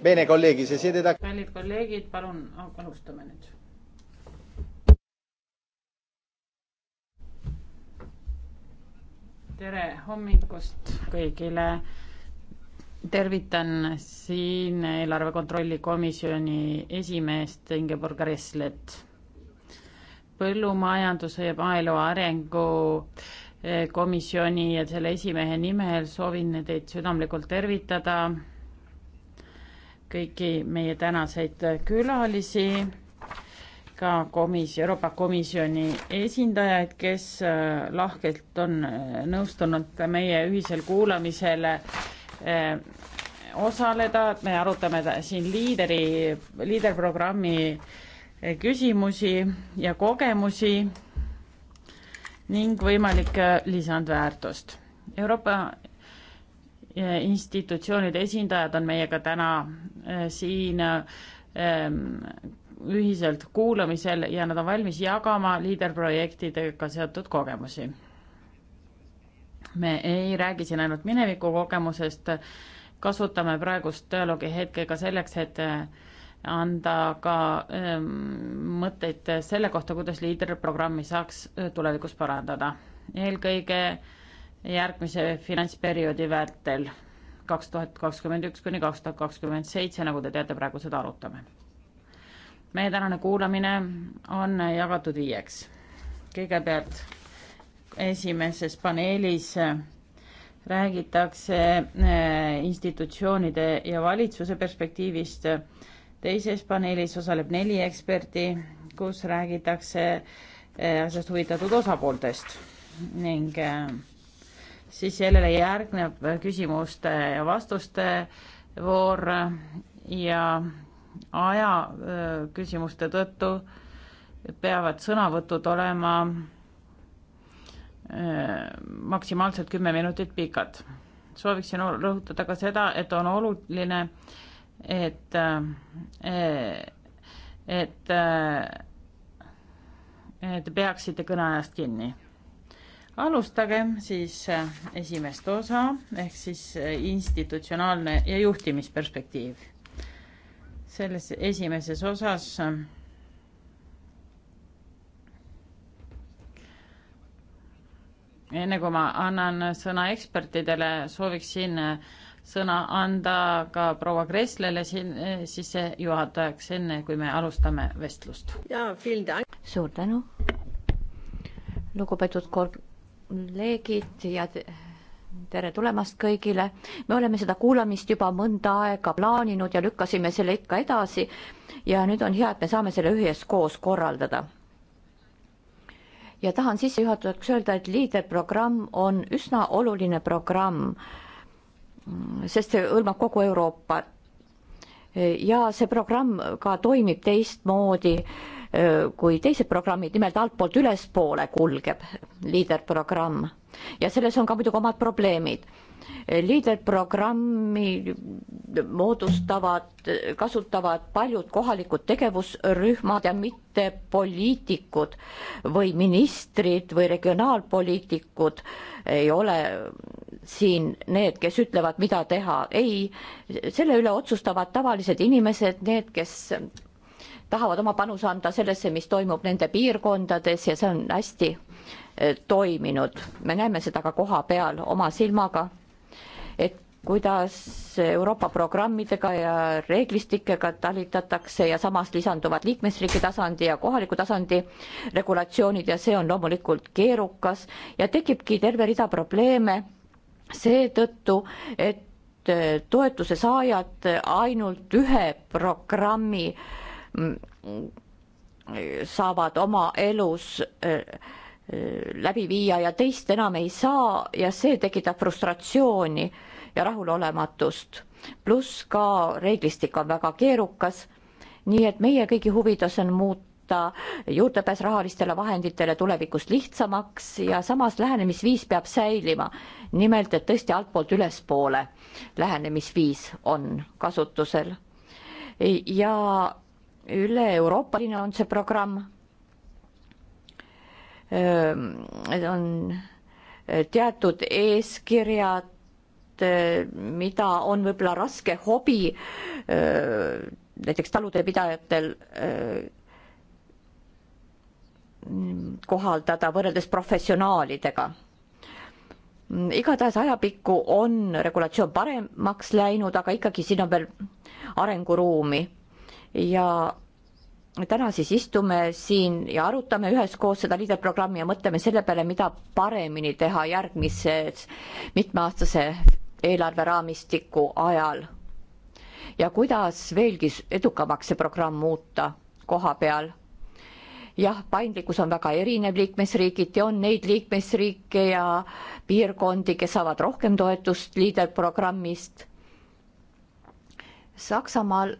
Bene, kolleegi, see siede taga. kallid kolleegid, palun alustame nüüd. tere hommikust kõigile. tervitan siin eelarve kontrolli komisjoni esimeest Ingeborg Resslet. põllumajanduse ja maaelu arengu eh, komisjoni ja selle esimehe nimel soovin teid südamlikult tervitada kõiki meie tänaseid külalisi, ka komis-, Euroopa Komisjoni esindajaid, kes äh, lahkelt on äh, nõustunud meie ühisel kuulamisel äh, osaleda, et me arutame siin liideri, liiderprogrammi küsimusi ja kogemusi ning võimalikke lisandväärtust. Euroopa institutsioonide esindajad on meiega täna äh, siin ähm, ühiselt kuulamisel ja nad on valmis jagama liiderprojektidega seotud kogemusi. me ei räägi siin ainult mineviku kogemusest, kasutame praegust dialoogi hetke ka selleks, et äh, anda ka ähm, mõtteid selle kohta, kuidas liiderprogrammi saaks äh, tulevikus parandada. eelkõige järgmise finantsperioodi vältel, kaks tuhat kakskümmend üks kuni kaks tuhat kakskümmend seitse, nagu te teate, praegu seda arutame. meie tänane kuulamine on jagatud viieks. kõigepealt esimeses paneelis räägitakse eh, institutsioonide ja valitsuse perspektiivist, teises paneelis osaleb neli eksperti, kus räägitakse eh, asjast huvitatud osapooltest ning eh, siis sellele järgneb küsimuste ja vastuste voor ja aja küsimuste tõttu peavad sõnavõtud olema maksimaalselt kümme minutit pikad. sooviksin rõhutada ka seda, et on oluline, et, e, et, et te peaksite kõneajast kinni alustagem siis äh, esimest osa ehk siis äh, institutsionaalne ja juhtimisperspektiiv. selles esimeses osas äh, enne kui ma annan sõna ekspertidele, sooviksin sõna anda ka proua Kresslele siin sissejuhatajaks, enne kui me alustame vestlust. suur tänu, lugupeetud kord-, kolleegid ja tere tulemast kõigile. me oleme seda kuulamist juba mõnda aega plaaninud ja lükkasime selle ikka edasi ja nüüd on hea, et me saame selle üheskoos korraldada. ja tahan sissejuhatuseks öelda, et liiderprogramm on üsna oluline programm, sest see hõlmab kogu Euroopat. ja see programm ka toimib teistmoodi kui teised programmid, nimelt altpoolt ülespoole kulgeb liiderprogramm ja selles on ka muidugi omad probleemid. liiderprogrammi moodustavad, kasutavad paljud kohalikud tegevusrühmad ja mitte poliitikud või ministrid või regionaalpoliitikud ei ole siin need, kes ütlevad, mida teha, ei, selle üle otsustavad tavalised inimesed, need, kes tahavad oma panuse anda sellesse, mis toimub nende piirkondades ja see on hästi e, toiminud. me näeme seda ka koha peal oma silmaga, et kuidas Euroopa programmidega ja reeglistikega talitatakse ja samas lisanduvad liikmesriigi tasandi ja kohaliku tasandi regulatsioonid ja see on loomulikult keerukas ja tekibki terve rida probleeme seetõttu, et e, toetuse saajad ainult ühe programmi äh, saavad oma elus äh, äh, läbi viia ja teist enam ei saa ja see tekitab frustratsiooni ja rahulolematust. pluss ka reeglistik on väga keerukas. nii et meie kõigi huvides on muuta juurdepääs rahalistele vahenditele tulevikus lihtsamaks ja samas lähenemisviis peab säilima. nimelt, et tõesti altpoolt ülespoole lähenemisviis on kasutusel. ja üle-Euroopaline on see programm. Ehm, on eh, teatud eeskirjad, eh, mida on võib-olla raske hobi eh, näiteks taludepidajatel kohaldada võrreldes professionaalidega. igatahes ajapikku on regulatsioon paremaks läinud, aga ikkagi siin on veel arenguruumi ja täna siis istume siin ja arutame üheskoos seda liiderprogrammi ja mõtleme selle peale, mida paremini teha järgmises mitmeaastase eelarveraamistiku ajal. ja kuidas veelgi edukamaks see programm muuta koha peal. jah, paindlikkus on väga erinev liikmesriigiti, on neid liikmesriike ja piirkondi, kes saavad rohkem toetust liiderprogrammist. Saksamaal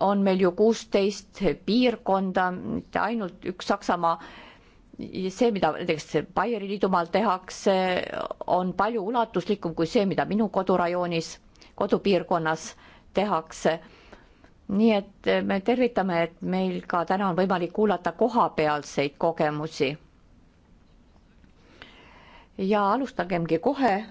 on meil ju kuusteist piirkonda, mitte ainult üks Saksamaa. see, mida näiteks Baieri liidumaal tehakse, on palju ulatuslikum kui see, mida minu kodurajoonis, kodupiirkonnas tehakse. nii et me tervitame, et meil ka täna on võimalik kuulata kohapealseid kogemusi. ja alustagemgi kohe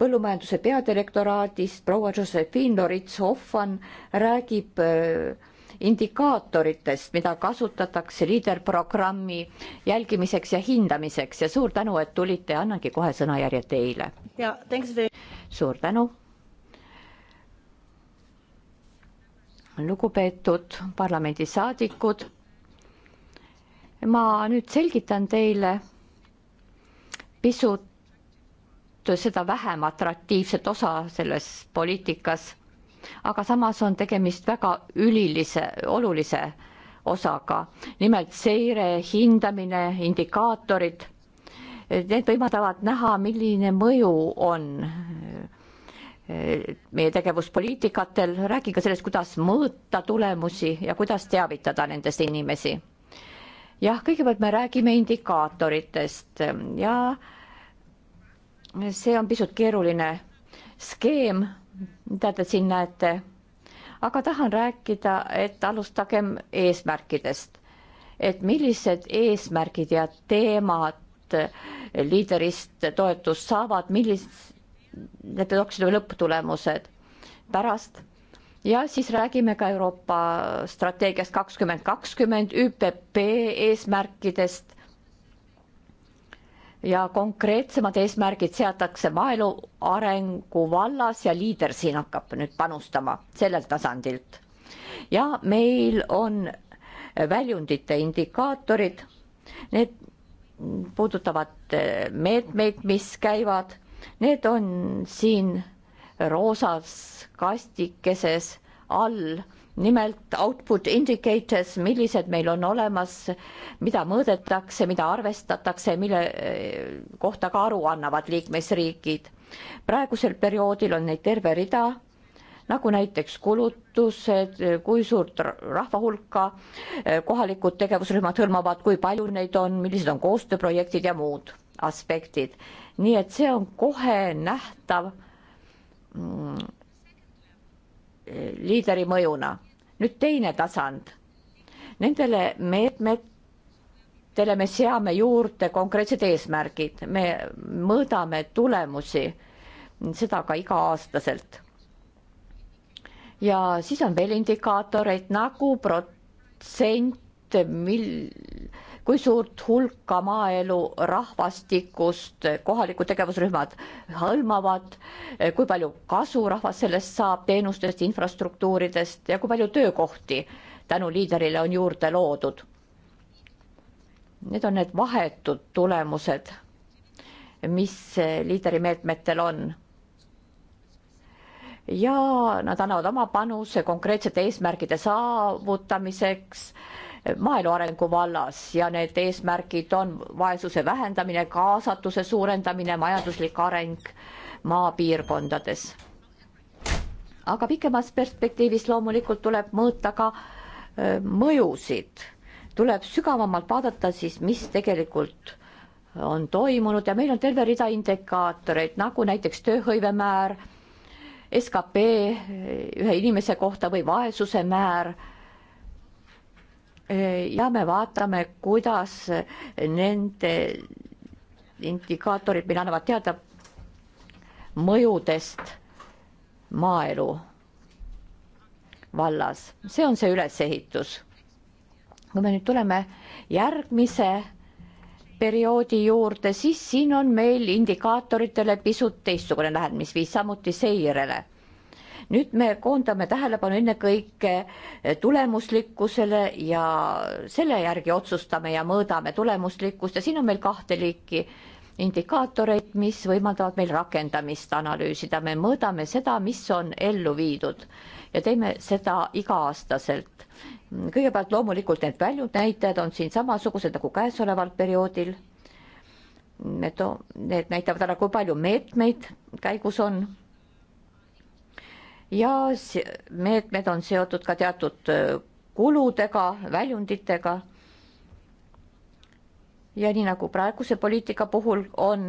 põllumajanduse peadirektoraadist proua Josephine Lorits-Hoffmann räägib äh, indikaatoritest, mida kasutatakse liiderprogrammi jälgimiseks ja hindamiseks ja suur tänu, et tulite, annangi kohe sõnajärje teile. ja, thanks very. suur tänu. lugupeetud parlamendisaadikud. ma nüüd selgitan teile pisut seda vähem atraktiivset osa selles poliitikas. aga samas on tegemist väga ülilise, olulise osaga, nimelt seire, hindamine, indikaatorid. Need võimaldavad näha, milline mõju on e, meie tegevuspoliitikatel, räägi ka sellest, kuidas mõõta tulemusi ja kuidas teavitada nendest inimesi. jah, kõigepealt me räägime indikaatoritest ja äh, see on pisut keeruline skeem, mida te siin näete. aga tahan rääkida, et alustagem eesmärkidest. et millised eesmärgid ja teemad liiderist toetust saavad, millised need oleksid lõpptulemused pärast ja siis räägime ka Euroopa strateegiast kakskümmend kakskümmend, ÜPP eesmärkidest ja konkreetsemad eesmärgid seatakse maaelu arengu vallas ja liider siin hakkab nüüd panustama sellelt tasandilt. ja meil on väljundite indikaatorid, need puudutavad meetmeid, mis käivad, need on siin roosas kastikeses all nimelt output indicators, millised meil on olemas, mida mõõdetakse, mida arvestatakse, mille eh, kohta ka aru annavad liikmesriigid. praegusel perioodil on neid terve rida, nagu näiteks kulutused, kui suurt rahva hulka eh, kohalikud tegevusrühmad hõlmavad, kui palju neid on, millised on koostööprojektid ja muud aspektid. nii et see on kohe nähtav mm, liideri mõjuna. nüüd teine tasand. Nendele meetmetele me seame juurde konkreetsed eesmärgid, me mõõdame tulemusi, seda ka iga-aastaselt. ja siis on veel indikaatoreid nagu protsent, mil kui suurt hulka maaelu rahvastikust kohalikud tegevusrühmad hõlmavad, kui palju kasu rahvas sellest saab, teenustest, infrastruktuuridest ja kui palju töökohti tänu liiderile on juurde loodud. Need on need vahetud tulemused, mis liideri meetmetel on ja nad annavad oma panuse konkreetsete eesmärgide saavutamiseks maaelu arengu vallas ja need eesmärgid on vaesuse vähendamine, kaasatuse suurendamine, majanduslik areng maapiirkondades. aga pikemas perspektiivis loomulikult tuleb mõõta ka mõjusid, tuleb sügavamalt vaadata siis, mis tegelikult on toimunud ja meil on terve rida indikaatoreid, nagu näiteks tööhõivemäär, skp ühe inimese kohta või vaesuse määr ja me vaatame, kuidas nende indikaatorid meile annavad teada mõjudest maaelu vallas, see on see ülesehitus. kui me nüüd tuleme järgmise perioodi juurde, siis siin on meil indikaatoritele pisut teistsugune lähenemisviis, samuti seirele nüüd me koondame tähelepanu ennekõike tulemuslikkusele ja selle järgi otsustame ja mõõdame tulemuslikkust ja siin on meil kahte liiki indikaatoreid, mis võimaldavad meil rakendamist analüüsida. me mõõdame seda, mis on ellu viidud ja teeme seda iga-aastaselt. kõigepealt loomulikult need väljundnäitajad on siin samasugused nagu käesoleval perioodil. Need, need näitavad ära, kui palju meetmeid käigus on ja meetmed on seotud ka teatud äh, kuludega, väljunditega. ja nii nagu praeguse poliitika puhul on,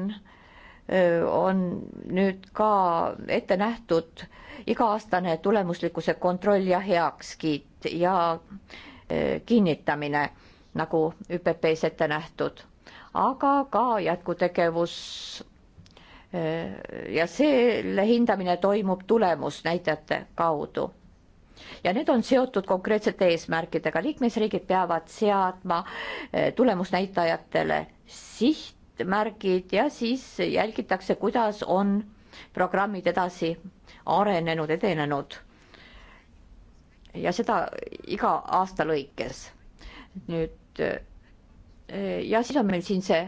äh, on nüüd ka ette nähtud iga-aastane tulemuslikkuse kontroll ja heakskiit ja äh, kinnitamine nagu ÜPP-s ette nähtud, aga ka jätkutegevus Äh, ja selle hindamine toimub tulemusnäitajate kaudu. ja need on seotud konkreetsete eesmärkidega, liikmesriigid peavad seadma äh, tulemusnäitajatele sihtmärgid ja siis jälgitakse, kuidas on programmid edasi arenenud, edenenud. ja seda iga aasta lõikes. nüüd äh, ja siis on meil siin see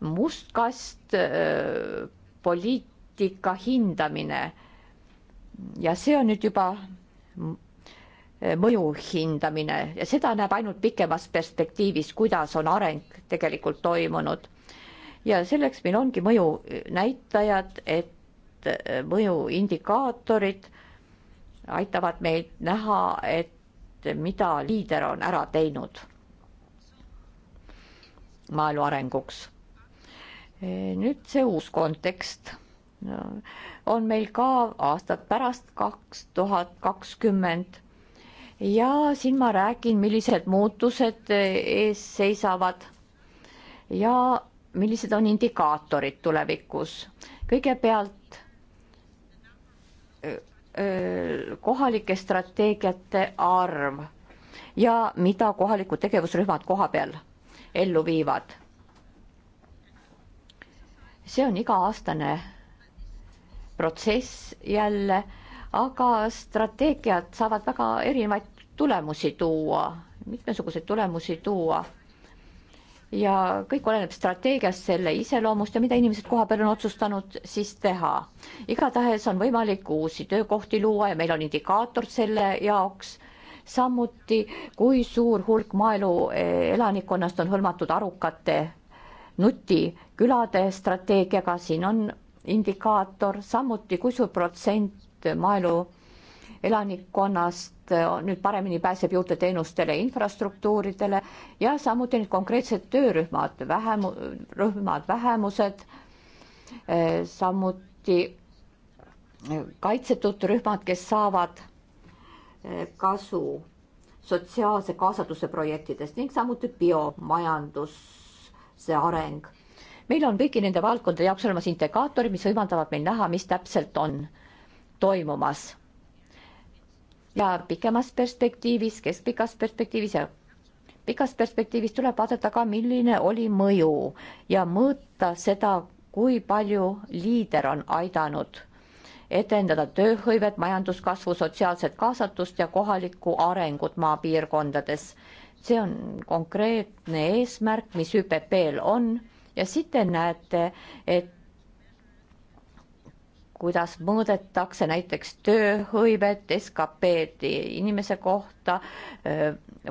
must kast poliitika hindamine. ja see on nüüd juba mõju hindamine ja seda näeb ainult pikemas perspektiivis, kuidas on areng tegelikult toimunud. ja selleks meil ongi mõjunäitajad, et mõjuindikaatorid aitavad meil näha, et mida liider on ära teinud maaelu arenguks Eh, nüüd see uus kontekst on meil ka aastad pärast kaks tuhat kakskümmend ja siin ma räägin, millised muutused eh, ees seisavad ja millised on indikaatorid tulevikus. kõigepealt eh, kohalike strateegiate arv ja mida kohalikud tegevusrühmad kohapeal ellu viivad see on iga-aastane protsess jälle, aga strateegiad saavad väga erinevaid tulemusi tuua, mitmesuguseid tulemusi tuua ja kõik oleneb strateegiast, selle iseloomust ja mida inimesed kohapeal on otsustanud siis teha. igatahes on võimalik uusi töökohti luua ja meil on indikaator selle jaoks. samuti, kui suur hulk maaelu eh, elanikkonnast on hõlmatud arukate nutikülade strateegiaga, siin on indikaator, samuti kui suur protsent maaelu elanikkonnast eh, nüüd paremini pääseb juurde teenustele, infrastruktuuridele ja samuti need konkreetsed töörühmad, vähem, rühmad, vähemused, eh, samuti eh, kaitsetud rühmad, kes saavad kasu sotsiaalse kaasatuse projektidest ning samuti biomajandus see areng. meil on kõigi nende valdkondade jaoks olemas indikaatorid, mis võimaldavad meil näha, mis täpselt on toimumas. ja pikemas perspektiivis, keskpikas perspektiivis ja pikas perspektiivis tuleb vaadata ka, milline oli mõju ja mõõta seda, kui palju liider on aidanud edendada tööhõivet, majanduskasvu, sotsiaalset kaasatust ja kohalikku arengut maapiirkondades see on konkreetne eesmärk, mis ÜPP-l on ja siit te näete, et kuidas mõõdetakse näiteks tööhõivet, SKP-d inimese kohta,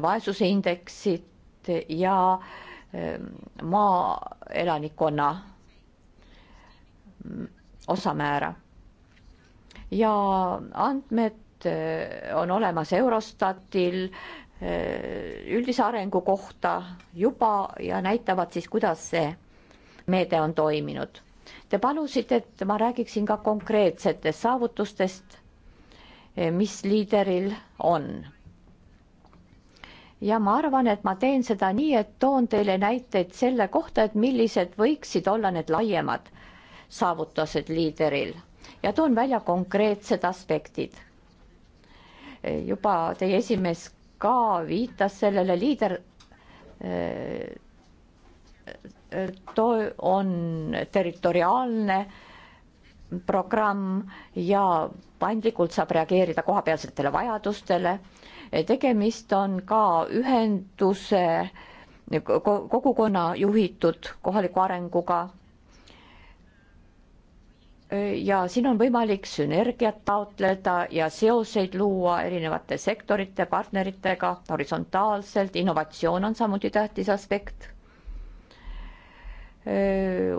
vaesuseindeksit ja maaelanikkonna osamäära. ja andmed on olemas Eurostatil, Äh, üldise arengu kohta juba ja näitavad siis, kuidas see meede on toiminud. Te palusite, et ma räägiksin ka konkreetsetest saavutustest, äh, mis liideril on. ja ma arvan, et ma teen seda nii, et toon teile näiteid selle kohta, et millised võiksid olla need laiemad saavutused liideril ja toon välja konkreetsed aspektid. Äh, juba teie esimees ka viitas sellele liider äh, äh, too on territoriaalne programm ja paindlikult saab reageerida kohapealsetele vajadustele. tegemist on ka ühenduse kogukonna juhitud kohaliku arenguga ja siin on võimalik sünergiat taotleda ja seoseid luua erinevate sektorite, partneritega horisontaalselt, innovatsioon on samuti tähtis aspekt.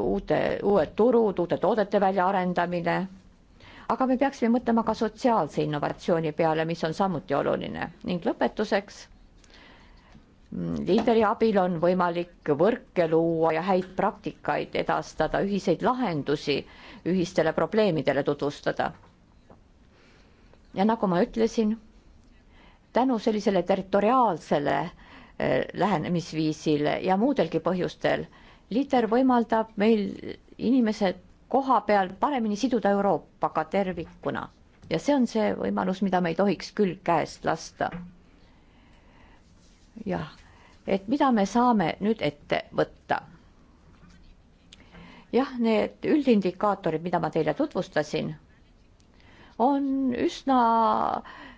uute, uued turud, uute toodete väljaarendamine. aga me peaksime mõtlema ka sotsiaalse innovatsiooni peale, mis on samuti oluline ning lõpetuseks liideri abil on võimalik võrke luua ja häid praktikaid edastada, ühiseid lahendusi ühistele probleemidele tutvustada. ja nagu ma ütlesin, tänu sellisele territoriaalsele eh, lähenemisviisile ja muudelgi põhjustel, liider võimaldab meil inimesed koha peal paremini siduda Euroopaga tervikuna ja see on see võimalus, mida me ei tohiks küll käest lasta. jah, et mida me saame nüüd ette võtta. jah, need üldindikaatorid, mida ma teile tutvustasin, on üsna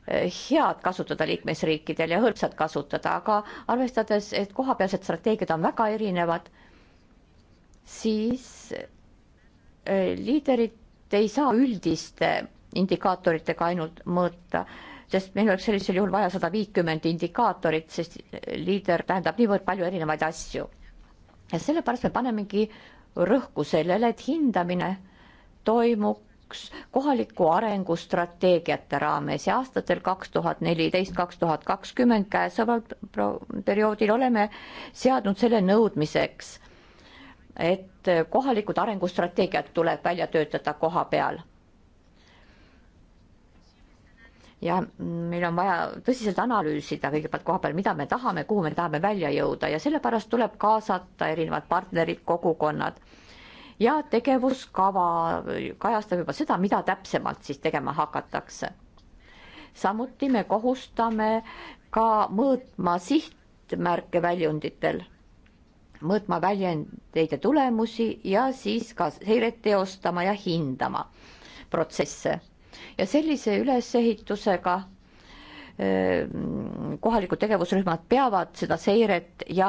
eh, head kasutada liikmesriikidel ja hõlpsad kasutada, aga arvestades, et kohapealsed strateegiad on väga erinevad, siis eh, liiderit ei saa üldiste indikaatoritega ainult mõõta sest meil oleks sellisel juhul vaja sada viitkümmend indikaatorit, sest liider tähendab niivõrd palju erinevaid asju. ja sellepärast me panemegi rõhku sellele, et hindamine toimuks kohaliku arengustrateegiate raames ja aastatel kaks tuhat neliteist, kaks tuhat kakskümmend käesoleval perioodil oleme seadnud selle nõudmiseks, et kohalikud arengustrateegiad tuleb välja töötada koha peal ja meil on vaja tõsiselt analüüsida kõigepealt koha peal, mida me tahame, kuhu me tahame välja jõuda ja sellepärast tuleb kaasata erinevad partnerid, kogukonnad. ja tegevuskava kajastab juba seda, mida täpsemalt siis tegema hakatakse. samuti me kohustame ka mõõtma sihtmärke väljunditel, mõõtma väljendeid ja tulemusi ja siis ka seiret teostama ja hindama protsesse ja sellise ülesehitusega kohalikud tegevusrühmad peavad seda seiret ja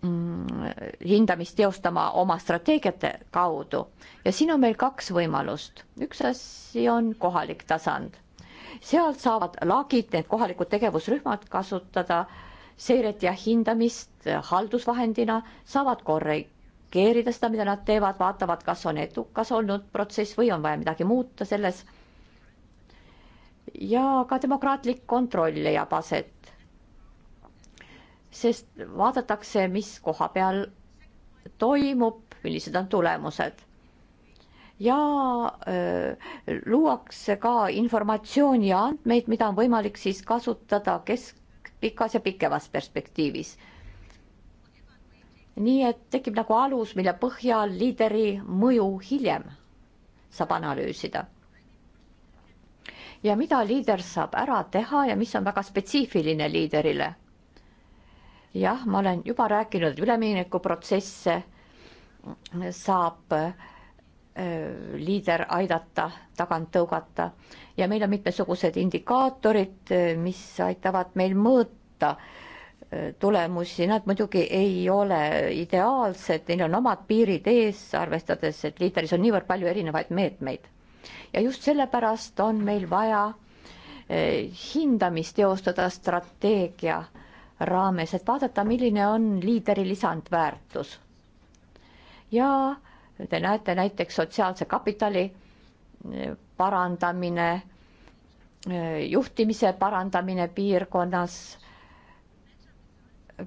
mm, hindamist teostama oma strateegiate kaudu ja siin on meil kaks võimalust. üks asi on kohalik tasand, seal saavad lagid, need kohalikud tegevusrühmad kasutada seiret ja hindamist haldusvahendina, saavad korre-, markeerida seda, mida nad teevad, vaatavad, kas on edukas olnud protsess või on vaja midagi muuta selles. ja ka demokraatlik kontroll leiab aset. sest vaadatakse, mis koha peal toimub, millised on tulemused ja öö, luuakse ka informatsiooni ja andmeid, mida on võimalik siis kasutada keskpikas ja pikemas perspektiivis nii et tekib nagu alus, mille põhjal liideri mõju hiljem saab analüüsida. ja mida liider saab ära teha ja mis on väga spetsiifiline liiderile. jah, ma olen juba rääkinud, et üleminekuprotsesse saab äh, liider aidata tagant tõugata ja meil on mitmesugused indikaatorid, mis aitavad meil mõõta tulemusi, nad muidugi ei ole ideaalsed, neil on omad piirid ees, arvestades, et liiteris on niivõrd palju erinevaid meetmeid. ja just sellepärast on meil vaja eh, hindamist teostada strateegia raames, et vaadata, milline on liideri lisandväärtus. ja te näete näiteks sotsiaalse kapitali eh, parandamine, eh, juhtimise parandamine piirkonnas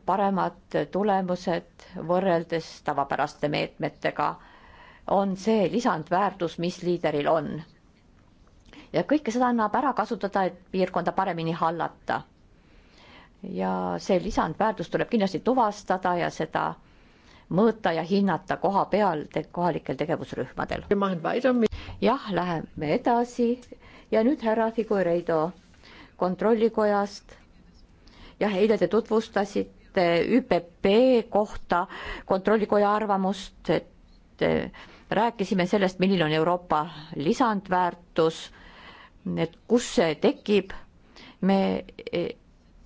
paremad tulemused võrreldes tavapäraste meetmetega on see lisandväärtus, mis liideril on. ja kõike seda annab ära kasutada, et piirkonda paremini hallata. ja see lisandväärtus tuleb kindlasti tuvastada ja seda mõõta ja hinnata koha peal te kohalikel tegevusrühmadel. jah, läheme edasi ja nüüd härra Figueiredo kontrollikojast jah, eile te tutvustasite ÜPP kohta kontrollikoja arvamust, et äh, rääkisime sellest, milline on Euroopa lisandväärtus, et kus see tekib, me e,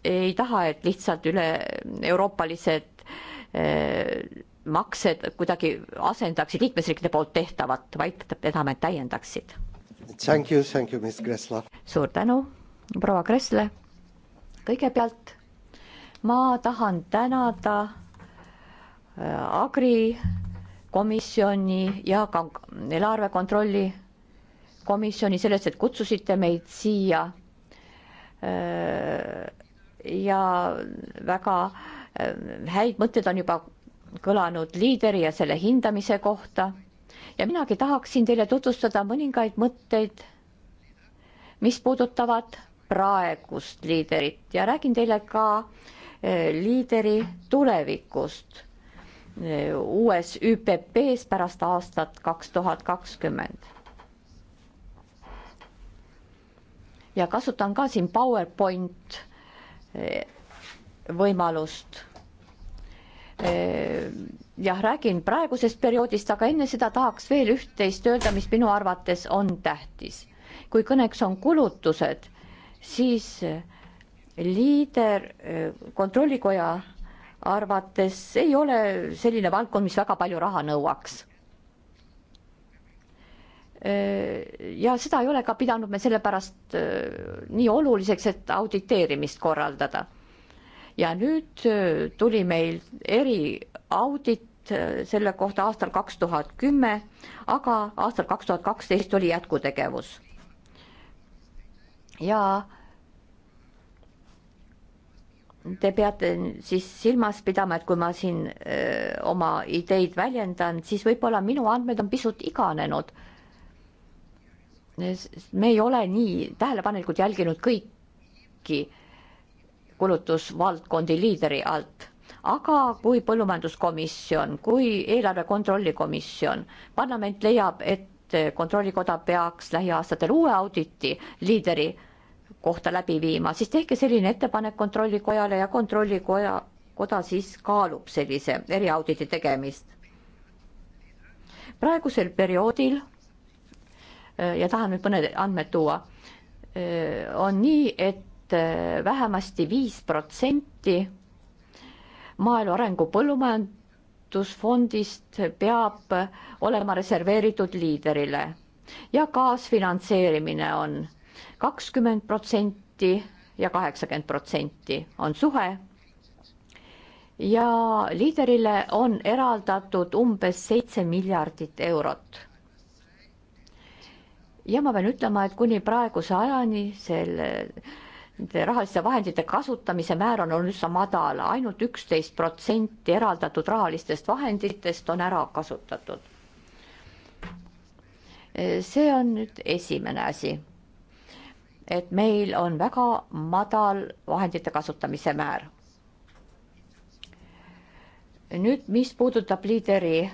ei taha, et lihtsalt üle-euroopalised äh, maksed kuidagi asendaksid liikmesriikide poolt tehtavat, vaid tahame, et täiendaksid. suur tänu, proua Kressle. kõigepealt ma tahan tänada äh, Agri komisjoni ja ka eelarve kontrolli komisjoni sellest, et kutsusite meid siia. Äh, ja väga äh, häid mõtteid on juba kõlanud liideri ja selle hindamise kohta ja minagi tahaksin teile tutvustada mõningaid mõtteid, mis puudutavad praegust liiderit ja räägin teile ka äh, liideri tulevikust eh, uues ÜPP-s pärast aastat kaks tuhat kakskümmend. ja kasutan ka siin PowerPoint eh, võimalust. Eh, jah, räägin praegusest perioodist, aga enne seda tahaks veel üht-teist öelda, mis minu arvates on tähtis. kui kõneks on kulutused, siis äh, liider eh, kontrollikoja arvates ei ole selline valdkond, mis väga palju raha nõuaks. Eh, ja seda ei ole ka pidanud me sellepärast eh, nii oluliseks, et auditeerimist korraldada. ja nüüd tuli meil eriaudit selle kohta aastal kaks tuhat kümme, aga aastal kaks tuhat kaksteist oli jätkutegevus. ja te peate siis silmas pidama, et kui ma siin öö, oma ideid väljendan, siis võib-olla minu andmed on pisut iganenud. me ei ole nii tähelepanelikult jälginud kõiki kulutusvaldkondi liideri alt, aga kui põllumajanduskomisjon, kui eelarve kontrolli komisjon, parlament leiab, et kontrollikoda peaks lähiaastatel uue auditi liideri kohta läbi viima, siis tehke selline ettepanek kontrollikojale ja kontrollikoja, koda siis kaalub sellise eriauditi tegemist. praegusel perioodil äh, ja tahan nüüd mõned andmed tuua, äh, on nii, et äh, vähemasti viis protsenti maaelu arengu põllumajandusfondist peab olema reserveeritud liiderile ja kaasfinantseerimine on kakskümmend protsenti ja kaheksakümmend protsenti on suhe. ja liiderile on eraldatud umbes seitse miljardit eurot. ja ma pean ütlema, et kuni praeguse ajani selle rahaliste vahendite kasutamise määr on olnud üsna madal ainult, ainult üksteist protsenti eraldatud rahalistest vahenditest on ära kasutatud. see on nüüd esimene asi et meil on väga madal vahendite kasutamise määr. nüüd, mis puudutab liideri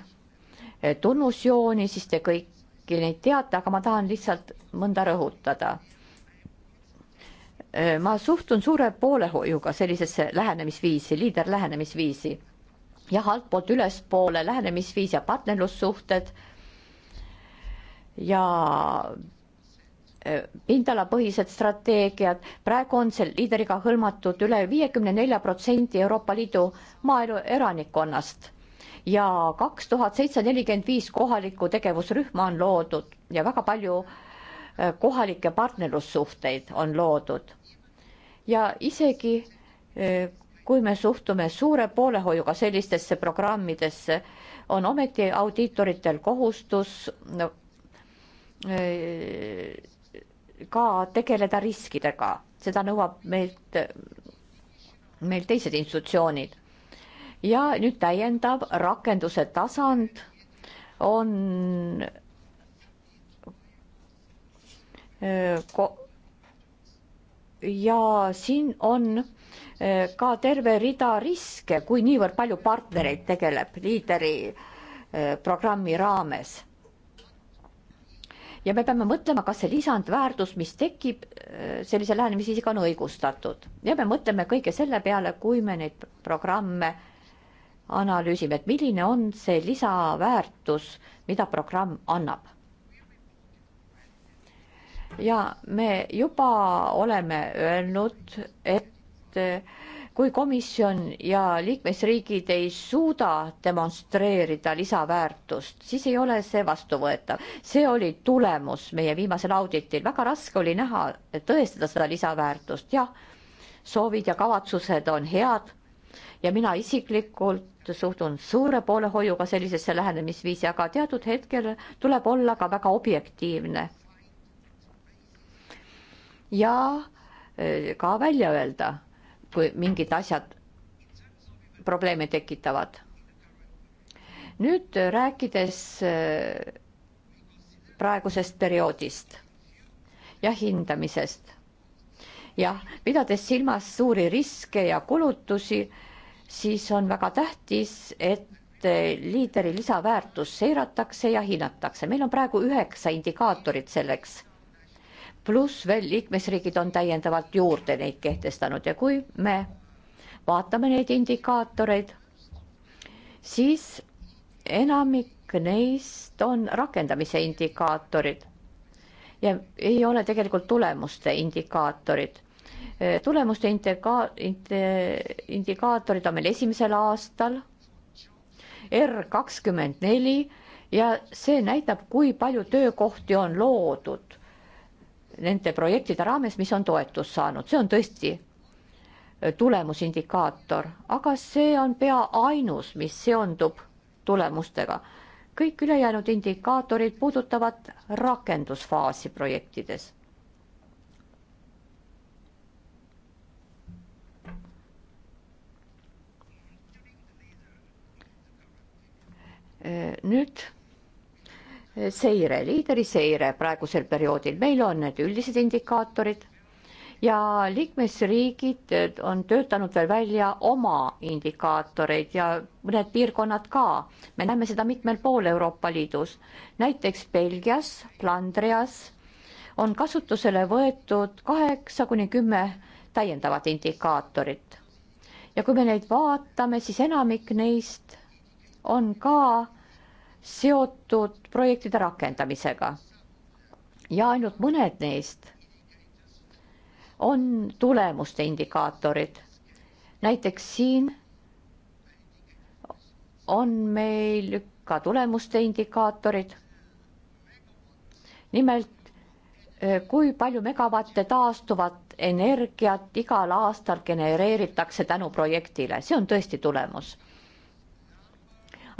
eh, tunnusjooni, siis te kõiki neid teate, aga ma tahan lihtsalt mõnda rõhutada. Eh, ma suhtun suure poolehoiuga sellisesse lähenemisviisi, liider lähenemisviisi. jah, altpoolt ülespoole lähenemisviis ja partnerlussuhted ja pindalapõhised strateegiad, praegu on see liideriga hõlmatud üle viiekümne nelja protsendi Euroopa Liidu maaelu elanikkonnast ja kaks tuhat seitse nelikümmend viis kohalikku tegevusrühma on loodud ja väga palju äh, kohalikke partnerlussuhteid on loodud. ja isegi äh, kui me suhtume suure poolehoiuga sellistesse programmidesse, on ometi audiitoritel kohustus no, äh, ka tegeleda riskidega, seda nõuab meilt, meil teised institutsioonid. ja nüüd täiendav rakenduse tasand on äh, ja siin on äh, ka terve rida riske, kui niivõrd palju partnereid tegeleb liideri äh, programmi raames ja me peame mõtlema, kas see lisandväärtus, mis tekib äh, sellise lähenemisviisiga, on õigustatud ja me mõtleme kõige selle peale, kui me neid programme analüüsime, et milline on see lisaväärtus, mida programm annab. ja me juba oleme öelnud, et äh, kui komisjon ja liikmesriigid ei suuda demonstreerida lisaväärtust, siis ei ole see vastuvõetav. see oli tulemus meie viimasel auditil, väga raske oli näha, tõestada seda lisaväärtust, jah, soovid ja kavatsused on head ja mina isiklikult suhtun suure poolehoiuga sellisesse lähenemisviisi, aga teatud hetkel tuleb olla ka väga objektiivne. ja eh, ka välja öelda kui mingid asjad probleeme tekitavad. nüüd rääkides äh, praegusest perioodist ja hindamisest. jah, pidades silmas suuri riske ja kulutusi, siis on väga tähtis, et äh, liideri lisaväärtust seiratakse ja hinnatakse. meil on praegu üheksa indikaatorit selleks pluss veel liikmesriigid on täiendavalt juurde neid kehtestanud ja kui me vaatame neid indikaatoreid, siis enamik neist on rakendamise indikaatorid ja ei ole tegelikult tulemuste indikaatorid. tulemuste indika-, indikaatorid on meil esimesel aastal R kakskümmend neli ja see näitab, kui palju töökohti on loodud nende projektide raames, mis on toetust saanud, see on tõesti äh, tulemusindikaator, aga see on pea ainus, mis seondub tulemustega. kõik ülejäänud indikaatorid puudutavad rakendusfaasi projektides. Äh, nüüd seire, liideriseire praegusel perioodil, meil on need üldised indikaatorid ja liikmesriigid on töötanud veel välja oma indikaatoreid ja mõned piirkonnad ka. me näeme seda mitmel pool Euroopa Liidus, näiteks Belgias, Flandrias on kasutusele võetud kaheksa kuni kümme täiendavat indikaatorit. ja kui me neid vaatame, siis enamik neist on ka seotud projektide rakendamisega. ja ainult mõned neist on tulemuste indikaatorid. näiteks siin on meil ka tulemuste indikaatorid. nimelt, kui palju megavatte taastuvat energiat igal aastal genereeritakse tänu projektile, see on tõesti tulemus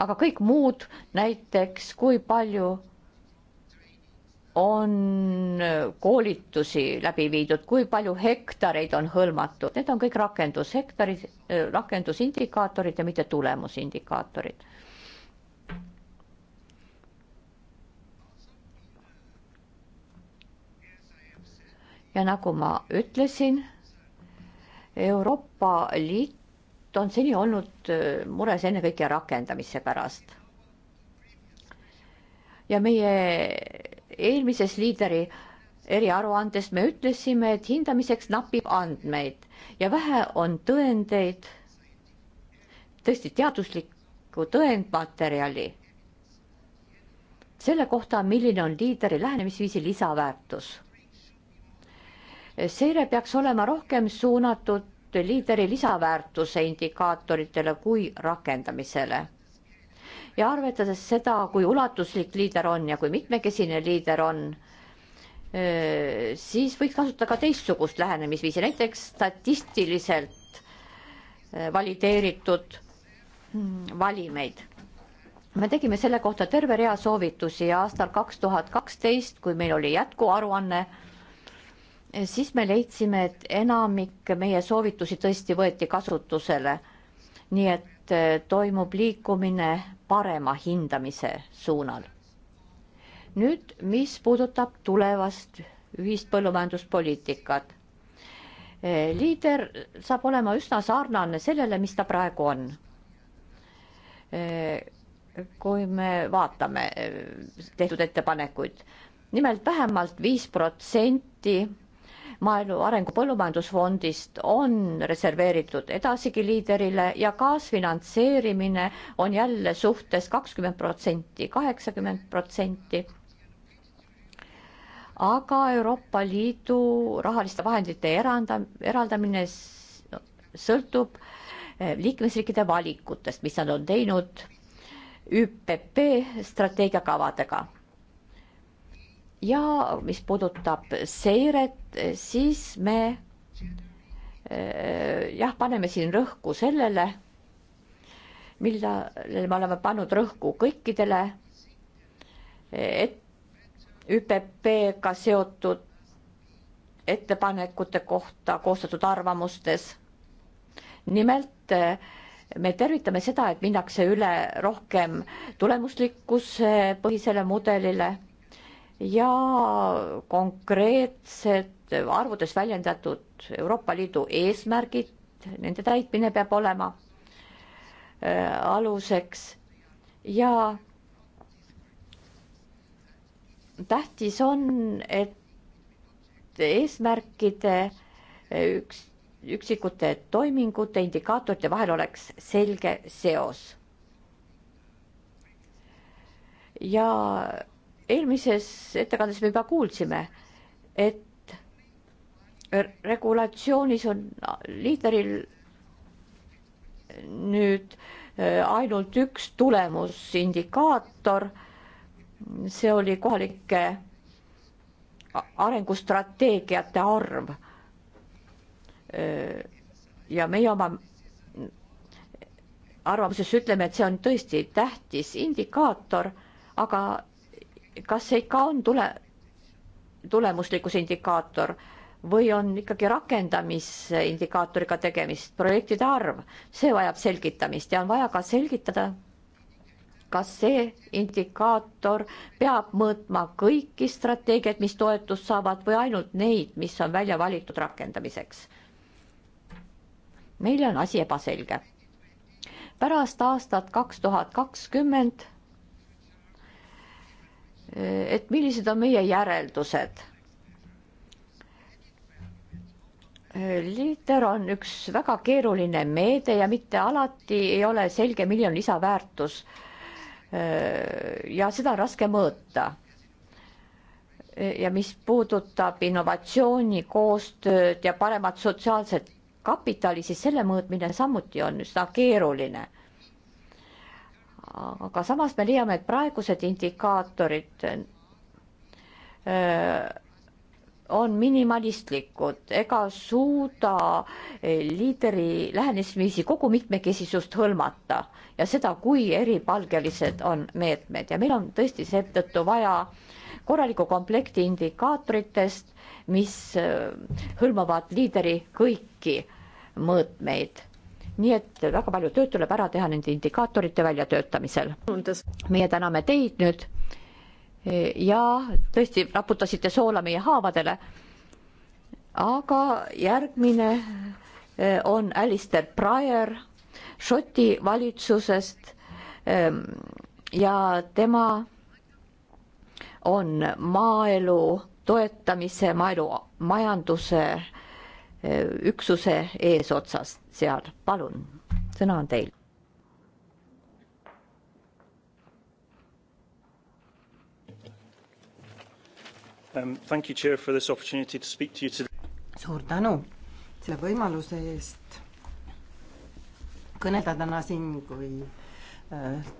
aga kõik muud, näiteks kui palju on koolitusi läbi viidud, kui palju hektareid on hõlmatud, need on kõik rakendushektarid, rakendusindikaatorid ja mitte tulemusindikaatorid. ja nagu ma ütlesin, Euroopa Liit on seni olnud mures ennekõike rakendamise pärast. ja meie eelmises liideri eriaruandes me ütlesime, et hindamiseks napib andmeid ja vähe on tõendeid, tõesti teaduslikku tõendmaterjali selle kohta, milline on liideri lähenemisviisi lisaväärtus. seire peaks olema rohkem suunatud koostöö liideri lisaväärtuse indikaatoritele kui rakendamisele. ja arvestades seda, kui ulatuslik liider on ja kui mitmekesine liider on, siis võiks kasutada ka teistsugust lähenemisviisi, näiteks statistiliselt valideeritud hmm, valimeid. me tegime selle kohta terve rea soovitusi ja aastal kaks tuhat kaksteist, kui meil oli jätkuaruanne Eh, siis me leidsime, et enamik meie soovitusi tõesti võeti kasutusele. nii et eh, toimub liikumine parema hindamise suunal. nüüd, mis puudutab tulevast ühist põllumajanduspoliitikat. Eh, liider saab olema üsna sarnane sellele, mis ta praegu on. kui me vaatame tehtud ettepanekuid nimelt vähemalt viis protsenti maaelu arengu põllumajandusfondist on reserveeritud edasigi liiderile ja kaasfinantseerimine on jälle suhtes kakskümmend protsenti, kaheksakümmend protsenti. aga Euroopa Liidu rahaliste vahendite eranda, eraldamine sõltub eh, liikmesriikide valikutest, mis nad on teinud ÜPP strateegiakavadega ja mis puudutab seiret, siis me eh, jah, paneme siin rõhku sellele, millele me oleme pannud rõhku kõikidele et ÜPP-ga seotud ettepanekute kohta koostatud arvamustes. nimelt eh, me tervitame seda, et minnakse üle rohkem tulemuslikkuse põhisele mudelile ja konkreetsed arvudes väljendatud Euroopa Liidu eesmärgid, nende täitmine peab olema äh, aluseks ja tähtis on, et eesmärkide äh, üks, üksikute toimingute, indikaatorite vahel oleks selge seos. ja eelmises ettekandes me juba kuulsime, et regulatsioonis on liideril nüüd äh, ainult üks tulemusindikaator. see oli kohalike arengustrateegiate arv. Äh, ja meie oma arvamuses ütleme, et see on tõesti tähtis indikaator, aga kas see ikka on tule, tulemuslikkuse indikaator või on ikkagi rakendamisindikaatoriga tegemist, projektide arv, see vajab selgitamist ja on vaja ka selgitada, kas see indikaator peab mõõtma kõiki strateegiaid, mis toetust saavad või ainult neid, mis on välja valitud rakendamiseks. meile on asi ebaselge. pärast aastat kaks tuhat kakskümmend et millised on meie järeldused? liiter on üks väga keeruline meede ja mitte alati ei ole selge, milline on lisaväärtus. ja seda on raske mõõta. ja mis puudutab innovatsiooni, koostööd ja paremat sotsiaalset kapitali, siis selle mõõtmine samuti on üsna keeruline aga samas me leiame, et praegused indikaatorid äh, on minimalistlikud ega suuda äh, liideri lähenemisviisi kogu mitmekesisust hõlmata ja seda, kui eripalgelised on meetmed ja meil on tõesti seetõttu vaja korralikku komplekti indikaatoritest, mis äh, hõlmavad liideri kõiki mõõtmeid nii et väga palju tööd tuleb ära teha nende indikaatorite väljatöötamisel. meie täname teid nüüd ja tõesti raputasite soola meie haavadele. aga järgmine eh, on Alistair Pryor Šoti valitsusest ehm, ja tema on maaelu toetamise, maaelu majanduse Eh, üksuse eesotsas seal, palun, sõna on teil. Um, thank you, Chair, for this opportunity to speak to you today. suur tänu selle võimaluse eest kõnelda täna siin kui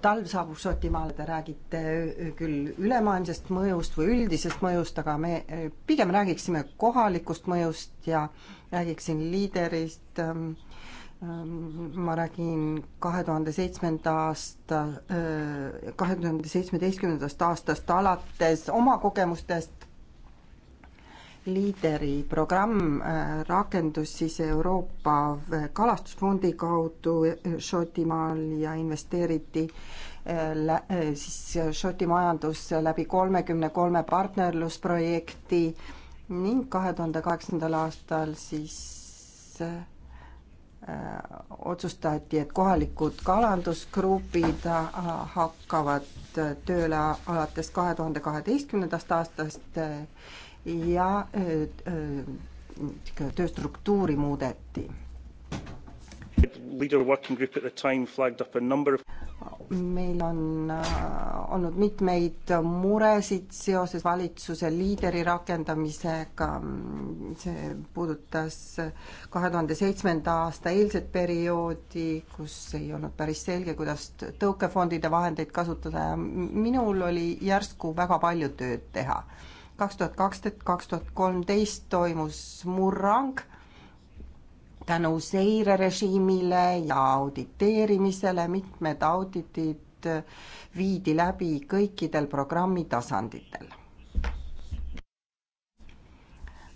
talv saabub Šotimaale, te räägite äh, küll ülemaailmsest mõjust või üldisest mõjust, aga me äh, pigem räägiksime kohalikust mõjust ja räägiksin liiderist, ähm, ähm, ma räägin kahe tuhande seitsmenda aasta, äh, kahe tuhande seitsmeteistkümnendast aastast alates oma kogemustest, liideri programm äh, rakendus siis Euroopa kalastusfondi kaudu Šotimaal ja investeeriti äh, äh, siis Šoti majandusse läbi kolmekümne kolme partnerlusprojekti ning kahe tuhande kaheksandal aastal siis otsustati, et kohalikud kalandusgrupid hakkavad tööle alates kahe tuhande kaheteistkümnendast aastast ja äh, äh, tööstruktuuri muudeti. meil on äh, olnud mitmeid muresid seoses valitsuse liideri rakendamisega, see puudutas kahe tuhande seitsmenda aasta eilset perioodi, kus ei olnud päris selge, kuidas tõukefondide vahendeid kasutada ja minul oli järsku väga palju tööd teha kaks tuhat kaksteist, kaks tuhat kolmteist toimus murrang tänu seirerežiimile ja auditeerimisele, mitmed auditid viidi läbi kõikidel programmi tasanditel.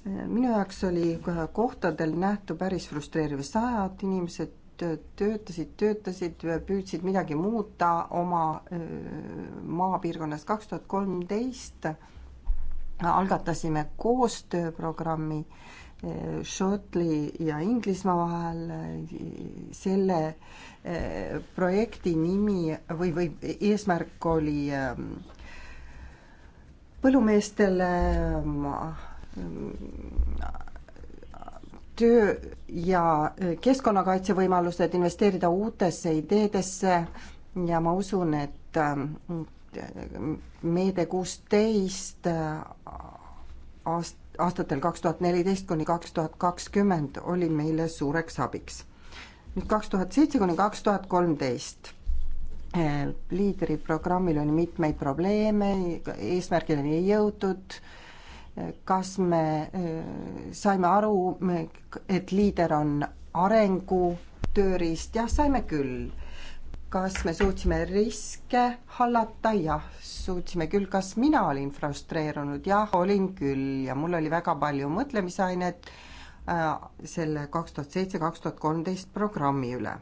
minu jaoks oli kohtadel nähtu päris frustreeriv, sajad inimesed töötasid, töötasid, püüdsid midagi muuta oma maapiirkonnas kaks tuhat kolmteist algatasime koostööprogrammi eh, Šotli ja Inglismaa vahel. Eh, selle eh, projekti nimi või, või eesmärk oli ehm, põllumeestele ehm, töö ja keskkonnakaitsevõimalused, investeerida uutesse ideedesse ja ma usun, et ehm, meede kuusteist äh, aast-, aastatel kaks tuhat neliteist kuni kaks tuhat kakskümmend oli meile suureks abiks. nüüd kaks tuhat seitse kuni kaks tuhat kolmteist äh, liidri programmil oli mitmeid probleeme, eesmärgini ei jõutud, äh, kas me saime aru, et liider on arengu tööriist, jah, saime küll kas me suutsime riske hallata? jah, suutsime küll. kas mina olin frustreerunud? jah, olin küll ja mul oli väga palju mõtlemisainet äh, selle kaks tuhat seitse, kaks tuhat kolmteist programmi üle.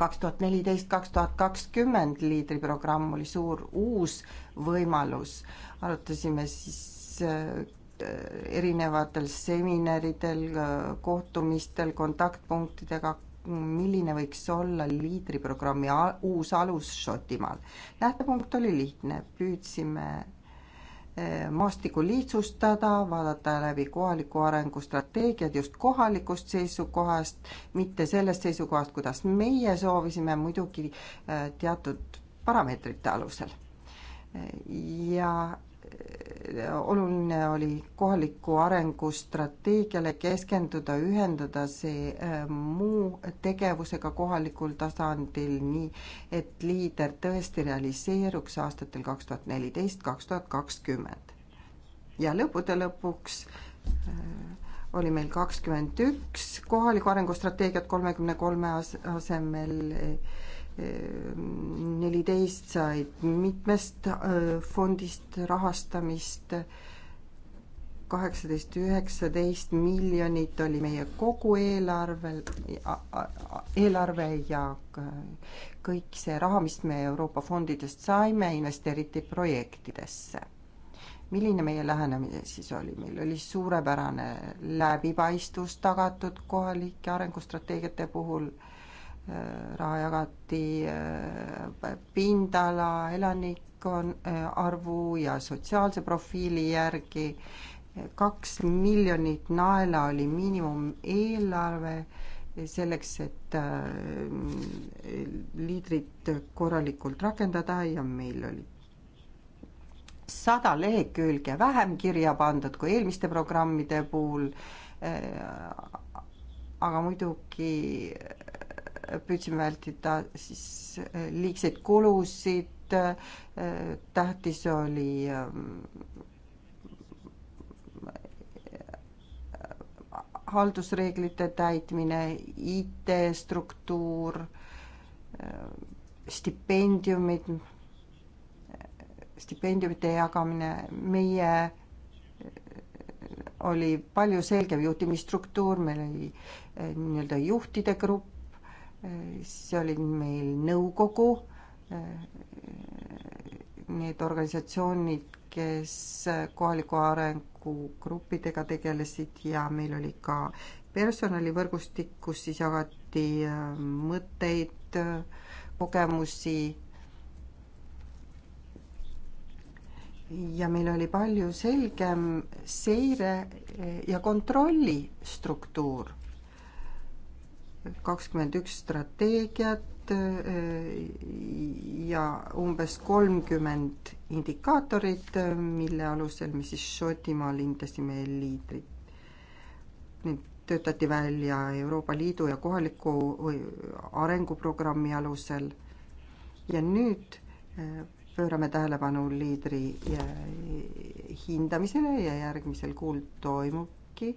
kaks tuhat neliteist, kaks tuhat kakskümmend liidriprogramm oli suur uus võimalus. arutasime siis äh, erinevatel seminaridel, äh, kohtumistel, kontaktpunktidega, milline võiks olla liidriprogrammi uus alus Šotimaal. lähtepunkt oli lihtne, püüdsime eh, maastikku lihtsustada, vaadata läbi kohaliku arengu strateegiad just kohalikust seisukohast, mitte sellest seisukohast, kuidas meie soovisime, muidugi eh, teatud parameetrite alusel. Eh, ja oluline oli kohaliku arengu strateegiale keskenduda, ühendada see äh, muu tegevusega kohalikul tasandil, nii et liider tõesti realiseeruks aastatel kaks tuhat neliteist, kaks tuhat kakskümmend. ja lõppude lõpuks äh, oli meil kakskümmend üks kohaliku arengu strateegiat kolmekümne kolme asemel neliteist ehm, said mitmest fondist rahastamist, kaheksateist, üheksateist miljonit oli meie kogu eelarvel, eelarve ja kõik see raha, mis me Euroopa fondidest saime, investeeriti projektidesse. milline meie lähenemine siis oli, meil oli suurepärane läbipaistvus tagatud kohalike arengustrateegiate puhul Äh, raha jagati äh, pindala, elanikkonnarvu ja sotsiaalse profiili järgi. kaks miljonit naela oli miinimumeelarve selleks, et äh, liidrit korralikult rakendada ja meil oli sada lehekülge vähem kirja pandud kui eelmiste programmide puhul. aga muidugi püüdsime vältida siis äh, liigseid kulusid, äh, tähtis oli äh, haldusreeglite täitmine, IT-struktuur, stipendiumid, stipendiumite jagamine, meie oli palju selgem juhtimisstruktuur, meil oli nii-öelda juhtide grupp, siis oli meil nõukogu, need organisatsioonid, kes kohaliku arengu gruppidega tegelesid ja meil oli ka personalivõrgustik, kus siis jagati äh, mõtteid, kogemusi. ja meil oli palju selgem seire ja kontrollistruktuur kakskümmend üks strateegiat eh, ja umbes kolmkümmend indikaatorit, eh, mille alusel me siis Šotimaal hindasime liidrit. Need töötati välja Euroopa Liidu ja kohaliku arenguprogrammi alusel ja nüüd eh, pöörame tähelepanu liidri hindamisele ja järgmisel kuul toimubki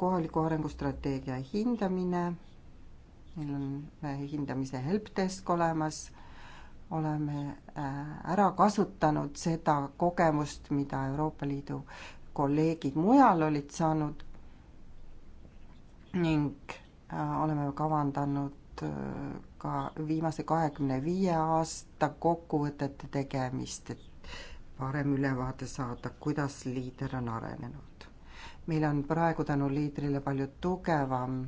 kohaliku arengustrateegia hindamine meil on äh, hindamise helpdesk olemas, oleme äh, ära kasutanud seda kogemust, mida Euroopa Liidu kolleegid mujal olid saanud ning äh, oleme kavandanud ka viimase kahekümne viie aasta kokkuvõtete tegemist, et parem ülevaade saada, kuidas liider on arenenud. meil on praegu tänu liidrile palju tugevam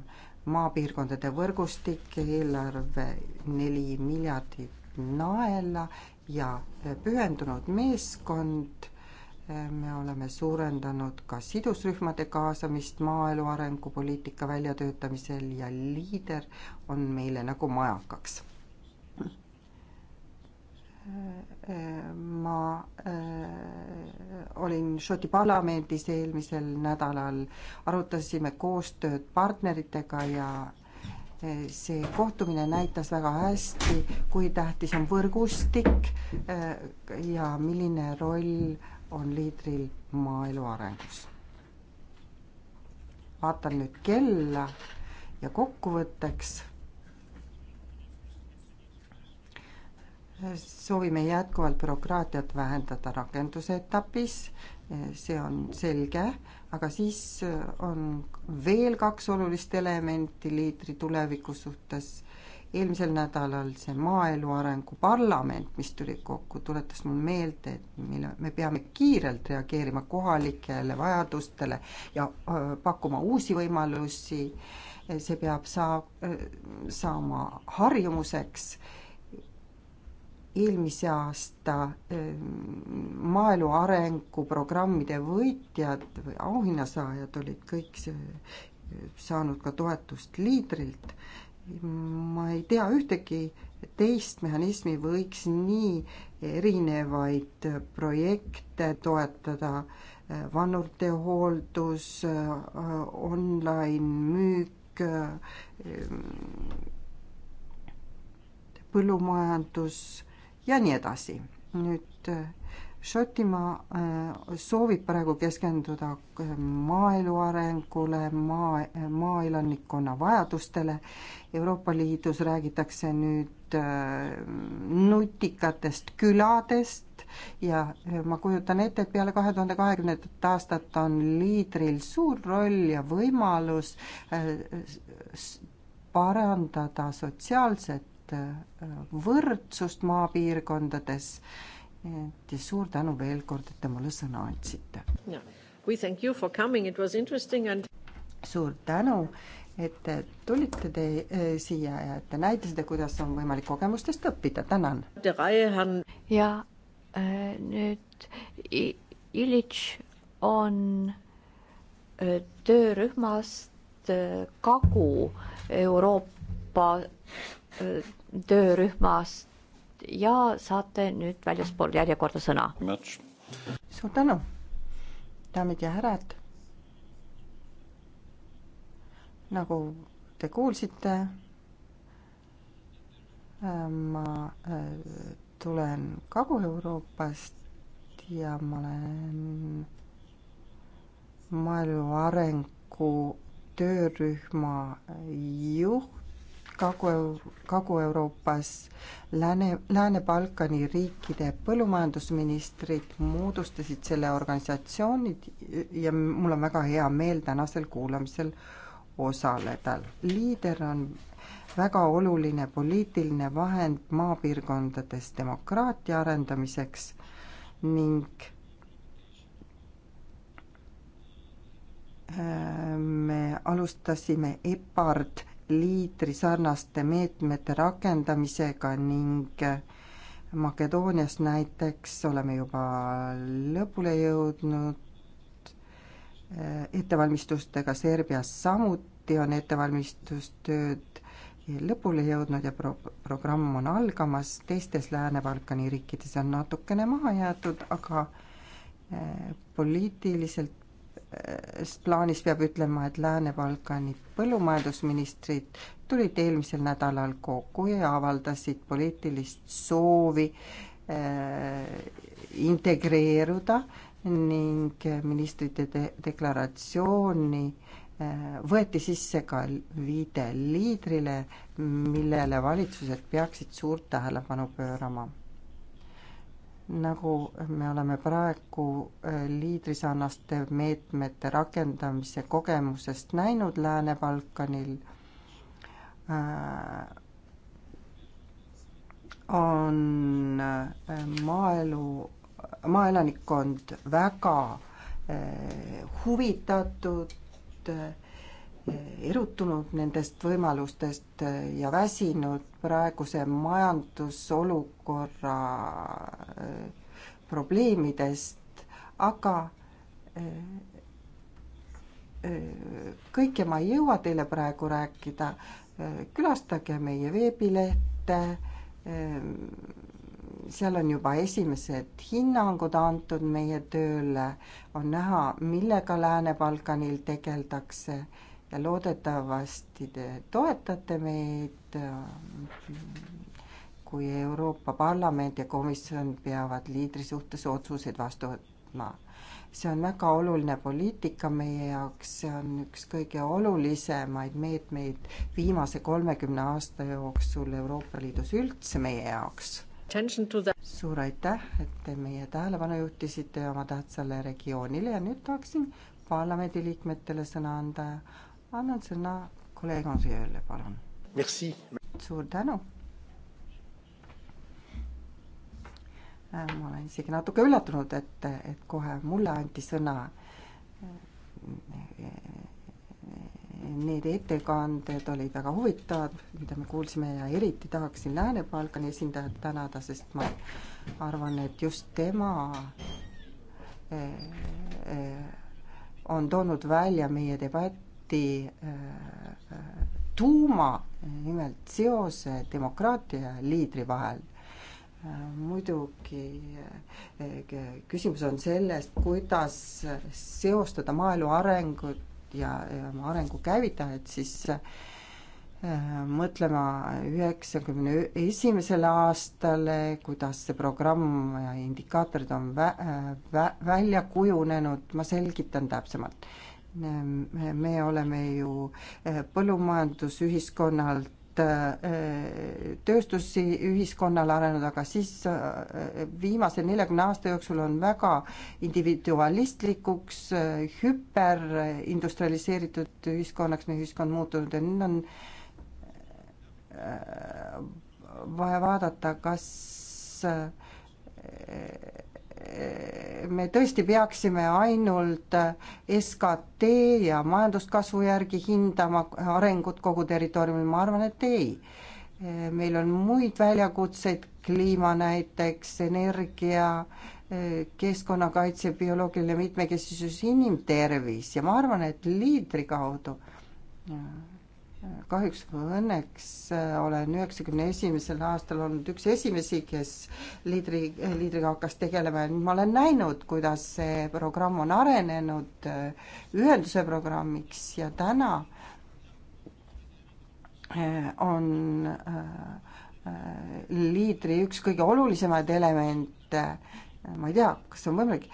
maapiirkondade võrgustik, eelarve neli miljardit naela ja pühendunud meeskond. me oleme suurendanud ka sidusrühmade kaasamist maaelu arengupoliitika väljatöötamisel ja liider on meile nagu majakaks ma äh, olin Šoti parlamendis eelmisel nädalal, arutasime koostööd partneritega ja äh, see kohtumine näitas väga hästi, kui tähtis on võrgustik äh, ja milline roll on liidril maaelu arengus. vaatan nüüd kella ja kokkuvõtteks soovime jätkuvalt bürokraatiat vähendada rakenduse etapis, see on selge, aga siis on veel kaks olulist elementi liidri tuleviku suhtes. eelmisel nädalal see Maaelu Arengu Parlament, mis tuli kokku, tuletas mulle meelde, et mille, me peame kiirelt reageerima kohalikele vajadustele ja pakkuma uusi võimalusi, see peab saa-, saama harjumuseks eelmise aasta ehm, maaelu arenguprogrammide võitjad või auhinnasaajad olid kõik saanud ka toetust liidrilt. ma ei tea ühtegi teist mehhanismi võiks nii erinevaid projekte toetada, vannurite hooldus, eh, online müük, ehm, põllumajandus ja nii edasi. nüüd äh, Šotimaa äh, soovib praegu keskenduda äh, maaelu arengule, maa, maaelanikkonna vajadustele. Euroopa Liidus räägitakse nüüd nutikatest küladest ja ma kujutan ette, et peale kahe tuhande kahekümnendat aastat on liidril suur roll ja võimalus parandada sotsiaalset Äh, võrdsust maapiirkondades. et suur tänu veel kord, et te mulle sõna andsite yeah.. We thank you for coming, it was interesting and suur tänu, et te tulite te äh, siia ja et te näitasite, kuidas on võimalik kogemustest õppida, tänan. ja äh, nüüd Illich on töörühmast Kagu-Euroopa Äh, töörühmast ja saate nüüd väljaspool järjekorda sõna. suur tänu, daamid ja härrad. nagu te kuulsite, äh, ma äh, tulen Kagu-Euroopast ja ma olen maaelu arengu töörühma juht Kagu, Kagu-Euroopas Lääne, Lääne-Balkani riikide põllumajandusministrid moodustasid selle organisatsiooni ja mul on väga hea meel tänasel kuulamisel osaleda. liider on väga oluline poliitiline vahend maapiirkondades demokraatia arendamiseks ning äh, me alustasime EPARD liidri sarnaste meetmete rakendamisega ning Makedoonias näiteks oleme juba lõpule jõudnud ettevalmistustega, Serbias samuti on ettevalmistustööd lõpule jõudnud ja pro-, programm on algamas, teistes Lääne-Balkani riikides on natukene maha jäetud, aga eh, poliitiliselt sest plaanis peab ütlema, et Lääne-Balkani põllumajandusministrid tulid eelmisel nädalal kokku ja avaldasid poliitilist soovi äh, integreeruda ning ministrite de deklaratsiooni äh, võeti sisse ka viide liidrile, millele valitsused peaksid suurt tähelepanu pöörama nagu me oleme praegu äh, liidrisannaste meetmete rakendamise kogemusest näinud Lääne-Balkanil, äh, on äh, maaelu, maaelanikkond väga huvitatud erutunud nendest võimalustest ja väsinud praeguse majandusolukorra äh, probleemidest, aga äh, äh, kõike ma ei jõua teile praegu rääkida. külastage meie veebilehte. seal on juba esimesed hinnangud antud meie tööle, on näha, millega Lääne-Balkanil tegeldakse ja loodetavasti te toetate meid, kui Euroopa Parlament ja komisjon peavad liidri suhtes otsuseid vastu võtma. see on väga oluline poliitika meie jaoks, see on üks kõige olulisemaid meetmeid viimase kolmekümne aasta jooksul Euroopa Liidus üldse meie jaoks suur aitäh, et te meie tähelepanu juhtisite oma tähtsale regioonile ja nüüd tahaksin parlamendiliikmetele sõna anda annan sõna kolleeg Ansiööle, palun. suur tänu. Äh, ma olen isegi natuke üllatunud, et, et kohe mulle anti sõna. Äh, äh, need ettekanded olid väga huvitavad, mida me kuulsime ja eriti tahaksin Lääne-Balkani esindajat tänada, sest ma arvan, et just tema on toonud välja meie debatt leiti äh, äh, tuuma, nimelt seose demokraatia ja liidri vahel. Äh, muidugi küsimus on selles, kuidas seostada maaelu arengut ja, ja arengu käivitajaid siis mõtlema üheksakümne esimesele aastale, kuidas see programm ja indikaatorid on vä-, vä-, välja kujunenud, ma selgitan täpsemalt me oleme ju eh, põllumajandusühiskonnalt eh, tööstusühiskonnale arenenud, aga siis eh, viimase neljakümne aasta jooksul on väga individualistlikuks, hüperindustrialiseeritud ühiskonnaks meie ühiskond muutunud ja nüüd on vaja vaadata, kas me tõesti peaksime ainult SKT ja majanduskasvu järgi hindama arengut kogu territooriumil, ma arvan, et ei. meil on muid väljakutseid, kliima näiteks, energia, keskkonnakaitse, bioloogiline mitmekesisus, inimtervis ja ma arvan, et liidri kaudu kahjuks või õnneks äh, olen üheksakümne esimesel aastal olnud üks esimesi, kes liidri, liidriga hakkas tegelema ja nüüd ma olen näinud, kuidas see programm on arenenud äh, ühenduse programmiks ja täna äh, on liidri üks kõige olulisemaid elemente, ma ei tea, kas on võimalik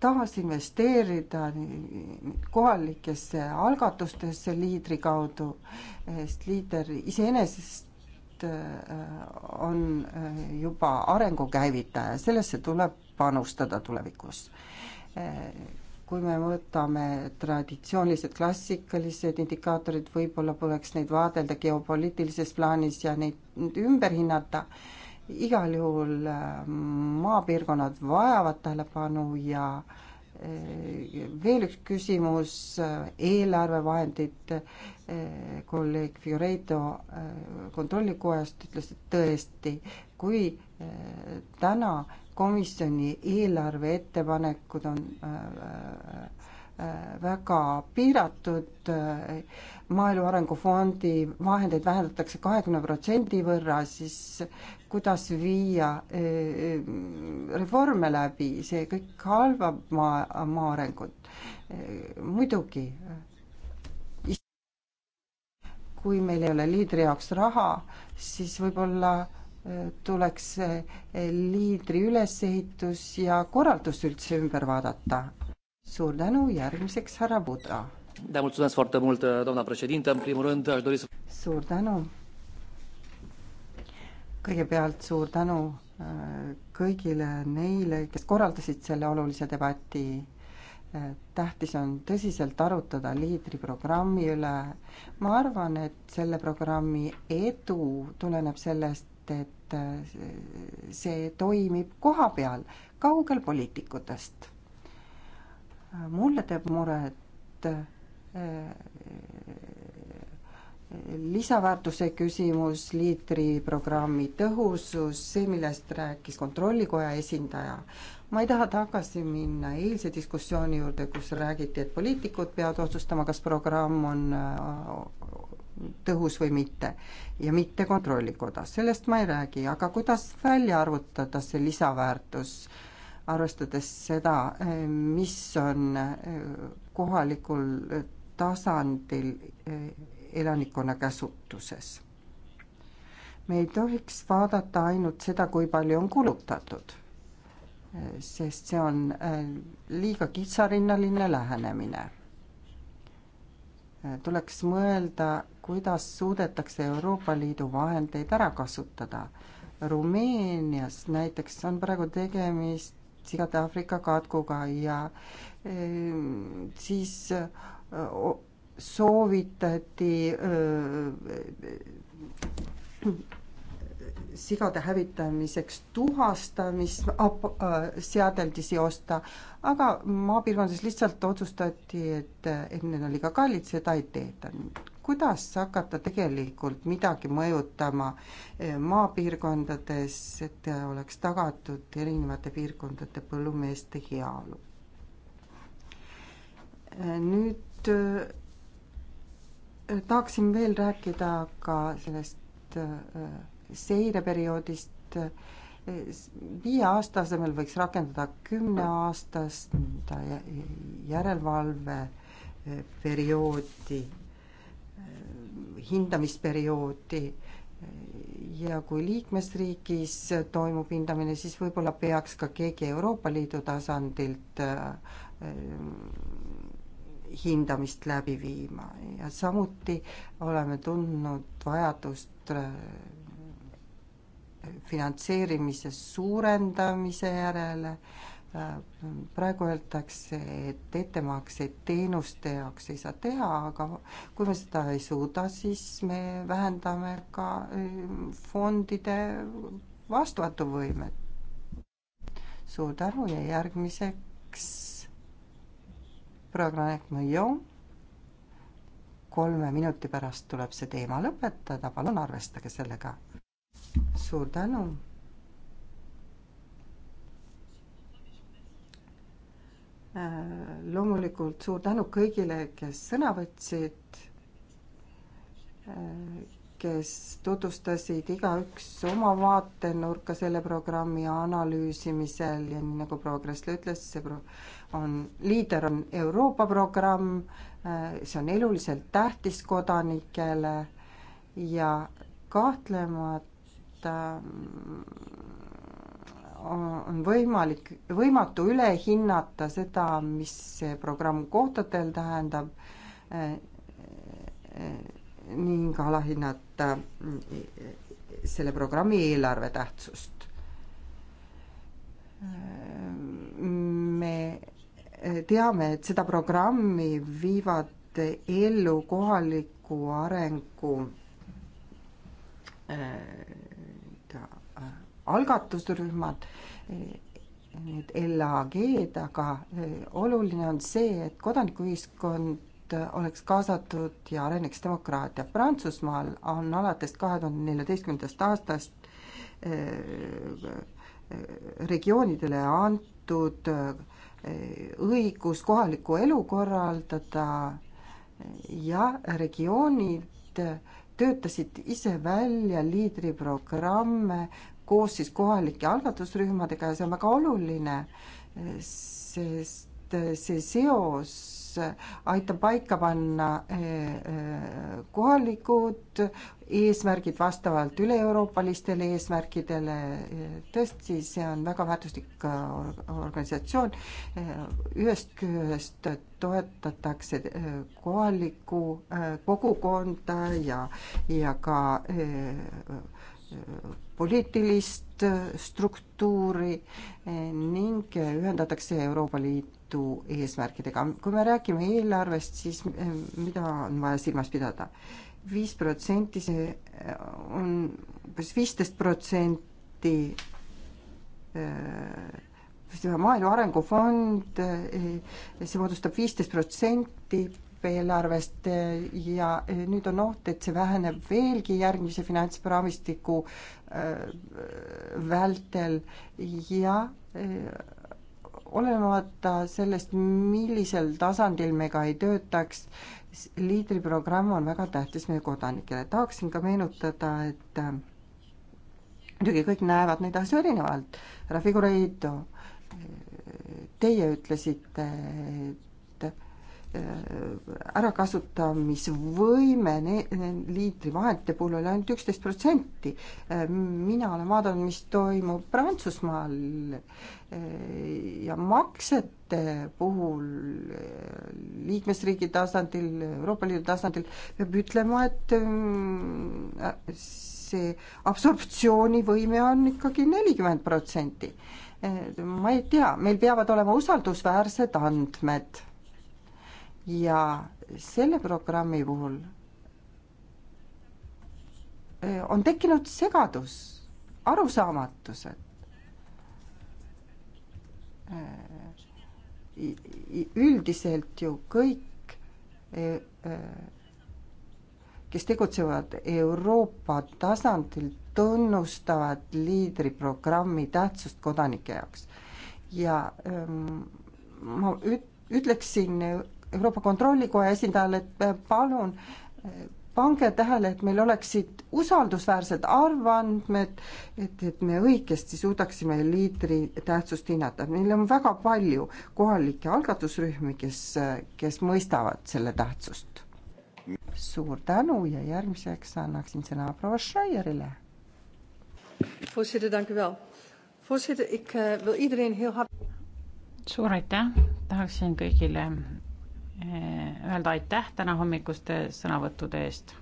tahaks investeerida kohalikesse algatustesse liidri kaudu, sest liider iseenesest äh, on äh, juba arengu käivitaja, sellesse tuleb panustada tulevikus. Äh, kui me võtame traditsioonilised klassikalised indikaatorid, võib-olla tuleks neid vaadelda geopoliitilises plaanis ja neid ümber hinnata igal juhul äh, maapiirkonnad vajavad tähelepanu ja äh, veel üks küsimus, äh, eelarvevahendid. kolleeg Fioreito kontrollikojast ütles, et tõesti, kui täna komisjoni eelarve ettepanekud on väga piiratud, Maaelu Arengu Fondi vahendeid vähendatakse kahekümne protsendi võrra, siis kuidas viia eh, eh, reforme läbi, see kõik halvab maa, maa arengut. Eh, muidugi, kui meil ei ole liidri jaoks raha, siis võib-olla tuleks liidri ülesehitus ja korraldus üldse ümber vaadata. suur tänu, järgmiseks härra Buda. suur tänu kõigepealt suur tänu äh, kõigile neile, kes korraldasid selle olulise debati. Äh, tähtis on tõsiselt arutada liidriprogrammi üle. ma arvan, et selle programmi edu tuleneb sellest, et äh, see toimib koha peal, kaugel poliitikutest. mulle teeb muret lisaväärtuse küsimus, liitriprogrammi tõhusus, see, millest rääkis Kontrollikoja esindaja. ma ei taha tagasi minna eilse diskussiooni juurde, kus räägiti, et poliitikud peavad otsustama, kas programm on äh, tõhus või mitte ja mitte Kontrollikoda, sellest ma ei räägi, aga kuidas välja arvutada see lisaväärtus, arvestades seda, mis on äh, kohalikul äh, tasandil elanikkonna käsutuses. me ei tohiks vaadata ainult seda, kui palju on kulutatud, sest see on äh, liiga kitsarinnaline lähenemine. Äh, tuleks mõelda, kuidas suudetakse Euroopa Liidu vahendeid ära kasutada. Rumeenias näiteks on praegu tegemist sigade Aafrika katkuga ja äh, siis soovitati öö, sigade hävitamiseks tuhastamisseadeldisi osta, aga maapiirkondades lihtsalt otsustati, et, et need on liiga kallid, seda ei teeta. kuidas hakata tegelikult midagi mõjutama maapiirkondades, et oleks tagatud erinevate piirkondade põllumeeste heaolu? nüüd tahaksin veel rääkida ka sellest äh, seireperioodist. viie aasta asemel võiks rakendada kümneaastast nii-öelda järelevalveperioodi, äh, äh, hindamisperioodi ja kui liikmesriigis toimub hindamine, siis võib-olla peaks ka keegi Euroopa Liidu tasandilt hindamist läbi viima ja samuti oleme tundnud vajadust äh, finantseerimise suurendamise järele. Äh, praegu öeldakse, et ettemakseid teenuste jaoks ei saa teha, aga kui me seda ei suuda, siis me vähendame ka äh, fondide vastuvõtuvõimet. suur tänu ja järgmiseks Prognonekmõju. kolme minuti pärast tuleb see teema lõpetada, palun arvestage sellega. suur tänu. Äh, loomulikult suur tänu kõigile, kes sõna võtsid, äh, kes tutvustasid igaüks oma vaatenurka selle programmi analüüsimisel ja nii nagu proua Kressle ütles, see pro-, on, liider on Euroopa programm, see on eluliselt tähtis kodanikele ja kahtlemata äh, on võimalik, võimatu üle hinnata seda, mis see programm kohtadel tähendab äh, äh, ning alahinnata selle programmi eelarve tähtsust. me teame, et seda programmi viivad ellu kohaliku arengu äh, äh, algatusrühmad, äh, need LAG-d, aga oluline on see, et kodanikuühiskond oleks kaasatud ja areneks demokraatia. Prantsusmaal on alates kahe tuhande neljateistkümnendast aastast regioonidele antud õigus kohalikku elu korraldada ja regioonid töötasid ise välja liidriprogramme koos siis kohalike algatusrühmadega ja see on väga oluline, sest see seos aitab paika panna eh, eh, kohalikud eesmärgid vastavalt üle-euroopalistele eesmärkidele. tõesti, see on väga väärtuslik eh, organisatsioon. ühest küljest toetatakse kohalikku kogukonda ja, ja ka poliitilist struktuuri ning ühendatakse Euroopa Liit Liidu eesmärkidega. kui me räägime eelarvest, siis eh, mida on vaja silmas pidada? viis protsenti, see eh, on umbes viisteist protsenti eh, maaelu arengufond, see moodustab viisteist protsenti eelarvest ja nüüd on oht, et see väheneb veelgi järgmise finantsraamistiku vältel ja olenemata sellest, millisel tasandil me ka ei töötaks, liidriprogramm on väga tähtis meie kodanikele. tahaksin ka meenutada, et äh, muidugi kõik näevad neid asju erinevalt. härra Figureido, äh, teie ütlesite, et Äh, ärakasutamisvõime liitrivahendite puhul oli ainult üksteist protsenti. Äh, mina olen vaadanud, mis toimub Prantsusmaal äh, ja maksete puhul liikmesriigi tasandil, Euroopa Liidu tasandil peab ütlema, et see absorptsioonivõime on ikkagi nelikümmend protsenti. ma ei tea, meil peavad olema usaldusväärsed andmed ja selle programmi puhul eh, on tekkinud segadus, arusaamatused. Eh, üldiselt ju kõik, eh, kes tegutsevad Euroopa tasandil, tunnustavad liidriprogrammi tähtsust kodanike jaoks. ja ehm, ma üt-, ütleksin Euroopa Kontrollikoja esindajale, et äh, palun äh, pange tähele, et meil oleksid usaldusväärsed arvandmed, et, et me õigesti suudaksime liidri tähtsust hinnata. meil on väga palju kohalikke algatusrühmi, kes, äh, kes mõistavad selle tähtsust. suur tänu ja järgmiseks annaksin sõna proua Schreierile. Eh, suur aitäh, tahaksin kõigile Eh, öelda aitäh täna hommikuste sõnavõttude eest.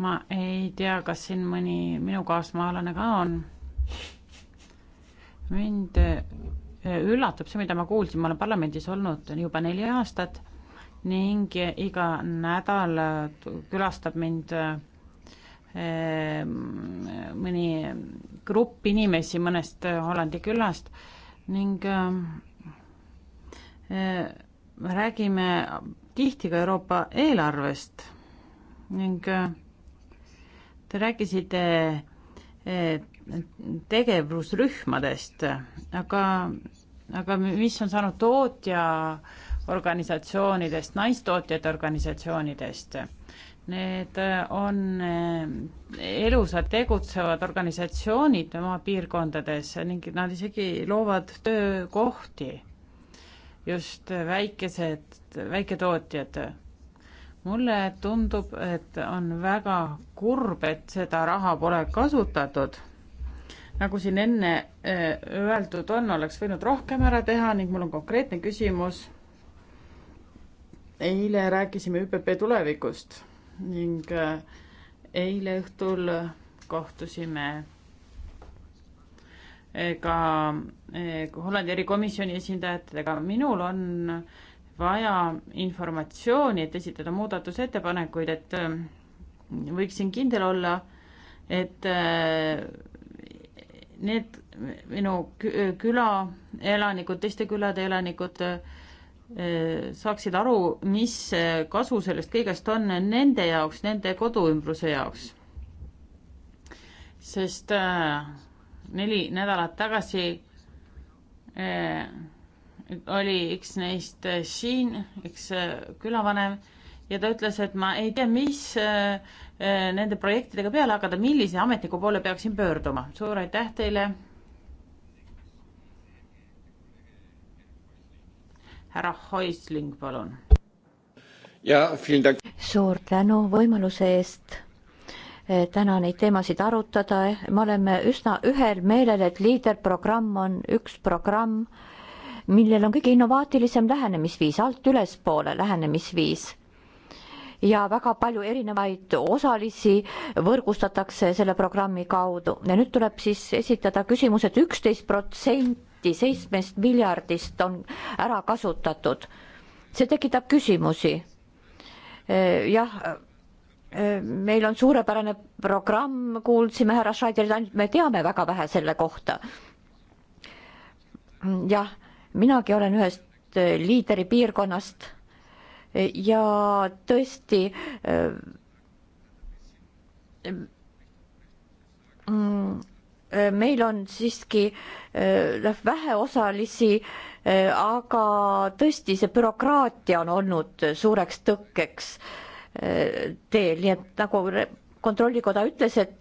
ma ei tea, kas siin mõni minu kaasmaalane ka on. mind eh, üllatab see, mida ma kuulsin, ma olen parlamendis olnud juba neli aastat ning iga nädal külastab mind eh, mõni grupp inimesi mõnest Hollandi külast ning räägime tihti ka Euroopa eelarvest ning äh, te rääkisite tegevusrühmadest, aga, aga mis on saanud tootja organisatsioonidest, naistootjate organisatsioonidest? Need äh, on äh, elusad tegutsevad organisatsioonid oma piirkondades ning nad isegi loovad töökohti just väikesed, väiketootjad. mulle tundub, et on väga kurb, et seda raha pole kasutatud. nagu siin enne äh, öeldud on, oleks võinud rohkem ära teha ning mul on konkreetne küsimus. eile rääkisime ÜPP tulevikust ning äh, eile õhtul kohtusime ka eh, Hollandi erikomisjoni esindajatega, minul on vaja informatsiooni, et esitada muudatusettepanekuid, et eh, võiksin kindel olla, et eh, need minu küla elanikud, teiste külade elanikud saaksid aru, mis kasu sellest kõigest on nende jaoks, nende koduümbruse jaoks. sest äh, neli nädalat tagasi eh, oli üks neist eh, siin, üks eh, külavanem ja ta ütles, et ma ei tea, mis nende projektidega peale hakata, millise ametniku poole peaksin pöörduma. suur aitäh teile. härra Häusling, palun. suur tänu võimaluse eest Eh, täna neid teemasid arutada. me oleme üsna ühel meelel, et liiderprogramm on üks programm, millel on kõige innovaatilisem lähenemisviis, alt ülespoole lähenemisviis. ja väga palju erinevaid osalisi võrgustatakse selle programmi kaudu ja nüüd tuleb siis esitada küsimus et, et üksteist protsenti seitsmest miljardist on ära kasutatud. see tekitab küsimusi. Eh, jah meil on suurepärane programm, kuulsime härra Schneiderilt, ainult me teame väga vähe selle kohta. jah, minagi olen ühest liideri piirkonnast ja tõesti meil on siiski noh, väheosalisi, aga tõesti see bürokraatia on olnud suureks tõkkeks teel, nii et nagu kontrollikoda ütles, et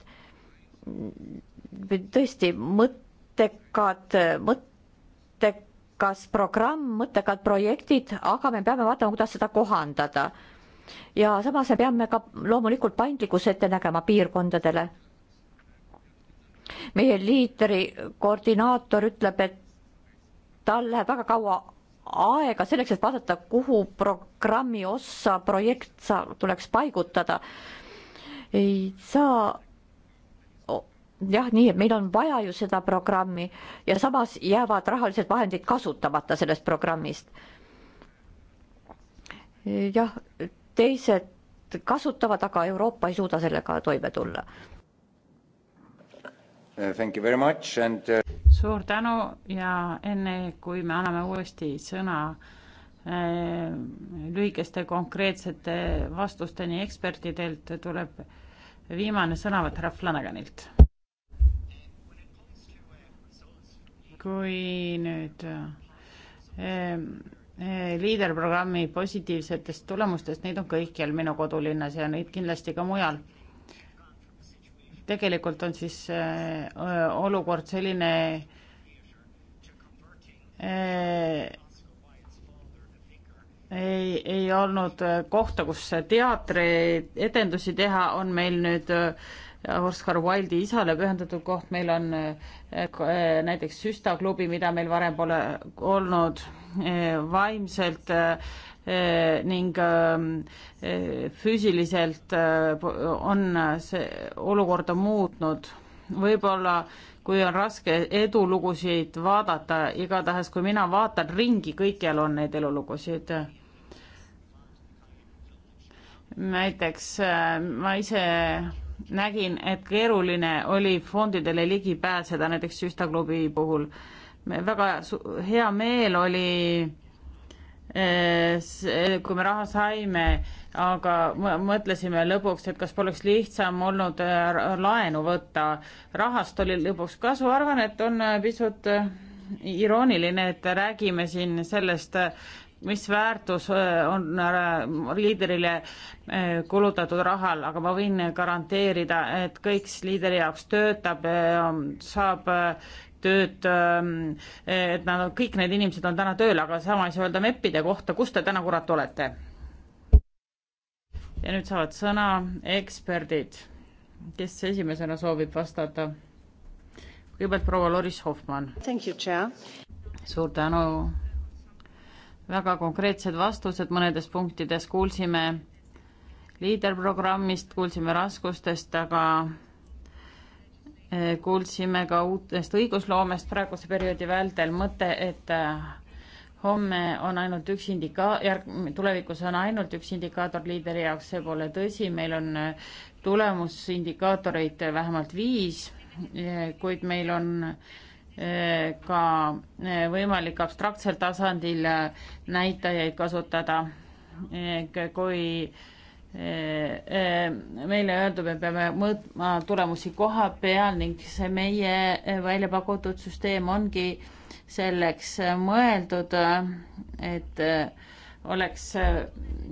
tõesti mõttekad, mõttekas programm, mõttekad projektid, aga me peame vaatama, kuidas seda kohandada. ja samas me peame ka loomulikult paindlikkuse ette nägema piirkondadele. meie liidri koordinaator ütleb, et tal läheb väga kaua aega selleks, et vaadata, kuhu programmi ossa projekt sa-, tuleks paigutada. ei saa jah, nii et meil on vaja ju seda programmi ja samas jäävad rahalised vahendid kasutamata sellest programmist. jah, teised kasutavad, aga Euroopa ei suuda sellega toime tulla. Thank you very much and uh, suur tänu ja enne, kui me anname uuesti sõna eh, lühikeste konkreetsete vastusteni ekspertidelt, tuleb viimane sõnavõtt härra Flanaganilt. kui nüüd eh, eh, liiderprogrammi positiivsetest tulemustest, neid on kõikjal minu kodulinnas ja neid kindlasti ka mujal tegelikult on siis äh, olukord selline, äh, ei, ei olnud kohta, kus teatrietendusi teha, on meil nüüd äh, Oscar Wilde'i isale pühendatud koht, meil on näiteks süstaklubi, mida meil varem pole olnud, vaimselt äh, Eh, ning ähm, eh, füüsiliselt äh, on see olukorda muutnud. võib-olla kui on raske edulugusid vaadata, igatahes kui mina vaatan ringi, kõikjal on neid elulugusid. näiteks äh, ma ise nägin, et keeruline oli fondidele ligi pääseda, näiteks Süstaklubi puhul. väga hea meel oli äh, Eh, eh, kui me raha saime, aga mõtlesime lõpuks, et kas poleks lihtsam olnud eh, laenu võtta. rahast oli lõpuks kasu, arvan, et on pisut irooniline, et räägime siin sellest, mis väärtus on liidrile kulutatud rahal, aga ma võin garanteerida, et kõik liidri jaoks töötab, saab tööd, ähm, et nad on, kõik need inimesed on täna tööl, aga sama ei saa öelda MEP-ide kohta, kus te täna kurat olete? ja nüüd saavad sõna eksperdid, kes esimesena soovib vastata. kõigepealt proua Loris Hoffmann. suur tänu. väga konkreetsed vastused mõnedes punktides, kuulsime liiderprogrammist, kuulsime raskustest, aga kuulsime ka uutest õigusloomest praeguse perioodi vältel mõte, et äh, homme on ainult üks indika-, järg-, tulevikus on ainult üks indikaator liideri jaoks, see pole tõsi, meil on äh, tulemusindikaatoreid äh, vähemalt viis, kuid meil on ka võimalik abstraktsel tasandil näitajaid kasutada, kui Äh, äh, meile öeldud, me peame mõõtma tulemusi koha peal ning see meie välja pakutud süsteem ongi selleks mõeldud, et äh, oleks,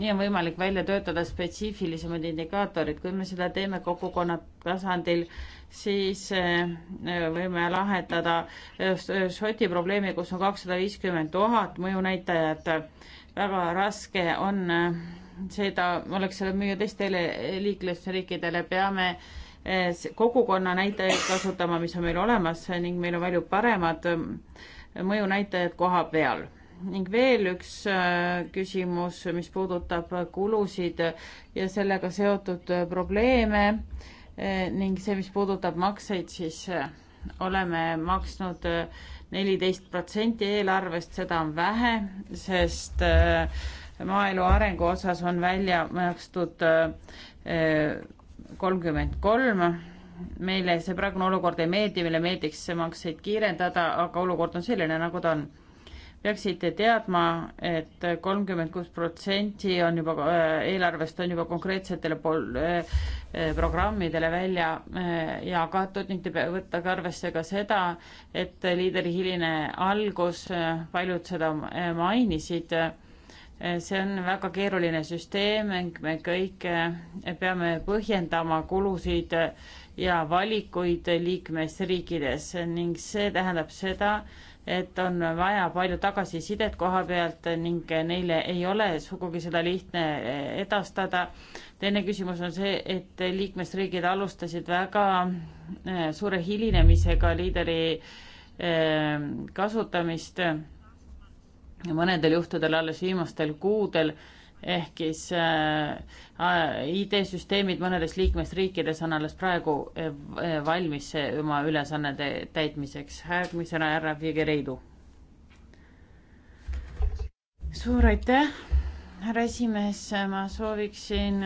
nii on võimalik välja töötada spetsiifilisemad indikaatorid, kui me seda teeme kogukonna tasandil, siis võime lahendada Šoti probleemi, kus on kakssada viiskümmend tuhat mõjunäitajat. väga raske on seda, oleks seda müüa teistele liiklusriikidele, peame eh, kogukonna näitajaid kasutama, mis on meil olemas ning meil on palju paremad eh, mõjunäitajad koha peal. ning veel üks eh, küsimus, mis puudutab kulusid ja sellega seotud probleeme ning see, mis puudutab makseid, siis oleme maksnud neliteist protsenti eelarvest, seda on vähe, sest äh, maaelu arengu osas on välja makstud äh, kolmkümmend kolm. meile see praegune olukord ei meeldi, meile meeldiks makseid kiirendada, aga olukord on selline, nagu ta on. peaksite teadma et, et kolmkümmend kuus protsenti on juba, äh, eelarvest on juba konkreetsetele pool, äh, programmidele välja jagatud ning te võtage arvesse ka seda, et liideri hiline algus, paljud seda mainisid see on väga keeruline süsteem, me kõik eh, peame põhjendama kulusid ja valikuid liikmesriikides ning see tähendab seda, et on vaja palju tagasisidet koha pealt ning neile ei ole sugugi seda lihtne eh, edastada. teine küsimus on see, et liikmesriigid alustasid väga eh, suure hilinemisega liideri kasutamist ja mõnedel juhtudel alles viimastel kuudel, ehk siis äh, äh IT-süsteemid mõnedes liikmesriikides on alles praegu äh, äh, valmis oma ülesannete täitmiseks. järgmisena härra Figueiredu. suur aitäh, härra esimees, ma sooviksin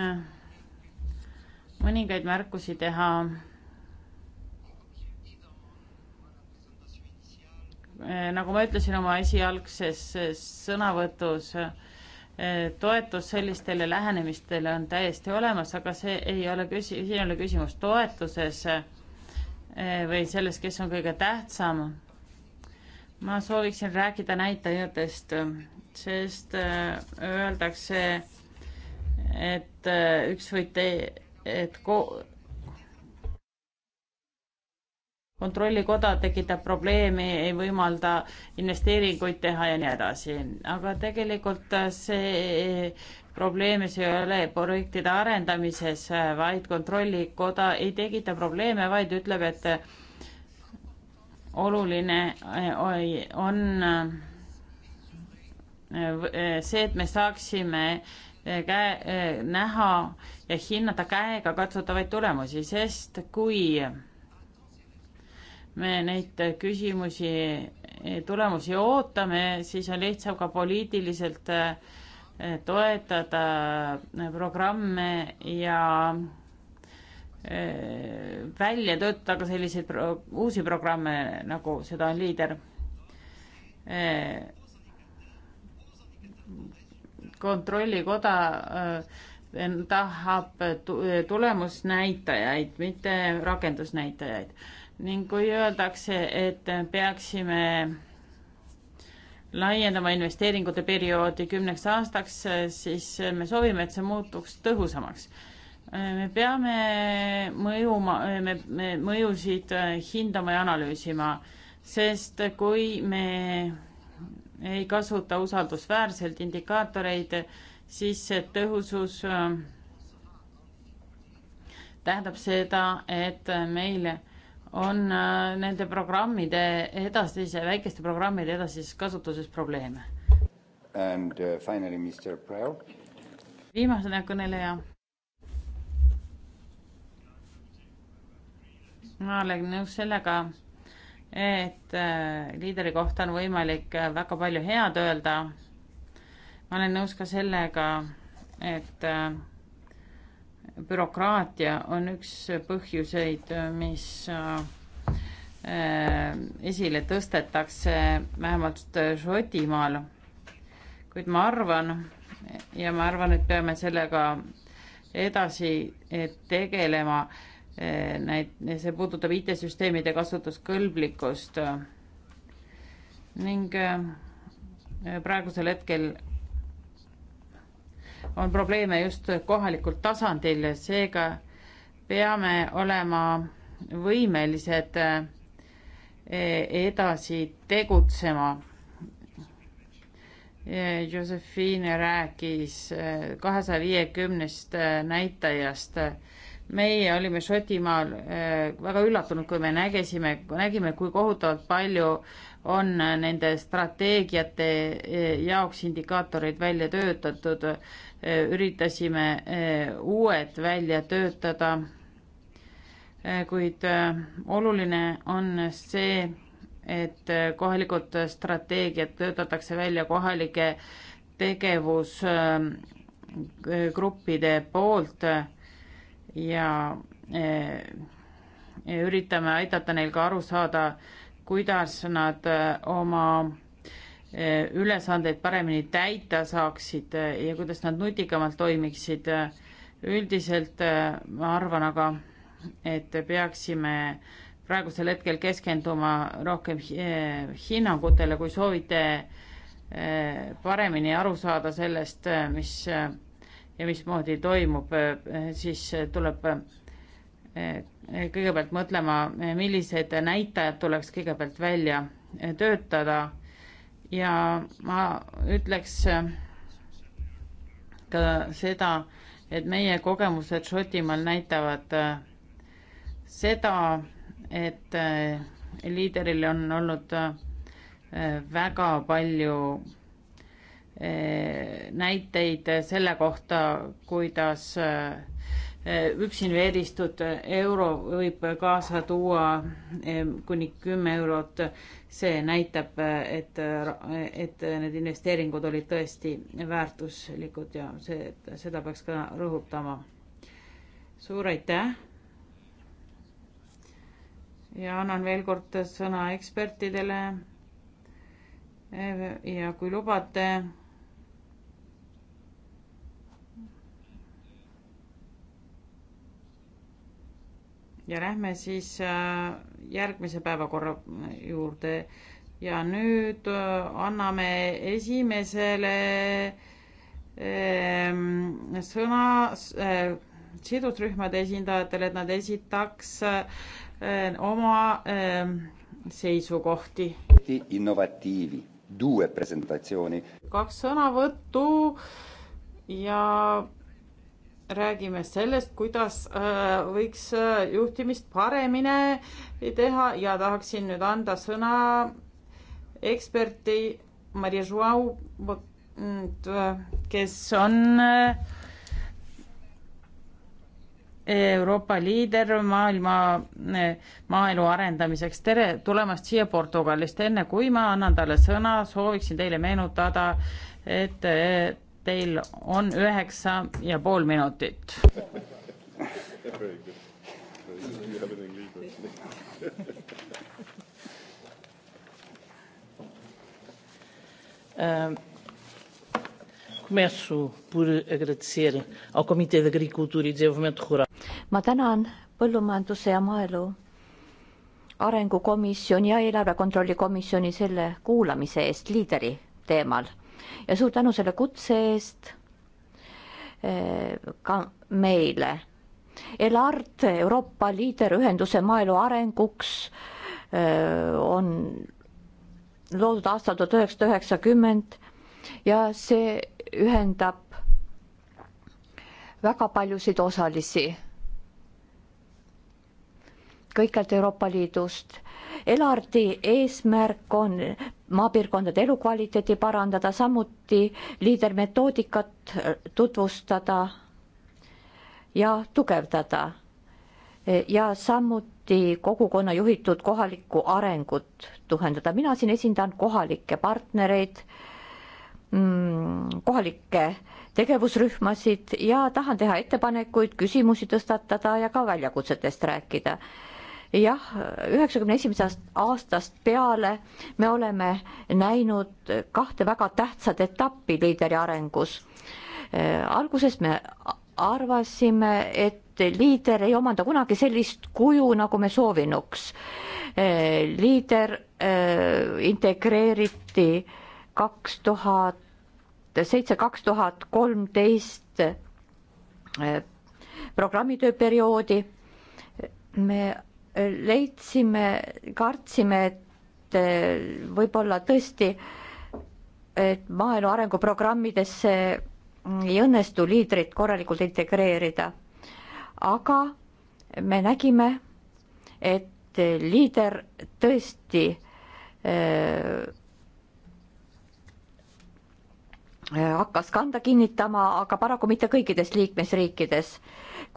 mõningaid märkusi teha Eh, nagu ma ütlesin oma esialgses eh, sõnavõtus, eh, toetus sellistele lähenemistele on täiesti olemas, aga see ei ole küsi-, siin ei ole küsimus toetuses või selles, kes on kõige tähtsam. ma sooviksin rääkida näitajatest, sest öeldakse, et üks või tei-, et ko-, kontrollikoda tekitab probleemi, ei võimalda investeeringuid teha ja nii edasi. aga tegelikult see probleem ei ole projektide arendamises, vaid kontrollikoda ei tekita probleeme, vaid ütleb, et oluline on see, et me saaksime käe, näha ja hinnata käega katsutavaid tulemusi, sest kui me neid küsimusi, tulemusi ootame, siis on lihtsam ka poliitiliselt eh, toetada eh, programme ja eh, välja töötada ka selliseid pro uusi programme, nagu seda on liider kontrollikoda tahab tulemusnäitajaid, mitte rakendusnäitajaid ning kui öeldakse, et peaksime laiendama investeeringute perioodi kümneks aastaks, siis me soovime, et see muutuks tõhusamaks. me peame mõjuma, me, me mõjusid hindama ja analüüsima, sest kui me ei kasuta usaldusväärselt indikaatoreid, siis see tõhusus äh, tähendab seda, et meile on äh, nende programmide edasise, väikeste programmide edasises kasutuses probleeme. And uh, finally Mr Proud. viimasena kõneleja. ma olen nõus sellega, et äh, liideri kohta on võimalik äh, väga palju head öelda. ma olen nõus ka sellega, et äh, bürokraatia on üks põhjuseid, mis äh, esile tõstetakse vähemalt Šotimaal. kuid ma arvan ja ma arvan, et peame sellega edasi tegelema. Äh, Need, see puudutab IT-süsteemide kasutuskõlblikkust ning äh, praegusel hetkel on probleeme just kohalikul tasandil, seega peame olema võimelised eh, edasi tegutsema. Eh, Josephine rääkis eh, kahesaja viiekümnest näitajast. meie olime Šotimaal väga üllatunud, kui me nägesime, nägime, kui kohutavalt palju on nende strateegiate jaoks indikaatoreid välja töötatud Äh, üritasime äh, uued välja töötada, äh, kuid oluline on see, et kohalikud strateegiad töötatakse välja kohalike tegevusgruppide poolt ja üritame aidata neil ka aru saada, kuidas nad oma ülesandeid paremini täita saaksid eh, ja kuidas nad nutikamalt toimiksid. üldiselt eh, ma arvan aga, et peaksime praegusel hetkel keskenduma rohkem eh, hinnangutele, kui soovite paremini aru saada sellest, mis ja mismoodi toimub, siis tuleb kõigepealt mõtlema, millised näitajad tuleks kõigepealt välja töötada ja ma ütleks äh, ka seda, et meie kogemused Šotimaal näitavad äh, seda, et äh, liideril on olnud väga palju näiteid selle kohta, kuidas Eh, üksinda eristud euro võib kaasa tuua eh, kuni kümme eurot. see näitab, eh, et, et need investeeringud olid tõesti väärtuslikud ja see, seda peaks ka rõhutama. suur aitäh. ja annan veel kord sõna ekspertidele. ja kui lubate ja lähme siis äh, järgmise päevakorra juurde ja nüüd äh, anname esimesele ähm, sõna äh, sidusrühmade esindajatele, et nad esitaks oma ähm, seisukohti. innovatiivi, duue presentatsiooni. kaks sõnavõttu ja räägime sellest, kuidas äh, võiks äh, juhtimist paremini teha ja tahaksin nüüd anda sõna eksperti Maria Joao, äh, kes on Euroopa liider maailma, maaelu arendamiseks. tere tulemast siia Portugalist. enne kui ma annan talle sõna, sooviksin teile meenutada, et Teil on üheksa ja pool minutit. Ehm, e ma tänan põllumajanduse ja maaelu arengukomisjoni ja eelarve kontrolli komisjoni selle kuulamise eest liideri teemal ja suur tänu selle kutse eest eh, ka meile. ELARD, Euroopa Liiderühenduse Maaelu Arenguks eh, on loodud aastal tuhat üheksasada üheksakümmend ja see ühendab väga paljusid osalisi kõikjalt Euroopa Liidust. Elardi eesmärk on maapiirkondade elukvaliteeti parandada, samuti liidermetoodikat äh, tutvustada ja tugevdada e, ja samuti kogukonna juhitud kohalikku arengut tuhendada. mina siin esindan kohalikke partnereid, mm, kohalikke tegevusrühmasid ja tahan teha ettepanekuid, küsimusi tõstatada ja ka väljakutsetest rääkida jah, üheksakümne esimesest aastast peale me oleme näinud kahte väga tähtsat etappi liideri arengus. Äh, alguses me arvasime, et liider ei omanda kunagi sellist kuju, nagu me soovinuks. Äh, liider äh, integreeriti kaks tuhat seitse, kaks tuhat kolmteist programmitööperioodi. me leidsime, kartsime, et eh, võib-olla tõesti, et maaelu arenguprogrammidesse mm, ei õnnestu liidrit korralikult integreerida. aga me nägime, et liider tõesti öö, eh, Äh, hakkas kanda kinnitama, aga paraku mitte kõikides liikmesriikides.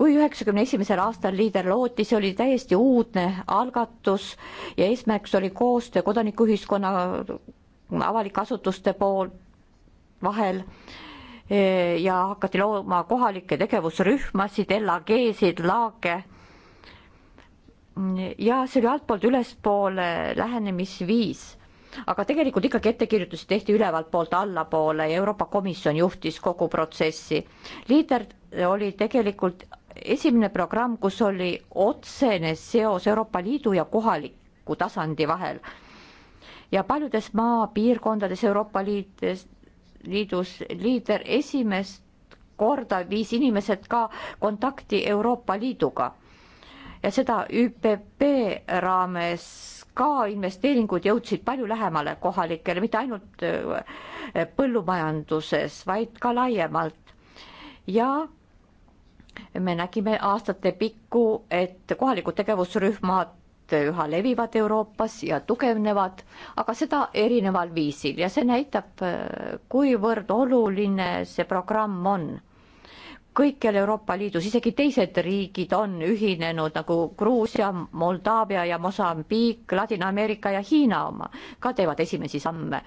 kui üheksakümne esimesel aastal liider loodi, see oli täiesti uudne algatus ja eesmärgiks oli koostöö kodanikuühiskonna avalike asutuste pool, vahel äh, ja hakati looma kohalikke tegevusrühmasid, LAG-sid, laage. ja see oli altpoolt ülespoole lähenemisviis aga tegelikult ikkagi ettekirjutusi tehti ülevalt poolt allapoole ja Euroopa Komisjon juhtis kogu protsessi. liider oli tegelikult esimene programm, kus oli otsene seos Euroopa Liidu ja kohaliku tasandi vahel. ja paljudes maapiirkondades Euroopa Liides, Liidus liider esimest korda viis inimesed ka kontakti Euroopa Liiduga ja seda ÜPP raames ka investeeringud jõudsid palju lähemale kohalikele, mitte ainult äh, põllumajanduses, vaid ka laiemalt. ja me nägime aastate pikku, et kohalikud tegevusrühmad üha levivad Euroopas ja tugevnevad, aga seda erineval viisil ja see näitab, äh, kuivõrd oluline see programm on kõikjal Euroopa Liidus, isegi teised riigid on ühinenud nagu Gruusia, Moldaavia ja Mosambiik, Ladina-Ameerika ja Hiina oma ka teevad esimesi samme.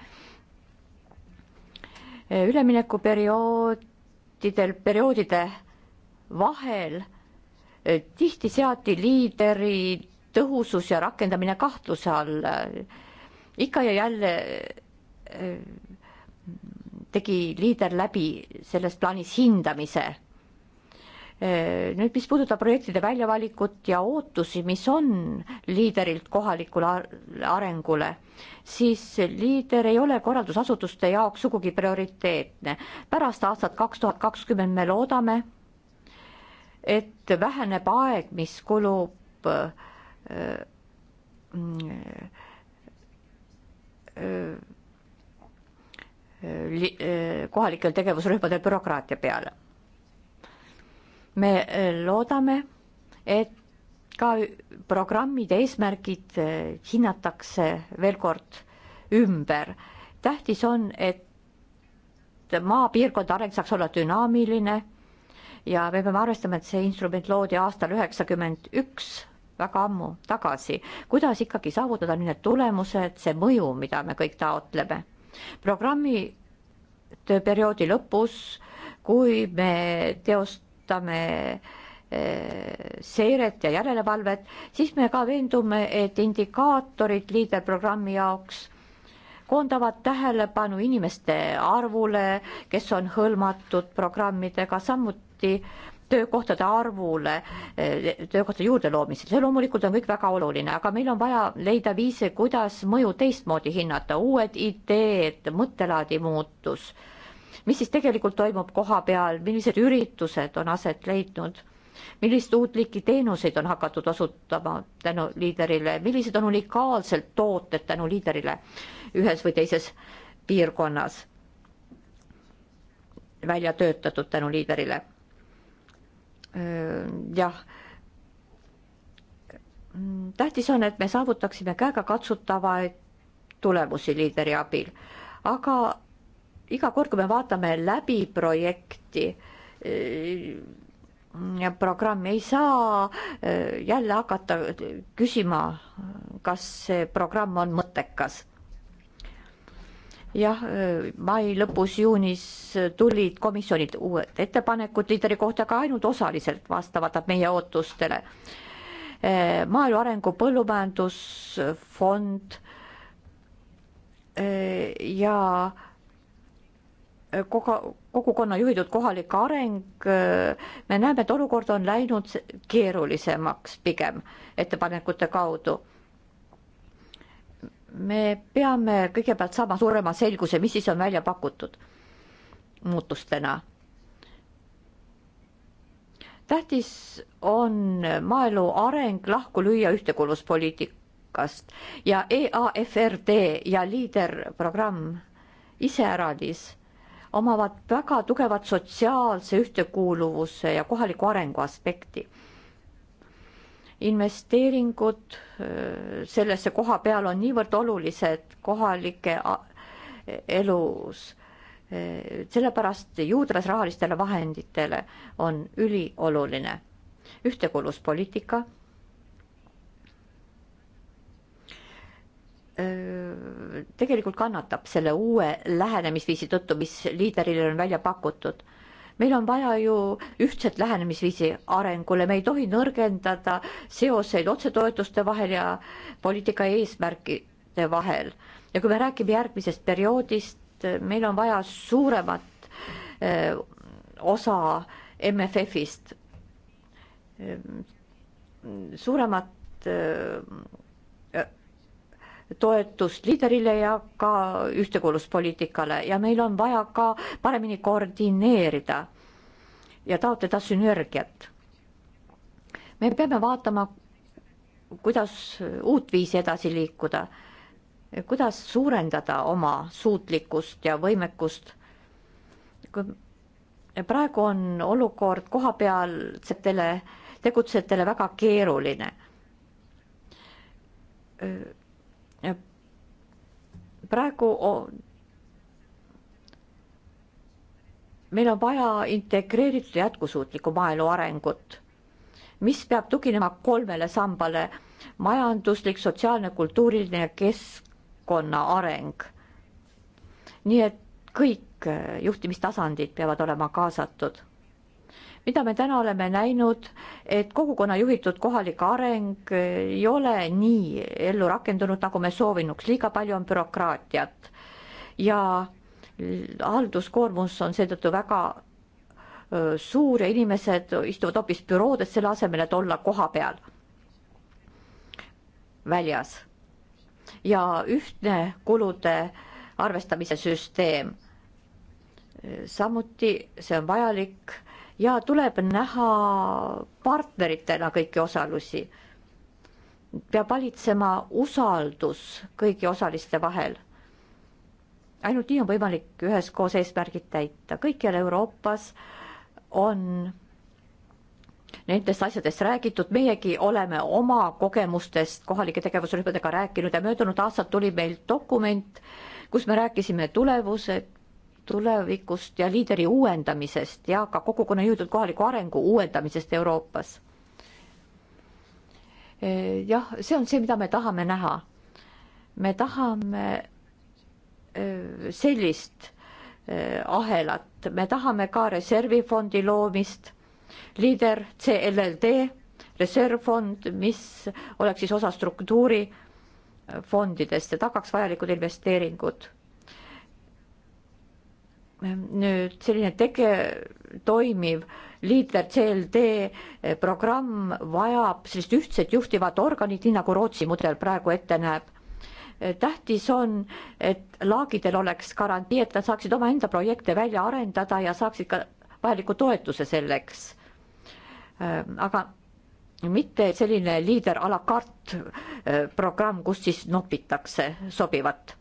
üleminekuperioodidel, perioodide vahel eh, tihti seati liideri tõhusus ja rakendamine kahtluse alla. ikka ja jälle eh, tegi liider läbi selles plaanis hindamise Äh, nüüd, mis puudutab projektide väljavalikut ja ootusi, mis on liiderilt kohalikule arengule, siis liider ei ole korraldusasutuste jaoks sugugi prioriteetne. pärast aastat kaks tuhat kakskümmend me loodame, et väheneb aeg, mis kulub öö, öö, öö, kohalikel tegevusrühmadel bürokraatia peale me äh, loodame, et ka programmide eesmärgid äh, hinnatakse veel kord ümber. tähtis on, et maapiirkond areng saaks olla dünaamiline ja me peame arvestama, et see instrument loodi aastal üheksakümmend üks, väga ammu tagasi. kuidas ikkagi saavutada need tulemused, see mõju, mida me kõik taotleme? programmi tööperioodi lõpus, kui me teost kasutame eh, seiret ja järelevalvet, siis me ka veendume, et indikaatorid liiderprogrammi jaoks koondavad tähelepanu inimeste arvule, kes on hõlmatud programmidega, samuti töökohtade arvule, eh, töökohtade juurde loomisel, see loomulikult on kõik väga oluline, aga meil on vaja leida viise, kuidas mõju teistmoodi hinnata, uued ideed, mõttelaadi muutus mis siis tegelikult toimub koha peal, millised üritused on aset leidnud, millist uut liiki teenuseid on hakatud osutama tänu liiderile, millised on unikaalsed tooted tänu liiderile ühes või teises piirkonnas välja töötatud tänu liiderile. jah tähtis on, et me saavutaksime käegakatsutavaid tulemusi liideri abil, aga iga kord, kui me vaatame läbi projekti, äh, programmi, ei saa äh, jälle hakata küsima, kas see programm on mõttekas. jah, äh, mai lõpus, juunis tulid komisjonilt uued ettepanekud liideri kohta, aga ainult osaliselt vastavad nad meie ootustele. maaelu arengu põllumajandusfond ja äh, kogu, kogukonna juhitud kohalik areng, me näeme, et olukord on läinud keerulisemaks pigem ettepanekute kaudu. me peame kõigepealt saama suurema selguse, mis siis on välja pakutud muutustena. tähtis on maaelu areng lahku lüüa ühtekuuluvuspoliitikast ja EAFRD ja Leader programm iseäranis omavad väga tugevat sotsiaalse ühtekuuluvuse ja kohaliku arengu aspekti. investeeringud sellesse koha peal on niivõrd olulised kohalike elus. sellepärast juudras rahalistele vahenditele on ülioluline ühtekuuluvuspoliitika tegelikult kannatab selle uue lähenemisviisi tõttu, mis liiderile on välja pakutud. meil on vaja ju ühtset lähenemisviisi arengule, me ei tohi nõrgendada seoseid otsetoetuste vahel ja poliitika eesmärkide vahel. ja kui me räägime järgmisest perioodist, meil on vaja suuremat öö, osa MFF-ist, suuremat öö, toetust liiderile ja ka ühtekuuluvuspoliitikale ja meil on vaja ka paremini koordineerida ja taotleda sünergiat. me peame vaatama, kuidas uut viisi edasi liikuda, kuidas suurendada oma suutlikkust ja võimekust. praegu on olukord kohapealsetele tegutsejatele väga keeruline praegu on meil on vaja integreeritud jätkusuutlikku maaelu arengut, mis peab tuginema kolmele sambale, majanduslik, sotsiaalne, kultuuriline ja keskkonna areng. nii et kõik juhtimistasandid peavad olema kaasatud mida me täna oleme näinud, et kogukonna juhitud kohalik areng ei ole nii ellu rakendunud, nagu me soovinuks, liiga palju on bürokraatiat ja halduskoormus on seetõttu väga suur ja inimesed istuvad hoopis büroodes selle asemel, et olla koha peal väljas ja ühtne kulude arvestamise süsteem. samuti see on vajalik ja tuleb näha partneritena kõiki osalusi. peab valitsema usaldus kõigi osaliste vahel. ainult nii on võimalik üheskoos eesmärgid täita, kõikjal Euroopas on nendest asjadest räägitud, meiegi oleme oma kogemustest kohalike tegevusrühmadega rääkinud ja möödunud aastal tuli meil dokument, kus me rääkisime tulevused, tulevikust ja liideri uuendamisest ja ka kogukonna juhitud kohaliku arengu uuendamisest Euroopas. jah, see on see, mida me tahame näha. me tahame äh, sellist äh, ahelat, me tahame ka reservifondi loomist, liider CLLD, reservfond, mis oleks siis osa struktuurifondidest ja tagaks vajalikud investeeringud nüüd selline tege-, toimiv liider CLD eh, programm vajab sellist ühtset juhtivat organit, nii nagu Rootsi mudel praegu ette näeb. Eh, tähtis on, et laagidel oleks garantii, et nad saaksid omaenda projekte välja arendada ja saaksid ka vajaliku toetuse selleks. Eh, aga mitte selline liider a la carte programm, kus siis nopitakse sobivat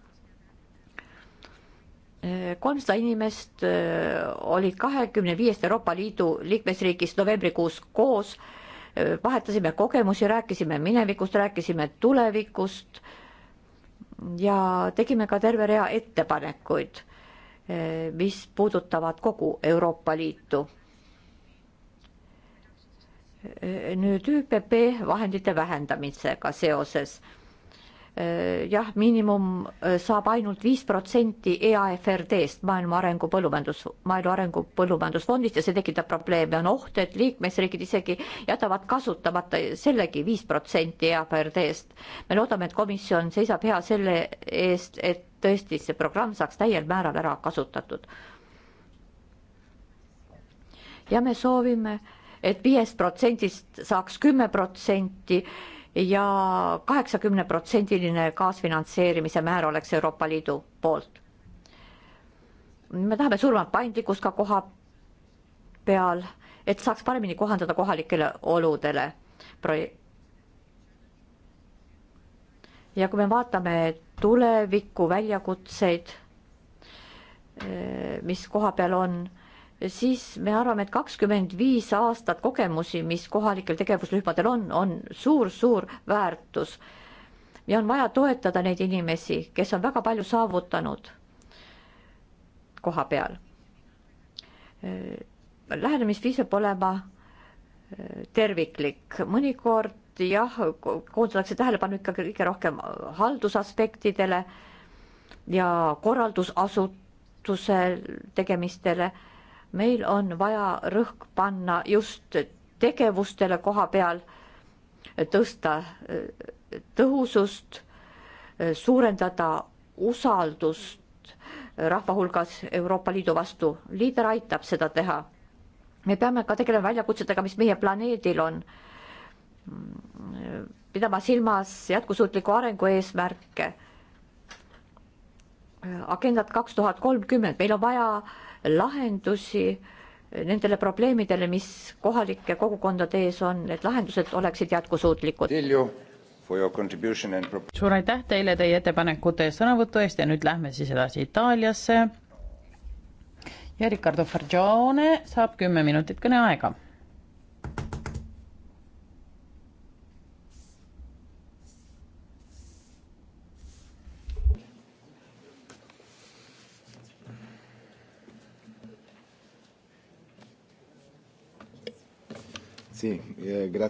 kolmsada inimest äh, olid kahekümne viiest Euroopa Liidu liikmesriigist novembrikuus koos, äh, vahetasime kogemusi, rääkisime minevikust, rääkisime tulevikust ja tegime ka terve rea ettepanekuid, äh, mis puudutavad kogu Euroopa Liitu. nüüd ÜPP vahendite vähendamisega seoses Eh, jah, miinimum eh, saab ainult viis protsenti EAFRD-st, maailma arengu põllumajandus, maailma arengu põllumajandusfondist ja see tekitab probleeme, on oht, et liikmesriigid isegi jätavad kasutamata sellegi viis protsenti EAFRD-st. me loodame, et komisjon seisab hea selle eest, et tõesti see programm saaks täiel määral ära kasutatud. ja me soovime et, et viiest protsendist saaks kümme protsenti ja kaheksakümne protsendiline kaasfinantseerimise määr oleks Euroopa Liidu poolt. me tahame suuremat paindlikkust ka koha peal, et saaks paremini kohandada kohalikele oludele Pro. ja kui me vaatame tuleviku väljakutseid, mis koha peal on siis me arvame, et kakskümmend viis aastat kogemusi, mis kohalikel tegevusrühmadel on, on suur-suur väärtus. ja on vaja toetada neid inimesi, kes on väga palju saavutanud koha peal. Äh, lähenemisviis peab olema äh, terviklik, mõnikord jah, koondatakse tähelepanu ikka kõige rohkem haldusaspektidele ja korraldusasutuse tegemistele meil on vaja rõhk panna just tegevustele koha peal, tõsta eh, tõhusust, eh, suurendada usaldust eh, rahva hulgas Euroopa Liidu vastu. liider aitab seda teha. me peame ka tegelema väljakutsetega, mis meie planeedil on pidama silmas jätkusuutliku arengu eesmärke. agendat kaks tuhat kolmkümmend, meil on vaja lahendusi nendele probleemidele, mis kohalike kogukondade ees on, et lahendused oleksid jätkusuutlikud. suur aitäh teile teie ettepanekute ja sõnavõtu eest ja nüüd lähme siis edasi Itaaliasse. ja Ricardo Fargione saab kümme minutit kõneaega Eh,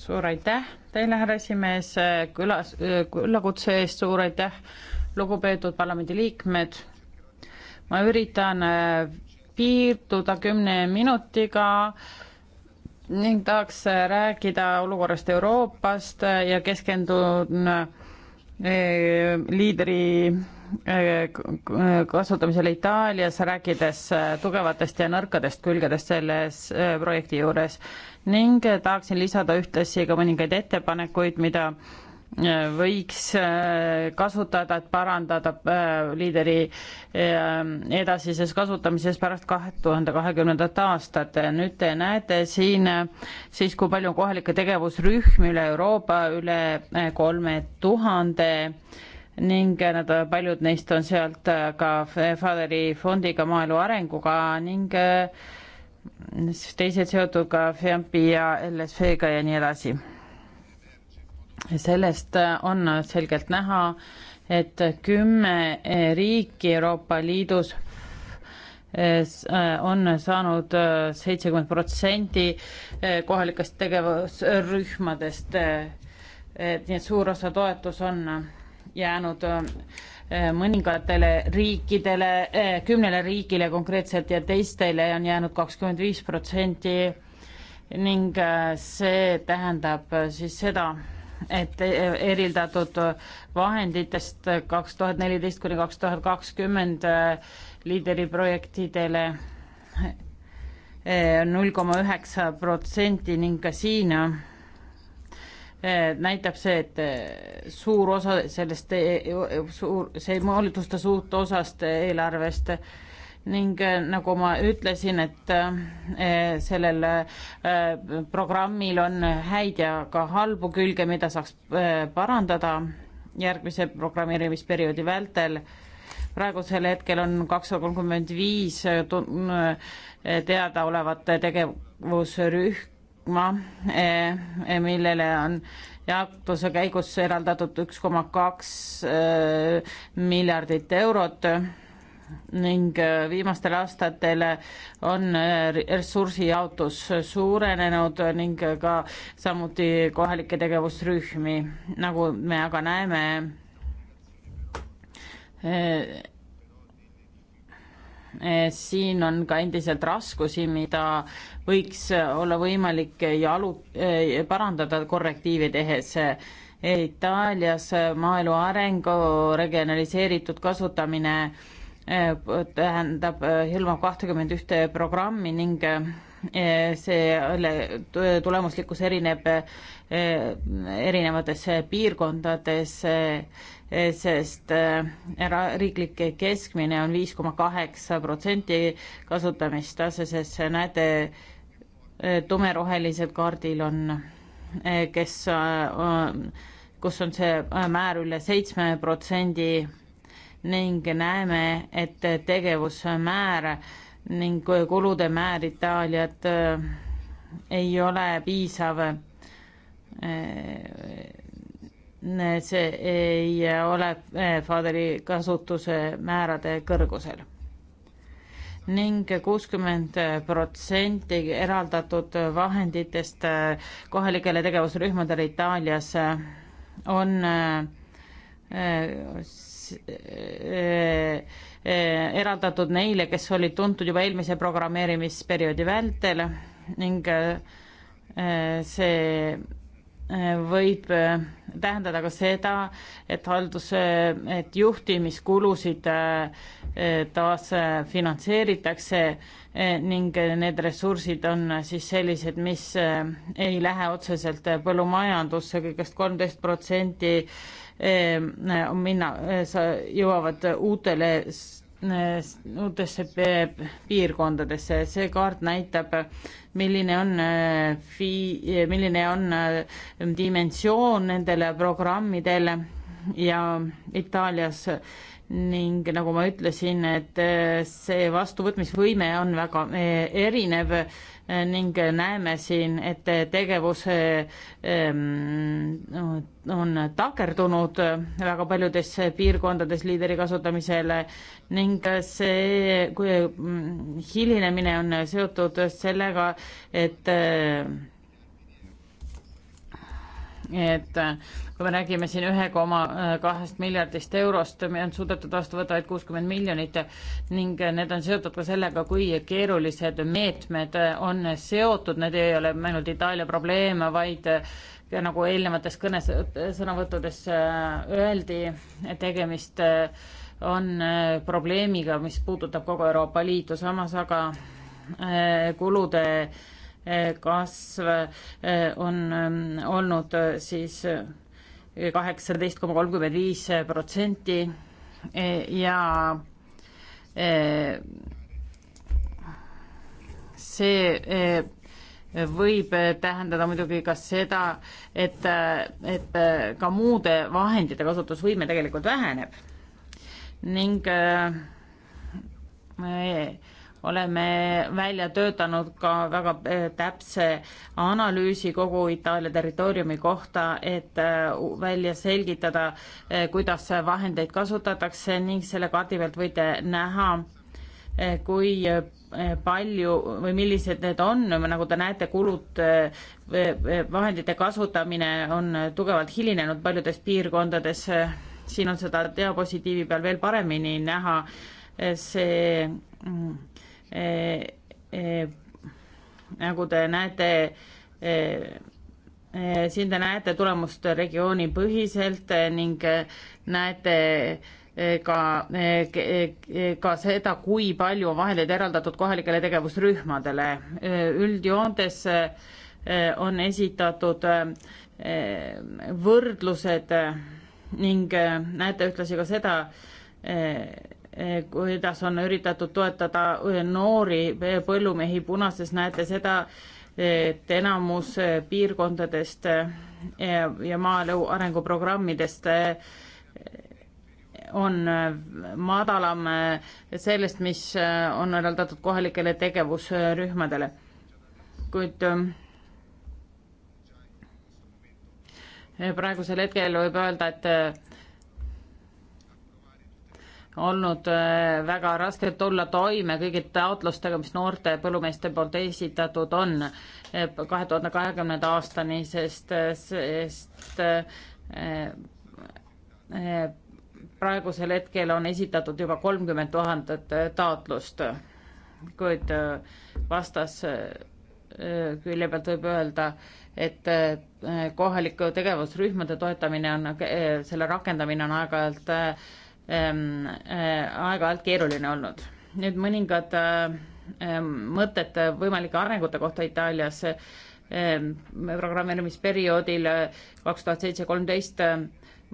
suur aitäh teile, härra esimees, külas, küllakutse eest suur aitäh, lugupeetud parlamendiliikmed. ma üritan äh, piirduda kümne minutiga ning tahaks äh, rääkida olukorrast Euroopast äh, ja keskendun liidri kasutamisele Itaalias, rääkides tugevatest ja nõrkadest külgedest selles projekti juures ning tahaksin lisada ühtlasi ka mõningaid ettepanekuid, mida äh, võiks äh, kasutada, et parandada äh, liideri edasises kasutamises pärast kahe tuhande kahekümnendat aastat. nüüd te näete siin siis, kui palju on kohalikke tegevusrühmi üle Euroopa, üle kolme tuhande ning nad, paljud neist on sealt ka Faderi fondiga, maaelu arenguga ning äh, teised seotud ka FEAMP-i ja LSV-ga ja nii edasi. sellest äh, on selgelt näha, et kümme äh, riiki Euroopa Liidus äh, on saanud seitsekümmend protsenti kohalikest tegevusrühmadest, nii et suur osa toetus on jäänud Eh, mõningatele riikidele, eh, kümnele riigile konkreetselt ja teistele on jäänud kakskümmend viis protsenti ning eh, see tähendab siis seda, et erildatud vahenditest kaks tuhat neliteist kuni kaks tuhat kakskümmend liideriprojektidele null koma üheksa protsenti ning ka siin Eh, näitab see, et eh, suur osa sellest, eh, suur, see ei moodusta suurt osast eelarvest ning nagu ma ütlesin, et sellel programmil on häid ja ka halbu külge, mida saaks parandada järgmise programmeerimisperioodi vältel. praegusel hetkel on kakssada kolmkümmend viis teadaolevat tegevusrüh-, ma, e, e, millele on jaotuse käigus eraldatud üks koma kaks e, miljardit eurot ning viimastel aastatel on ressursijaotus suurenenud ning ka samuti kohalikke tegevusrühmi, nagu me aga näeme, Eh, siin on ka endiselt raskusi, mida võiks olla võimalik jalu, eh, parandada korrektiive tehes. Itaalias maaelu arengu regionaliseeritud kasutamine eh, tähendab, hõlmab kahtekümmend ühte programmi ning see tulemuslikkus erineb erinevates piirkondades sest äh, riiklik keskmine on viis koma kaheksa protsenti kasutamistaseses, näete, äh, tumerohelisel kaardil on, äh, kes, kus on see määr üle seitsme protsendi ning näeme, et tegevusmäär ning kulude määr Itaaliat ei ole piisav see ei ole eh, Faderi kasutuse määrade kõrgusel ning kuuskümmend protsenti eraldatud vahenditest eh, kohalikele tegevusrühmadele Itaalias eh, on eraldatud neile, kes olid tuntud juba eelmise programmeerimisperioodi vältel ning see võib äh, tähendada ka seda, et haldus, äh, et juhtimiskulusid äh, taas finantseeritakse ning need ressursid on siis sellised, mis ei lähe otseselt põllumajandusse kõigest, kõigest kolmteist protsenti minna, jõuavad uutele uutesse eh, piirkondadesse, see kaart näitab, milline on eh, fii-, eh, milline on dimensioon nendele programmidele ja Itaalias ning nagu ma ütlesin, et see vastuvõtmisvõime on väga erinev ning näeme siin, et tegevus ehm, on takerdunud väga paljudes piirkondades liideri kasutamisele ning see, kui mm, hilinemine on seotud sellega, et et äh, kui me räägime siin ühe koma äh, kahest miljardist eurost, on suudetud vastu võtta vaid kuuskümmend miljonit ning need on seotud ka sellega, kui keerulised meetmed äh, on seotud, need ei ole ainult Itaalia probleem, vaid ja nagu eelnevates kõnes, sõnavõttudes öeldi, tegemist on probleemiga, mis puudutab kogu Euroopa Liitu, samas aga kulude äh, kasv eh, on ähm, olnud äh, siis äh, kaheksateist koma kolmkümmend viis äh, protsenti e, ja e, see e, võib tähendada muidugi ka seda, et, et ka muude vahendite kasutusvõime tegelikult väheneb ning me oleme välja töötanud ka väga e, täpse analüüsi kogu Itaalia territooriumi kohta, et e, välja selgitada, e, kuidas vahendeid kasutatakse ning selle kaardi pealt võite näha, kui palju või millised need on, nagu te näete, kulud, vahendite kasutamine on tugevalt hilinenud paljudes piirkondades, siin on seda diapositiivi peal veel paremini näha, see mm, Eh, eh, nagu te näete, eh, siin te näete tulemust regioonipõhiselt ning näete ka, ka seda, kui palju on vahendeid eraldatud kohalikele tegevusrühmadele. üldjoontes on esitatud võrdlused ning näete ühtlasi ka seda, Eh, kuidas on üritatud toetada eh, noori eh, põllumehi punases, näete seda, et enamus piirkondadest ja maaelu arenguprogrammidest on madalam sellest, mis on eraldatud kohalikele tegevusrühmadele. kuid praegusel hetkel võib öelda, et olnud äh, väga raske tulla toime kõigi taotlustega, mis noorte põllumeeste poolt esitatud on äh, kahe tuhande kahekümnenda aastani, sest, äh, sest praegusel hetkel on esitatud juba kolmkümmend tuhandet taotlust, kuid vastas külje pealt võib öelda, et kohalike tegevusrühmade toetamine on, selle rakendamine on aeg-ajalt Ähm, äh, aeg-ajalt keeruline olnud. nüüd mõningad äh, ähm, mõtted äh, võimalike arengute kohta Itaalias ähm, programmeerimisperioodil kaks tuhat seitse, kolmteist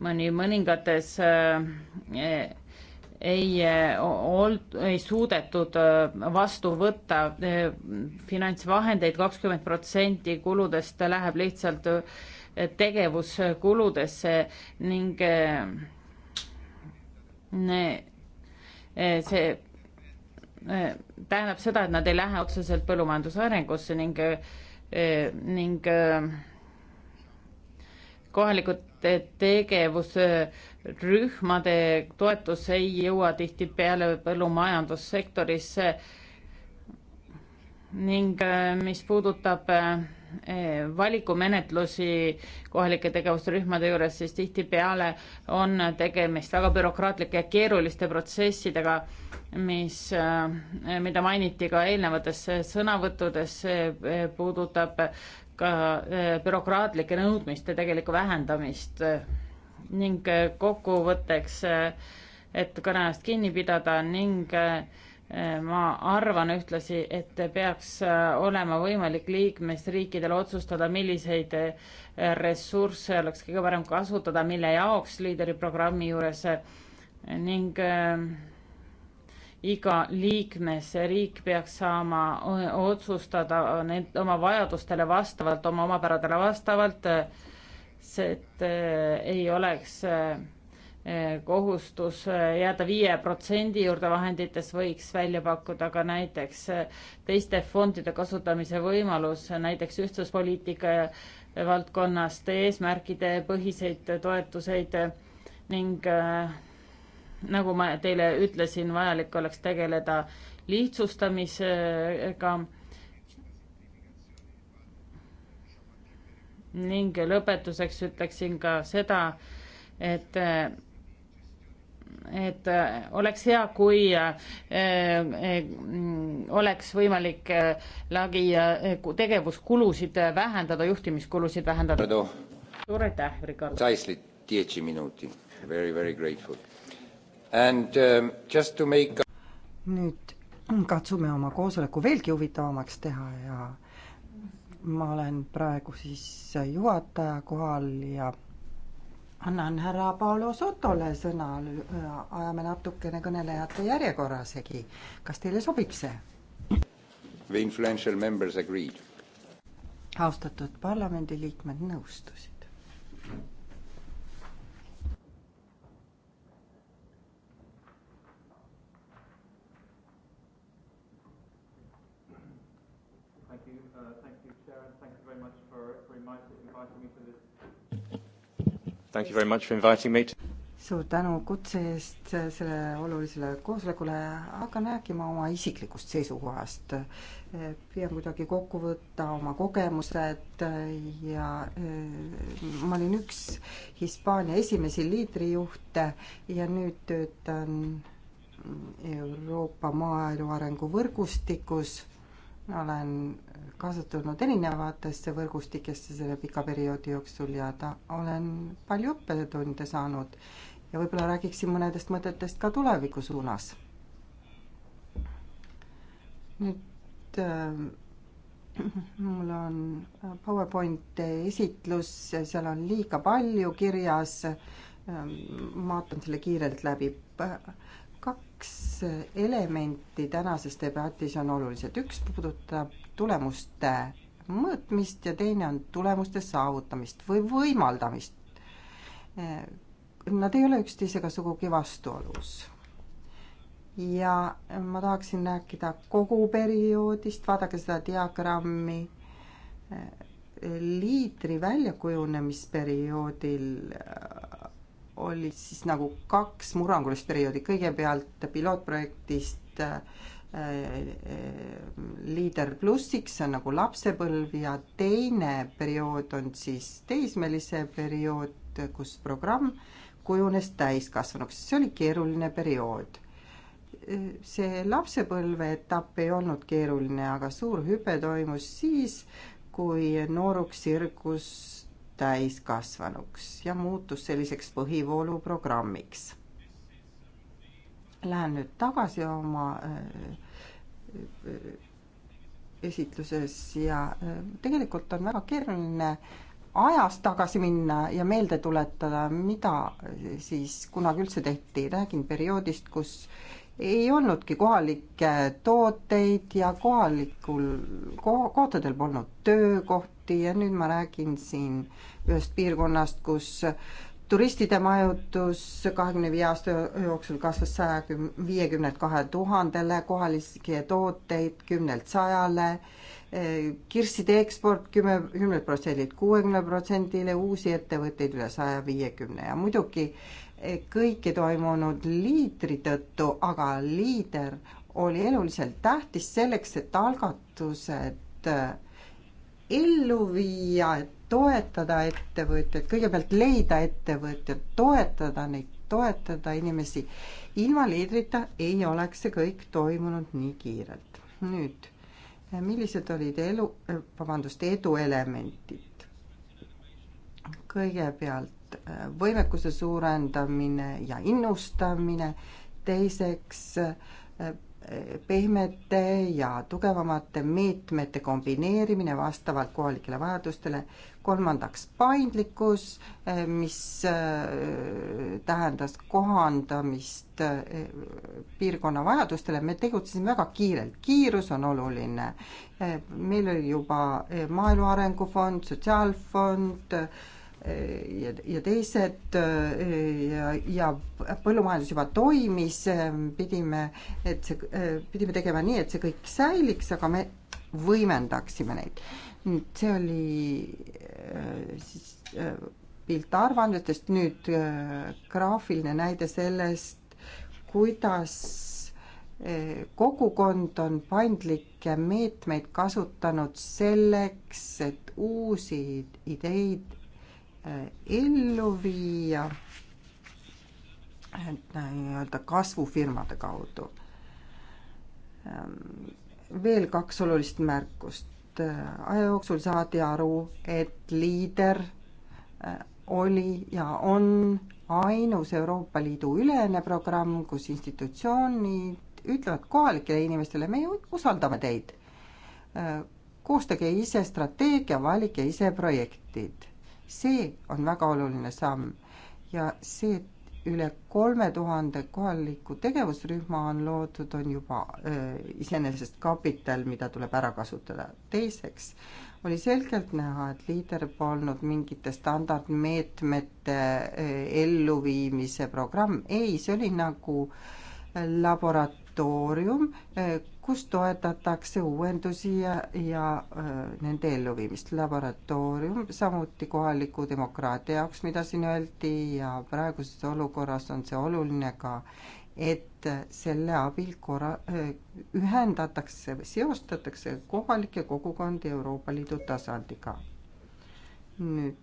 mõni mõningates ei old-, ei suudetud vastu võtta finantsvahendeid, kakskümmend protsenti kuludest läheb lihtsalt tegevuskuludesse ning Eh, see eh, tähendab seda, et nad ei lähe otseselt põllumajanduse arengusse ning, eh, ning kohalikud tegevusrühmade toetus ei jõua tihtipeale põllumajandussektorisse ning mis puudutab Eh, valikumenetlusi kohalike tegevusrühmade juures, siis tihtipeale on tegemist väga bürokraatlike ja keeruliste protsessidega, mis, eh, mida mainiti ka eelnevates sõnavõttudes, see puudutab ka eh, bürokraatlike nõudmiste tegelikku vähendamist ning kokkuvõtteks, et kõneajast kinni pidada ning äh, Äh, ma arvan ühtlasi, et peaks äh, olema võimalik liikmesriikidel otsustada, milliseid äh, ressursse oleks kõige parem kasutada, mille jaoks liideri programmi juures ning iga liikmesriik peaks saama otsustada need oma vajadustele vastavalt, oma omapäradele vastavalt, see, et ei oleks äh, Eh, kohustus eh, jääda viie protsendi juurde vahendites võiks välja pakkuda ka näiteks eh, teiste fondide kasutamise võimalus, näiteks ühtsuspoliitika valdkonnast eesmärkide põhiseid toetuseid ning nagu ma teile ütlesin, vajalik oleks tegeleda lihtsustamisega ning lõpetuseks ütleksin ka seda, et et äh, oleks hea, kui äh, äh, mm, oleks võimalik lagi tegevuskulusid vähendada, juhtimiskulusid vähendada. suur aitäh, Ricardo. Dieci minuti, very, very grateful. And um, just to make nüüd katsume oma koosoleku veelgi huvitavamaks teha ja ma olen praegu siis juhataja kohal ja annan härra Paolo Sotole sõna, ajame natukene kõnelejate järjekorra segi. kas teile sobib see? The influential members agreed. austatud parlamendiliikmed nõustusid. Thank you very much for inviting me to suur tänu kutse eest sellele olulisele koosolekule, hakkan rääkima oma isiklikust seisukohast. püüan kuidagi kokku võtta oma kogemused ja eh, ma olin üks Hispaania esimesi liidrijuhte ja nüüd töötan Euroopa Maaelu Arengu Võrgustikus olen kasutanud erinevatesse võrgustikesse selle pika perioodi jooksul ja ta, olen palju õppetunde saanud ja võib-olla räägiksin mõnedest mõtetest ka tuleviku suunas. nüüd äh, mul on PowerPoint esitlus, seal on liiga palju kirjas äh,. vaatan selle kiirelt läbi äh, kaks eh, elementi tänases debatis on olulised, üks puudutab tulemuste mõõtmist ja teine on tulemuste saavutamist või võimaldamist. Eh, nad ei ole üksteisega sugugi vastuolus. ja ma tahaksin rääkida kogu perioodist, vaadake seda diagrammi, eh, liidri väljakujunemisperioodil oli siis nagu kaks murrangulist perioodi, kõigepealt pilootprojektist äh, äh, Leader plussiks, see on nagu lapsepõlv ja teine periood on siis teismelise periood, kus programm kujunes täiskasvanuks, see oli keeruline periood. see lapsepõlve etapp ei olnud keeruline, aga suur hüpe toimus siis, kui nooruks sirgus täiskasvanuks ja muutus selliseks põhivooluprogrammiks. Lähen nüüd tagasi oma äh, äh, esitluses ja äh, tegelikult on väga keeruline ajas tagasi minna ja meelde tuletada, mida siis kunagi üldse tehti. räägin perioodist, kus ei olnudki kohalikke tooteid ja kohalikul ko,, kohtadel polnud töökohti ja nüüd ma räägin siin ühest piirkonnast, kus turistide majutus kahekümne viie aasta jooksul kasvas saja viiekümnelt kahe tuhandele, kohalisi tooteid kümnelt sajale, kirsside eksport kümme, kümnelt protsendilt kuuekümne protsendile, uusi ettevõtteid üle saja viiekümne ja muidugi äh, kõike toimunud liidri tõttu, aga liider oli eluliselt tähtis selleks, et algatused äh, ellu viia, et toetada ettevõtjaid, kõigepealt leida ettevõtjad, toetada neid, toetada inimesi. ilma liidrita ei oleks see kõik toimunud nii kiirelt. nüüd, millised olid elu, äh, vabandust, edu elemendid? kõigepealt Äh, võimekuse suurendamine ja innustamine, teiseks äh, pehmete ja tugevamate meetmete kombineerimine vastavalt kohalikele vajadustele, kolmandaks paindlikkus, äh, mis tähendas kohandamist piirkonna vajadustele, me tegutsesime väga kiirelt, kiirus on oluline. meil oli juba Maaelu Arengufond, Sotsiaalfond, ja, ja teised ja, ja põllumajandus juba toimis, pidime, et see, pidime tegema nii, et see kõik säiliks, aga me võimendaksime neid. nüüd see oli äh, siis äh, pilt arvandustest, nüüd äh, graafiline näide sellest, kuidas kogukond on paindlikke meetmeid kasutanud selleks, et uusi ideid Äh, ellu viia äh, nii-öelda kasvufirmade kaudu. Ähm, veel kaks olulist märkust. Äh, aja jooksul saadi aru, et liider oli ja on ainus Euroopa Liidu ülene programm, kus institutsioonid ütlevad kohalikele inimestele, me usaldame teid. koostage ise strateegia, valige ise projektid see on väga oluline samm ja see, et üle kolme tuhande kohaliku tegevusrühma on loodud, on juba äh, iseenesest kapital, mida tuleb ära kasutada. teiseks oli selgelt näha, et liider polnud mingite standardmeetmete äh, elluviimise programm, ei, see oli nagu laborat-, moratoorium, eh, kus toetatakse uuendusi ja, ja eh, nende elluviimist. laboratoorium samuti kohaliku demokraatia jaoks, mida siin öeldi ja praeguses olukorras on see oluline ka, et selle abil korra-, eh, ühendatakse või seostatakse kohalikke kogukondi Euroopa Liidu tasandiga. nüüd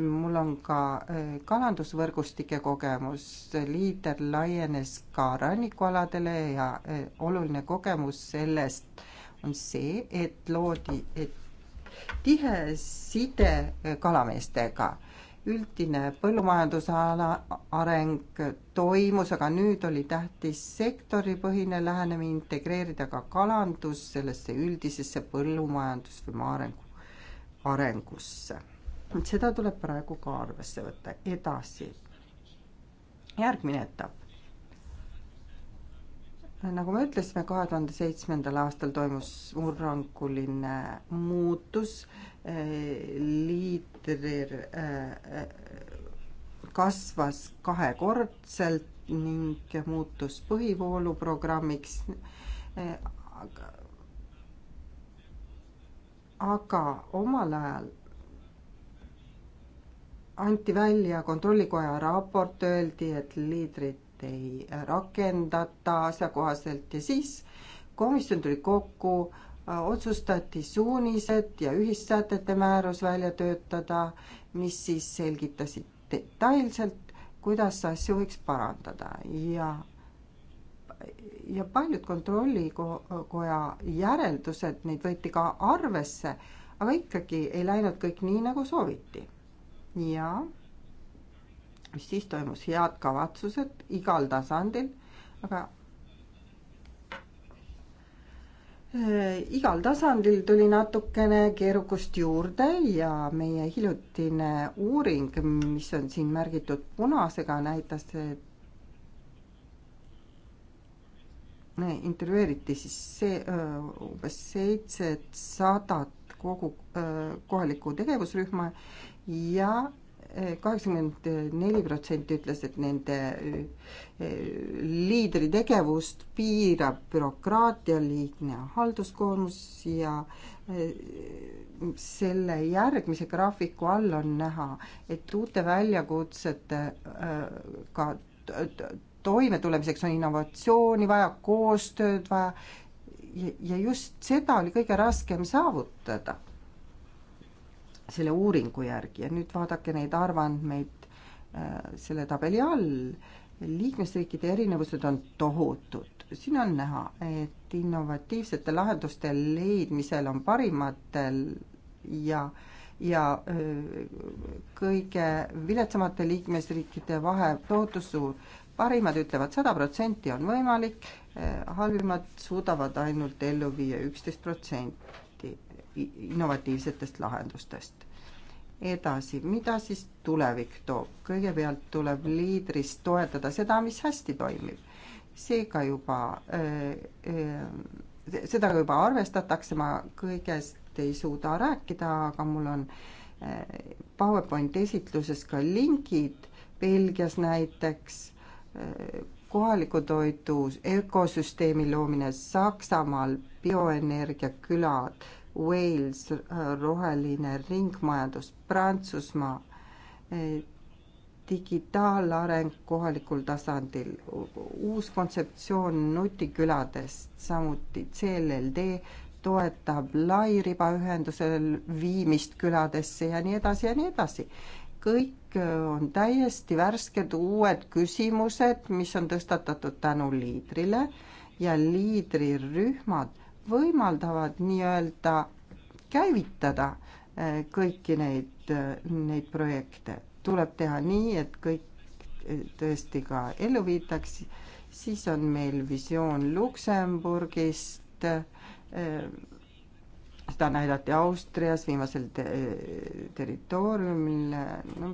mul on ka äh, kalandusvõrgustike kogemus, liider laienes ka rannikualadele ja äh, oluline kogemus sellest on see, et loodi et tihe side äh, kalameestega. üldine põllumajandusala areng toimus, aga nüüd oli tähtis sektoripõhine lähenemine, integreerida ka kalandus sellesse üldisesse põllumajandusfirma arengu, arengusse seda tuleb praegu ka arvesse võtta. edasi, järgmine etapp. nagu me ütlesime, kahe tuhande seitsmendal aastal toimus murranguline muutus, liiter äh, äh, kasvas kahekordselt ning muutus põhivooluprogrammiks äh, aga omal ajal anti välja kontrollikoja raport, öeldi, et liidrit ei rakendata asjakohaselt ja siis komisjon tuli kokku, otsustati suunised ja ühissätete määrus välja töötada, mis siis selgitasid detailselt, kuidas asju võiks parandada ja ja paljud kontrollikoja järeldused, neid võeti ka arvesse, aga ikkagi ei läinud kõik nii, nagu sooviti ja mis siis toimus, head kavatsused igal tasandil, aga äh, igal tasandil tuli natukene keerukust juurde ja meie hiljutine uuring, mis on siin märgitud punasega, näitas, et intervjueeriti siis see äh, umbes seitsesadat kogu äh, kohaliku tegevusrühma ja äh, kaheksakümmend neli protsenti ütles, et nende äh, liidri tegevust piirab bürokraatia, liigne halduskoormus ja selle järgmise graafiku all on näha, et uute väljakutsetega toimetulemiseks on innovatsiooni vaja, koostööd vaja ja just seda oli kõige raskem saavutada selle uuringu järgi ja nüüd vaadake neid arvandmeid äh, selle tabeli all. liikmesriikide erinevused on tohutud, siin on näha, et innovatiivsete lahenduste leidmisel on parimatel ja ja äh, kõige viletsamate liikmesriikide vahe tohutu suur parimad ütlevad sada protsenti on võimalik, eh, halvimad suudavad ainult ellu viia üksteist protsenti innovatiivsetest lahendustest. edasi, mida siis tulevik toob? kõigepealt tuleb liidris toetada seda, mis hästi toimib. seega juba eh, eh, seda juba arvestatakse, ma kõigest ei suuda rääkida, aga mul on PowerPointi esitluses ka lingid Belgias näiteks kohaliku toidu ökosüsteemi loomine Saksamaal, bioenergiakülad, Wales, roheline ringmajandus, Prantsusmaa, eh, digitaalareng kohalikul tasandil, uus kontseptsioon nutiküladest, samuti CLLD toetab lairibaühenduse viimist küladesse ja nii edasi ja nii edasi. kõik Äh, on täiesti värsked uued küsimused, mis on tõstatatud tänu liidrile ja liidrirühmad võimaldavad nii-öelda käivitada äh, kõiki neid, äh, neid projekte. tuleb teha nii, et kõik tõesti ka ellu viidaks, siis on meil visioon Luksemburgist, seda näidati Austrias viimasel te territooriumil, no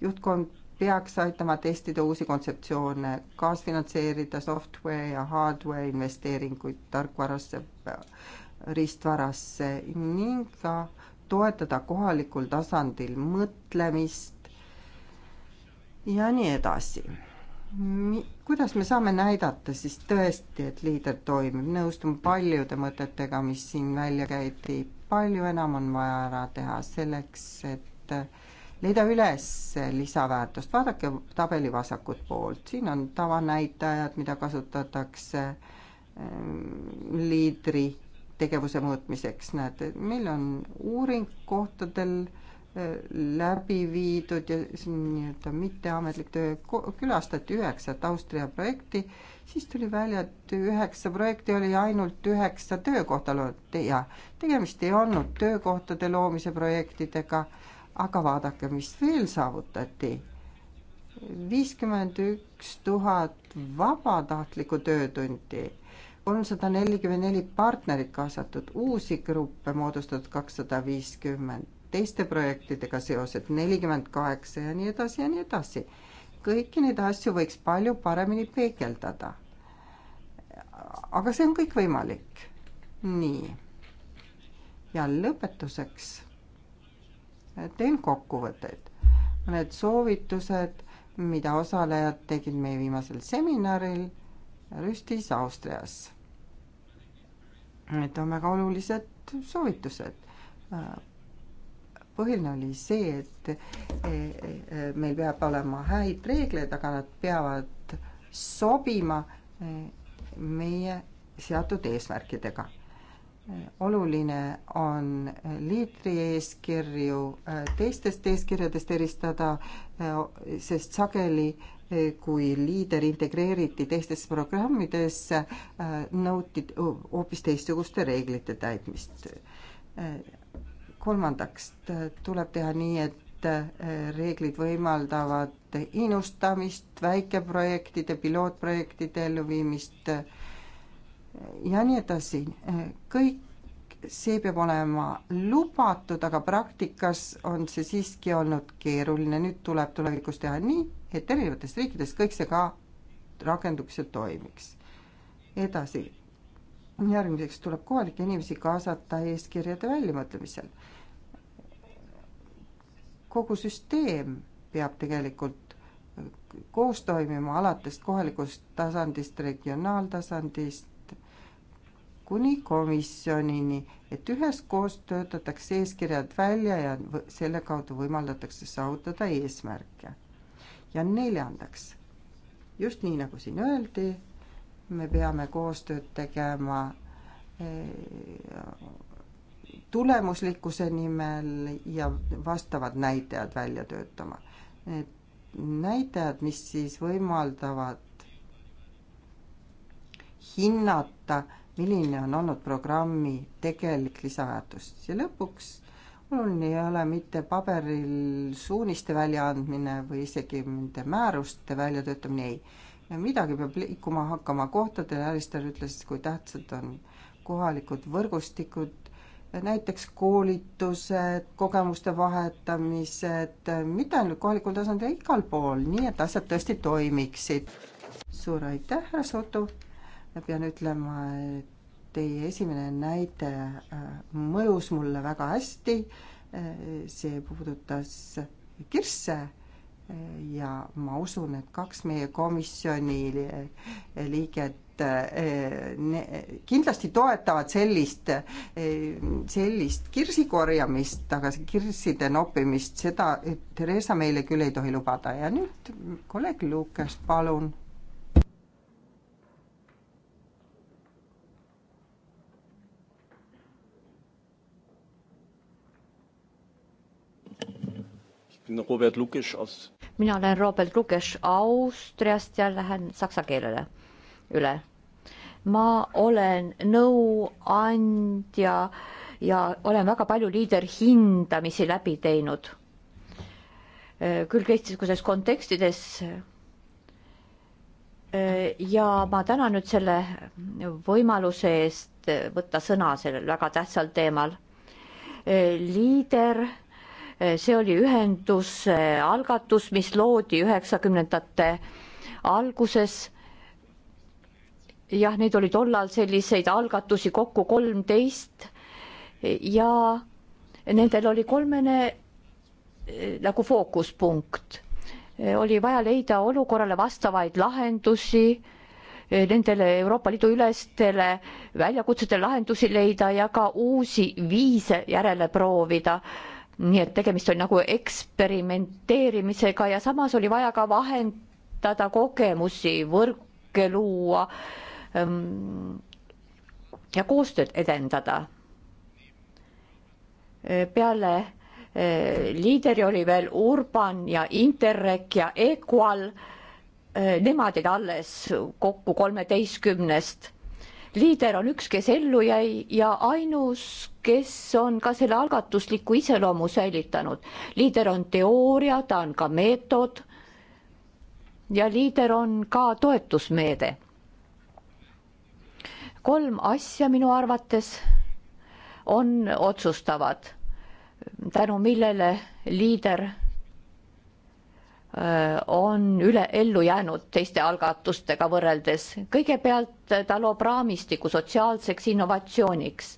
juhtkond peaks aitama testida uusi kontseptsioone, kaasfinantseerida software ja hardware investeeringuid tarkvarasse, riistvarasse ning ka toetada kohalikul tasandil mõtlemist ja nii edasi kuidas me saame näidata siis tõesti, et liider toimib, nõustun paljude mõtetega, mis siin välja käidi, palju enam on vaja ära teha selleks, et leida üles lisaväärtust, vaadake tabeli vasakut poolt, siin on tavanäitajad, mida kasutatakse ehm, liidri tegevuse mõõtmiseks, näete, meil on uuring kohtadel äh, läbi viidud ja see on nii-öelda mitteametlik töö, külastati üheksat Austria projekti, siis tuli välja, et üheksa projekti oli ainult üheksa töökohta loodud ja tegemist ei olnud töökohtade loomise projektidega, aga vaadake, mis veel saavutati. viiskümmend üks tuhat vabatahtlikku töötundi kolmsada nelikümmend neli partnerit kaasatud, uusi gruppe moodustatud kakssada viiskümmend teiste projektidega seosed, nelikümmend kaheksa ja nii edasi ja nii edasi. kõiki neid asju võiks palju paremini peegeldada. aga see on kõik võimalik. nii. ja lõpetuseks teen kokkuvõtted. Need soovitused, mida osalejad tegid meie viimasel seminaril Rüstis Austrias. Need on väga olulised soovitused põhiline oli see, et meil peab olema häid reegleid, aga nad peavad sobima eh, meie seatud eesmärkidega. Eh, oluline on liitri eeskirju eh, teistest eeskirjadest eristada, sest sageli kui liider integreeriti teistesse programmidesse, nõuti hoopis teistsuguste reeglite täitmist kolmandaks tuleb teha nii, et äh, reeglid võimaldavad innustamist, väikeprojektide, pilootprojektide elluviimist äh, ja nii edasi. Äh, kõik see peab olema lubatud, aga praktikas on see siiski olnud keeruline, nüüd tuleb tulevikus teha nii, et erinevates riikides kõik see ka rakenduks ja toimiks. edasi, järgmiseks tuleb kohalikke inimesi kaasata eeskirjade väljamõtlemisel. kogu süsteem peab tegelikult koos toimima alates kohalikust tasandist, regionaaltasandist kuni komisjonini, et üheskoos töötatakse eeskirjad välja ja selle kaudu võimaldatakse saavutada eesmärke. ja neljandaks, just nii, nagu siin öeldi me peame koostööd tegema eh, tulemuslikkuse nimel ja vastavad näitajad välja töötama. Need näitajad, mis siis võimaldavad hinnata, milline on olnud programmi tegelik lisaväärtus ja lõpuks oluline ei ole mitte paberil suuniste väljaandmine või isegi mitte määruste väljatöötamine, ei midagi peab liikuma hakkama kohtadel, Alister ütles, kui tähtsad on kohalikud võrgustikud, näiteks koolitused, kogemuste vahetamised, mitte ainult kohalikul tasandil, igal pool, nii et asjad tõesti toimiksid. suur aitäh, härra Soto. ma pean ütlema, et teie esimene näide äh, mõjus mulle väga hästi. Äh, see puudutas kirsse ja ma usun, et kaks meie komisjoni liiget eh, kindlasti toetavad sellist, eh, sellist kirsikorjamist, aga kirside noppimist, seda Theresa meile küll ei tohi lubada ja nüüd kolleeg Lukas, palun. Robert Lukisch aus mina olen Robert Lukes Austriast ja lähen saksa keelele üle. ma olen nõuandja ja olen väga palju liiderhindamisi läbi teinud. küll teistsuguses kontekstides. ja ma tänan nüüd selle võimaluse eest võtta sõna sellel väga tähtsal teemal. liider Eh, see oli ühenduse algatus, mis loodi üheksakümnendate alguses. jah, neid oli tollal selliseid algatusi kokku kolmteist ja nendel oli kolmene eh, nagu fookuspunkt. Eh, oli vaja leida olukorrale vastavaid lahendusi nendele Euroopa Liidu ülestele väljakutsetele lahendusi leida ja ka uusi viise järele proovida nii et tegemist oli nagu eksperimenteerimisega ja samas oli vaja ka vahendada kogemusi, võrke luua ähm, ja koostööd edendada. Äh, peale äh, liideri oli veel Urban ja Interreg ja Equal. Äh, nemad olid alles kokku kolmeteistkümnest liider on üks, kes ellu jäi ja ainus, kes on ka selle algatusliku iseloomu säilitanud. liider on teooria, ta on ka meetod ja liider on ka toetusmeede. kolm asja minu arvates on otsustavad, tänu millele liider Äh, on üle, ellu jäänud teiste algatustega võrreldes. kõigepealt äh, ta loob raamistiku sotsiaalseks innovatsiooniks.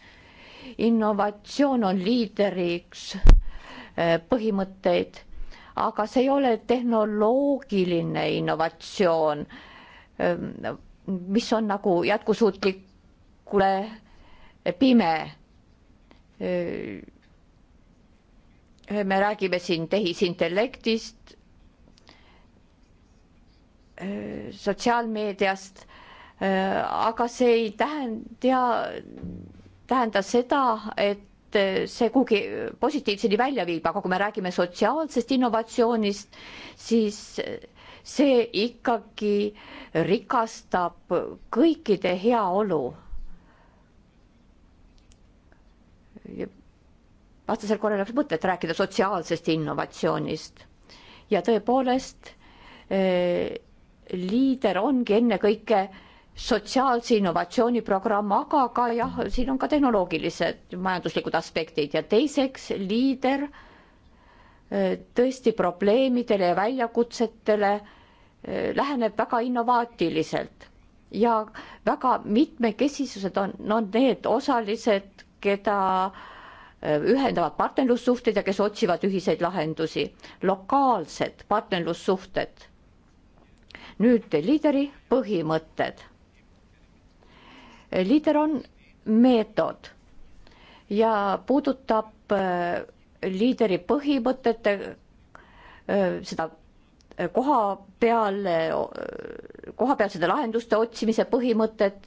innovatsioon on liideriks äh, põhimõtteid, aga see ei ole tehnoloogiline innovatsioon, ähm, mis on nagu jätkusuutlikule pime me räägime siin tehisintellektist, Äh, sotsiaalmeediast, äh, aga see ei tähenda, tähenda seda, et äh, see kuhugi positiivseni välja viib, aga kui me räägime sotsiaalsest innovatsioonist, siis see ikkagi rikastab kõikide heaolu. vastasel korral ei oleks mõtet rääkida sotsiaalsest innovatsioonist ja tõepoolest eh, liider ongi ennekõike sotsiaalse innovatsiooni programm, aga ka jah, siin on ka tehnoloogilised majanduslikud aspektid ja teiseks liider eh, tõesti probleemidele ja väljakutsetele eh, läheneb väga innovaatiliselt ja väga mitmekesisused on, on need osalised, keda eh, ühendavad partnerlussuhted ja kes otsivad ühiseid lahendusi. lokaalsed partnerlussuhted nüüd liideri põhimõtted. liider on meetod ja puudutab äh, liideri põhimõtete äh, seda äh, koha peal, kohapealsete lahenduste otsimise põhimõtted,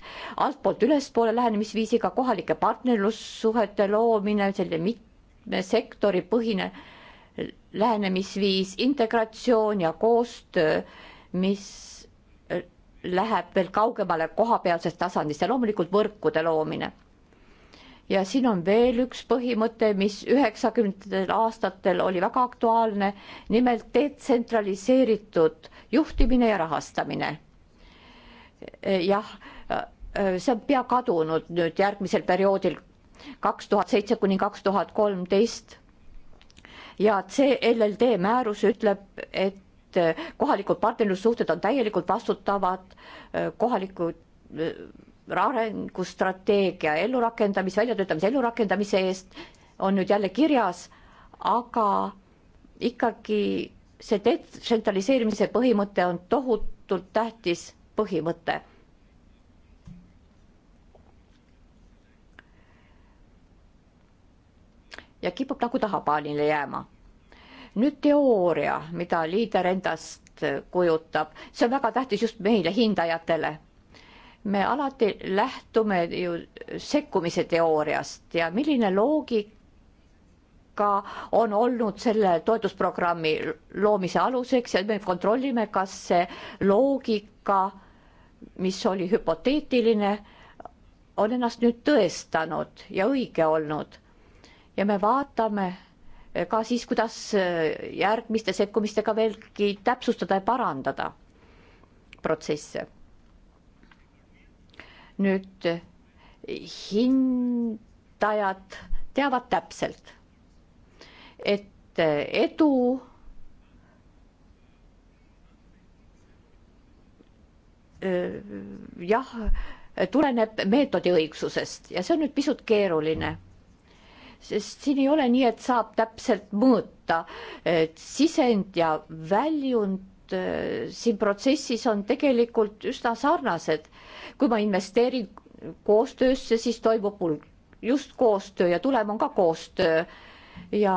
altpoolt ülespoole lähenemisviisiga kohalike partnerlussuhete loomine, selline mitme sektori põhine lähenemisviis, integratsioon ja koostöö mis äh, läheb veel kaugemale kohapealsest tasandist ja loomulikult võrkude loomine. ja siin on veel üks põhimõte, mis üheksakümnendatel aastatel oli väga aktuaalne, nimelt detsentraliseeritud juhtimine ja rahastamine. Äh, jah, äh, see on pea kadunud nüüd järgmisel perioodil kaks tuhat seitse kuni kaks tuhat kolmteist ja CLLD määrus ütleb, et et äh, kohalikud partnerlussuhted on täielikult vastutavad äh, kohalikud äh, arengustrateegia ellurakendamise, väljatöötamise ellurakendamise eest on nüüd jälle kirjas, aga ikkagi see detsentraliseerimise põhimõte on tohutult tähtis põhimõte. ja kipub nagu tahapaanile jääma nüüd teooria, mida liider endast kujutab, see on väga tähtis just meile, hindajatele. me alati lähtume ju sekkumise teooriast ja milline loogika on olnud selle toetusprogrammi loomise aluseks ja me kontrollime, kas see loogika, mis oli hüpoteetiline, on ennast nüüd tõestanud ja õige olnud. ja me vaatame ka siis, kuidas äh, järgmiste sekkumistega veelgi täpsustada ja parandada protsesse. nüüd hindajad teavad täpselt, et äh, edu äh, jah, tuleneb meetodi õigsusest ja see on nüüd pisut keeruline sest siin ei ole nii, et saab täpselt mõõta, et sisend ja väljund äh, siin protsessis on tegelikult üsna sarnased. kui ma investeerin koostöösse, siis toimub mul just koostöö ja tulem on ka koostöö ja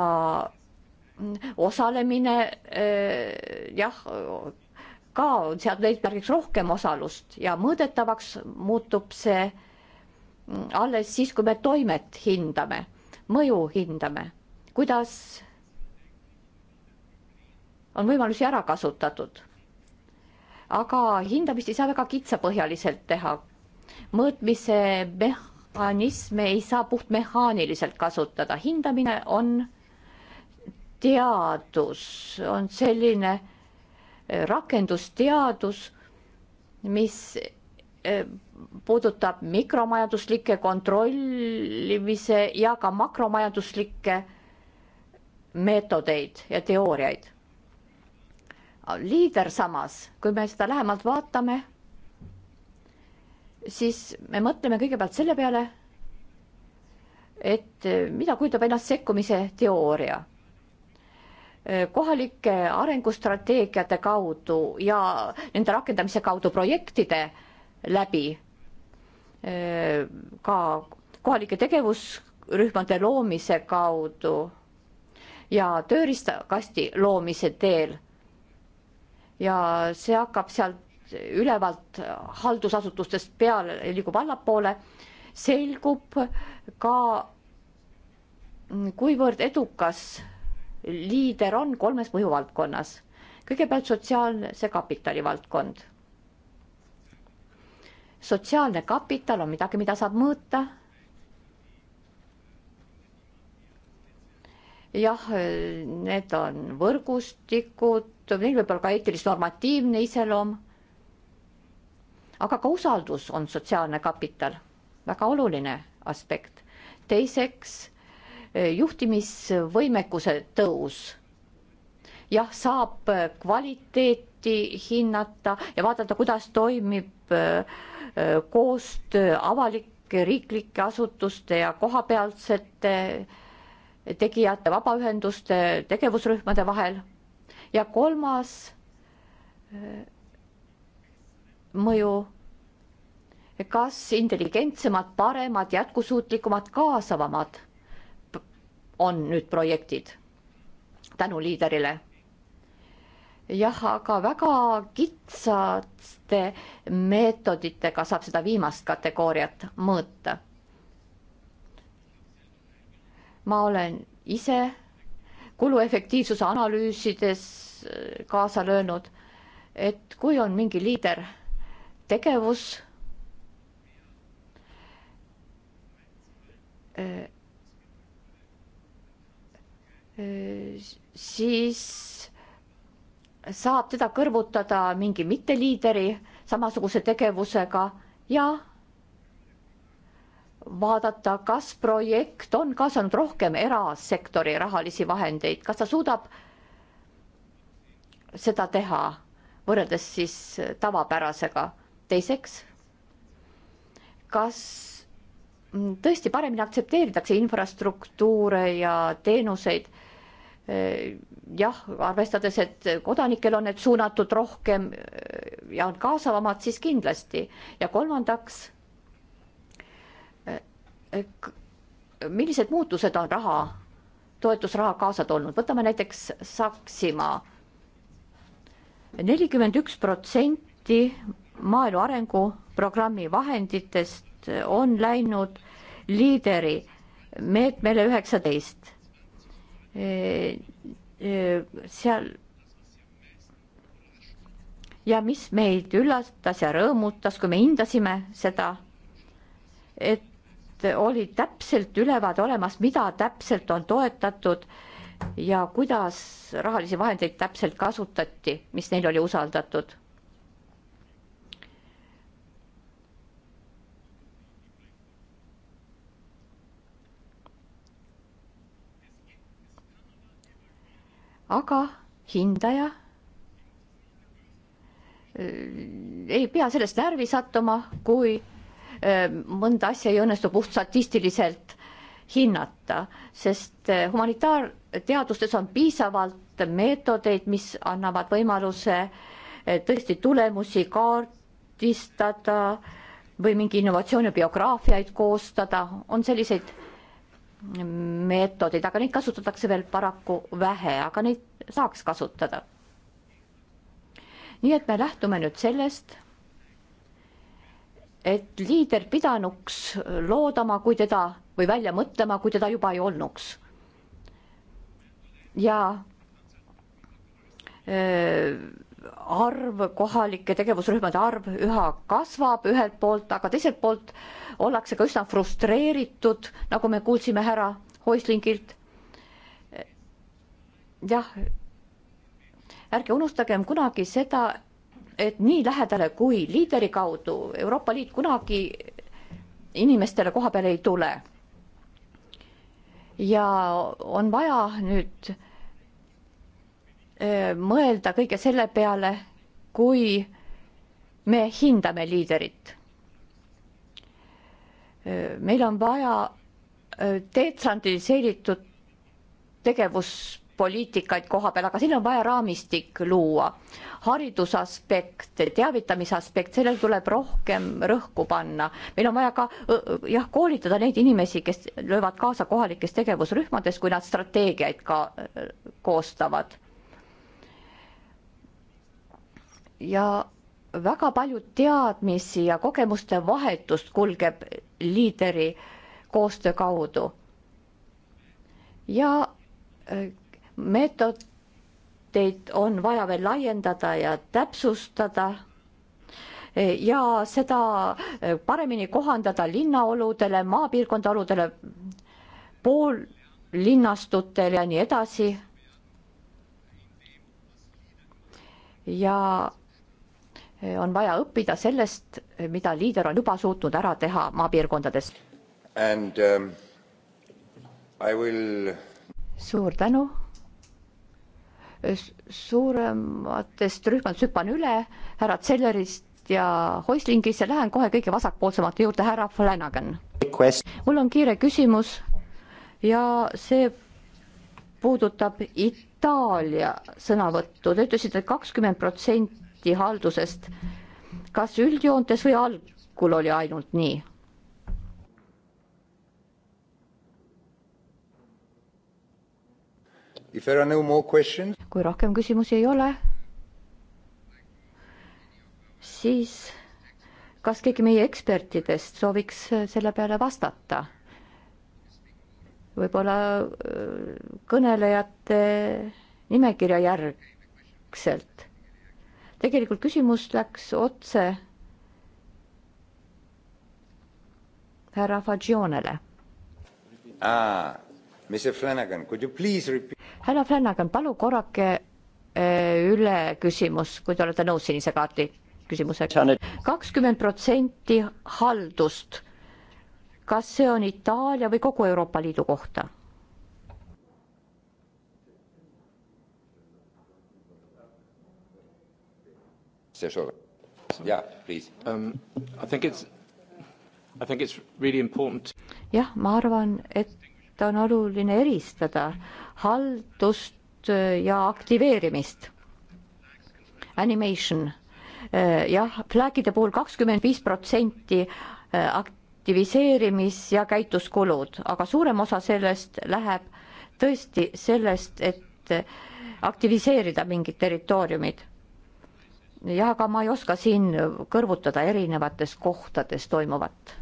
osalemine äh, jah, ka on seadnud eesmärgiks rohkem osalust ja mõõdetavaks muutub see alles siis, kui me toimet hindame mõju hindame, kuidas on võimalusi ära kasutatud. aga hindamist ei saa väga kitsapõhjaliselt teha. mõõtmise mehhanisme ei saa puhtmehaaniliselt kasutada, hindamine on teadus, on selline rakendusteadus, mis Eh, puudutab mikromajanduslikke kontrollimise ja ka makromajanduslikke meetodeid ja teooriaid. liider samas, kui me seda lähemalt vaatame, siis me mõtleme kõigepealt selle peale, et eh, mida kujutab ennast sekkumise teooria eh, kohalike arengustrateegiate kaudu ja nende rakendamise kaudu projektide äh, läbi ka kohalike tegevusrühmade loomise kaudu ja tööriistakasti loomise teel. ja see hakkab sealt ülevalt haldusasutustest peale, liigub allapoole, selgub ka, kuivõrd edukas liider on kolmes mõjuvaldkonnas. kõigepealt sotsiaalse kapitali valdkond sotsiaalne kapital on midagi, mida saab mõõta. jah, need on võrgustikud, neil võib olla ka eetilis-normatiivne iseloom. aga ka usaldus on sotsiaalne kapital, väga oluline aspekt. teiseks juhtimisvõimekuse tõus. jah, saab kvaliteet samuti hinnata ja vaadata, kuidas toimib äh, äh, koostöö avalike riiklike asutuste ja kohapealsete tegijate, vabaühenduste, tegevusrühmade vahel. ja kolmas äh, mõju, kas intelligentsemad, paremad, jätkusuutlikumad, kaasavamad on nüüd projektid tänu liiderile jah, aga väga kitsaste meetoditega saab seda viimast kategooriat mõõta. ma olen ise kuluefektiivsuse analüüsides äh, kaasa löönud, et kui on mingi liider tegevus, äh, äh, siis saab teda kõrvutada mingi mitteliideri samasuguse tegevusega ja vaadata, kas projekt on kaasanud rohkem erasektori rahalisi vahendeid, kas ta suudab seda teha võrreldes siis tavapärasega. teiseks, kas tõesti paremini aktsepteeritakse infrastruktuure ja teenuseid Äh, jah, arvestades, et kodanikel on need suunatud rohkem äh, ja on kaasavamad, siis kindlasti. ja kolmandaks, äh, millised muutused on raha, toetusraha kaasa toonud, võtame näiteks Saksimaa. nelikümmend üks protsenti maaelu arenguprogrammi vahenditest on läinud liideri meetmele üheksateist seal ja mis meid üllatas ja rõõmutas, kui me hindasime seda, et oli täpselt ülevaade olemas, mida täpselt on toetatud ja kuidas rahalisi vahendeid täpselt kasutati, mis neil oli usaldatud aga hindaja äh, ei pea sellest närvi sattuma, kui äh, mõnda asja ei õnnestu puht statistiliselt hinnata, sest äh, humanitaarteadustes on piisavalt meetodeid, mis annavad võimaluse tõesti tulemusi kaardistada või mingi innovatsiooni biograafiaid koostada, on selliseid meetodid, aga neid kasutatakse veel paraku vähe, aga neid saaks kasutada. nii et me lähtume nüüd sellest, et liider pidanuks loodama, kui teda või välja mõtlema, kui teda juba ei olnuks. ja öö, äh, arv, kohalike tegevusrühmade arv üha kasvab ühelt poolt, aga teiselt poolt ollakse ka üsna frustreeritud, nagu me kuulsime härra Hoislingilt. jah, ärge unustagem kunagi seda, et nii lähedale kui liideri kaudu Euroopa Liit kunagi inimestele koha peale ei tule. ja on vaja nüüd mõelda kõige selle peale, kui me hindame liiderit. meil on vaja detsentraliseeritud tegevuspoliitikaid koha peal, aga siin on vaja raamistik luua. haridusaspekt, teavitamise aspekt, sellel tuleb rohkem rõhku panna. meil on vaja ka jah, koolitada neid inimesi, kes löövad kaasa kohalikes tegevusrühmades, kui nad strateegiaid ka koostavad ja väga palju teadmisi ja kogemuste vahetust kulgeb liideri koostöö kaudu. ja äh, meetodeid on vaja veel laiendada ja täpsustada äh, ja seda äh, paremini kohandada linnaoludele, maapiirkonda oludele, poollinnastutel ja nii edasi. ja on vaja õppida sellest, mida liider on juba suutnud ära teha maapiirkondades. Um, will... suur tänu. suurematest rühmadest hüppan üle härra Zellerist ja Hoislingist ja lähen kohe kõige vasakpoolsemate juurde, härra Flanagan. mul on kiire küsimus ja see puudutab Itaalia sõnavõttu, te ütlesite, et kakskümmend protsenti postihaldusest. kas üldjoontes või algul oli ainult nii? No kui rohkem küsimusi ei ole, siis kas keegi meie ekspertidest sooviks selle peale vastata? võib-olla äh, kõnelejate nimekirja järgselt tegelikult küsimus läks otse härra Fagionele. Ah, härra Flanagan, palun korrake eh, üle küsimus, kui te olete nõus sinise kaardi küsimusega. kakskümmend protsenti haldust, kas see on Itaalia või kogu Euroopa Liidu kohta? Sure. Yeah, please um,. I think it's, I think it's really important. jah, ma arvan, et on oluline eristada haldust äh, ja aktiveerimist. Animation, äh, jah, flag'ide puhul kakskümmend viis protsenti äh, aktiviseerimis- ja käituskulud, aga suurem osa sellest läheb tõesti sellest, et aktiviseerida mingid territooriumid jah, aga ma ei oska siin kõrvutada erinevates kohtades toimuvat.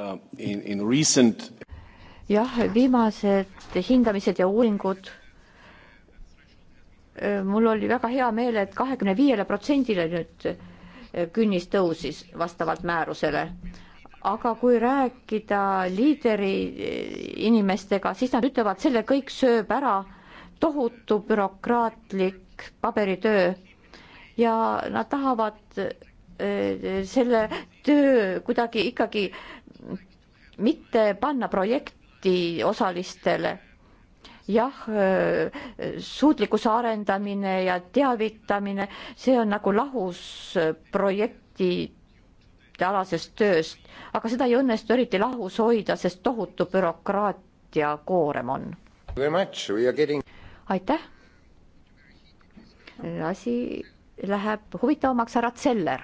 Uh, jah, viimased hindamised ja uuringud. Uh, mul oli väga hea meel et, et kahekümne viiele protsendile nüüd uh, künnis tõusis vastavalt määrusele aga kui rääkida liideri inimestega, siis nad ütlevad, selle kõik sööb ära tohutu bürokraatlik paberitöö ja nad tahavad äh, selle töö kuidagi ikkagi mitte panna projekti osalistele. jah, äh, suutlikkuse arendamine ja teavitamine, see on nagu lahus projekti alasest tööst, aga seda ei õnnestu eriti lahus hoida, sest tohutu bürokraatia koorem on. Getting aitäh. asi läheb huvitavamaks, härra Zeller.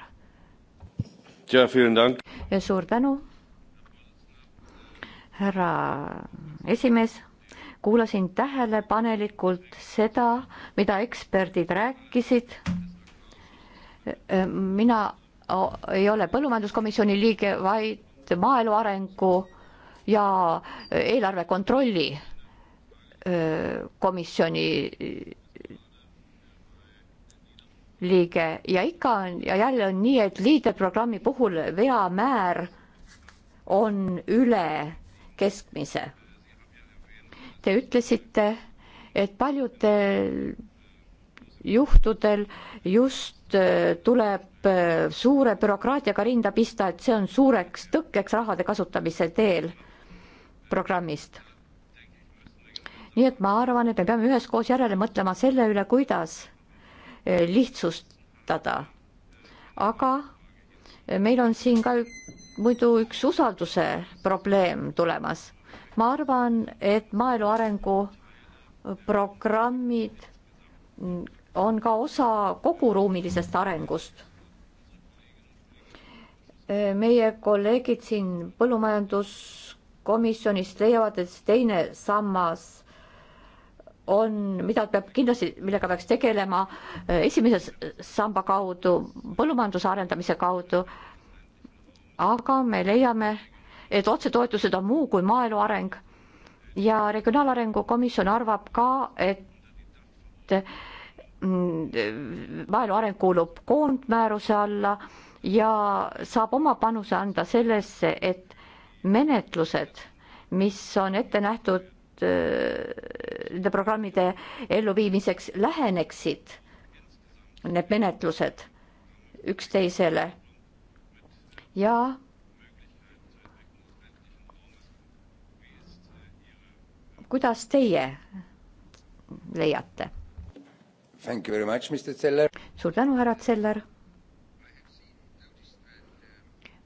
suur tänu, härra esimees kuulasin tähelepanelikult seda, mida eksperdid rääkisid. mina ei ole põllumajanduskomisjoni liige, vaid maaelu arengu ja eelarve kontrolli komisjoni liige ja ikka on ja jälle on nii, et liiderprogrammi puhul veamäär on üle keskmise. Te ütlesite, et paljudel juhtudel just äh, tuleb äh, suure bürokraatiaga rinda pista, et see on suureks tõkkeks rahade kasutamise teel programmist nii et ma arvan, et me peame üheskoos järele mõtlema selle üle, kuidas eh, lihtsustada. aga eh, meil on siin ka muidu üks usalduse probleem tulemas. ma arvan, et maaelu arengu eh, programmid mm, on ka osa koguruumilisest arengust. meie kolleegid siin põllumajanduskomisjonist leiavad, et teine sammas on, mida peab kindlasti, millega peaks tegelema eh, esimese samba kaudu, põllumajanduse arendamise kaudu. aga me leiame, et otsetoetused on muu kui maaelu areng ja Regionaalarengu Komisjon arvab ka, et mm, maaelu areng kuulub koondmääruse alla ja saab oma panuse anda sellesse, et menetlused, mis on ette nähtud Äh, nende programmide elluviimiseks läheneksid need menetlused üksteisele ja kuidas teie leiate? suur tänu, härra Zeller.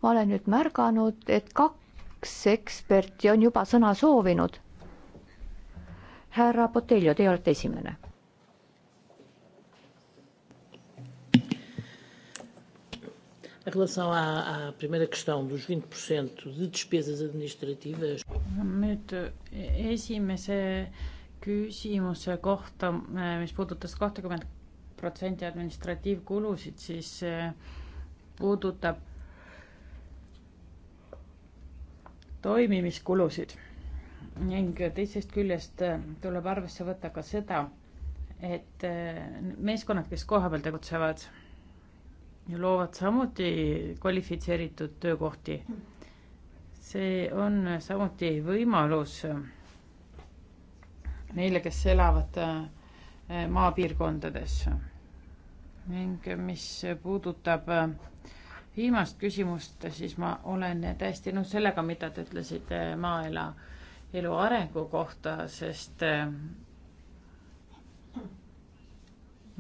ma olen nüüd märganud, et kaks eksperti on juba sõna soovinud härra Botelho, teie olete esimene. Em relação à, à primeira questão dos 20% de despesas administrativas. Nüüd eh, esimese küsimuse kohta, eh, mis puudutas kahtekümmet protsenti administratiivkulusid, siis eh, puudutab toimimiskulusid ning teisest küljest äh, tuleb arvesse võtta ka seda, et äh, meeskonnad, kes kohapeal tegutsevad, loovad samuti kvalifitseeritud töökohti. see on samuti võimalus neile, kes elavad äh, maapiirkondades. ning mis puudutab viimast küsimust, siis ma olen täiesti nõus sellega, mida te ütlesite maaela elu arengu kohta, sest eh,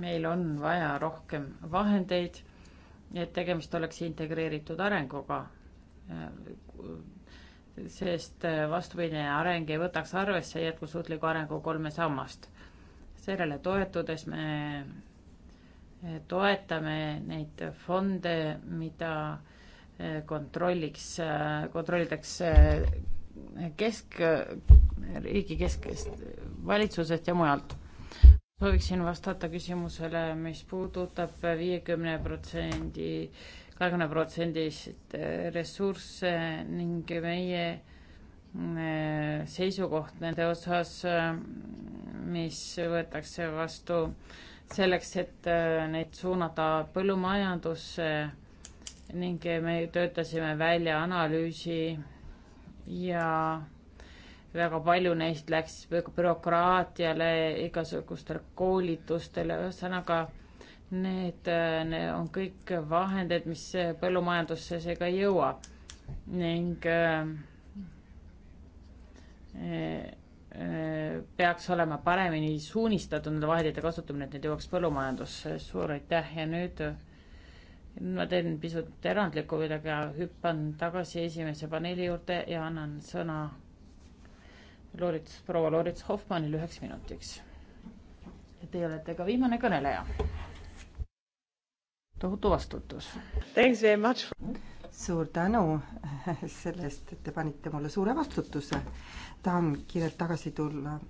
meil on vaja rohkem vahendeid, et tegemist oleks integreeritud arenguga. sest eh, vastupidine areng ei võtaks arvesse jätkusuutliku arengu kolme sammast. sellele toetudes me eh, toetame neid fonde, mida kontrolliks, kontrollitakse kesk, riigi keskest, valitsusest ja mujalt. sooviksin vastata küsimusele, mis puudutab viiekümne protsendi, kahekümne protsendist ressursse ning meie äh, seisukoht nende osas, mis võetakse vastu selleks, et äh, neid suunata põllumajandusse ning me töötasime välja analüüsi ja väga palju neist läks bürokraatiale, igasugustele koolitustele, ühesõnaga need, need on kõik vahendid, mis põllumajandusse seega ei jõua ning äh, äh, peaks olema paremini suunistatud nende vahendite kasutamine, et need jõuaks põllumajandusse. suur aitäh ja nüüd ma teen pisut erandliku millega hüppan tagasi esimese paneeli juurde ja annan sõna Lorits, proua Lorits Hoffmannile üheks minutiks. Teie olete ka viimane kõneleja. tohutu vastutus. suur tänu sellest, et te panite mulle suure vastutuse. tahan kiirelt tagasi tulla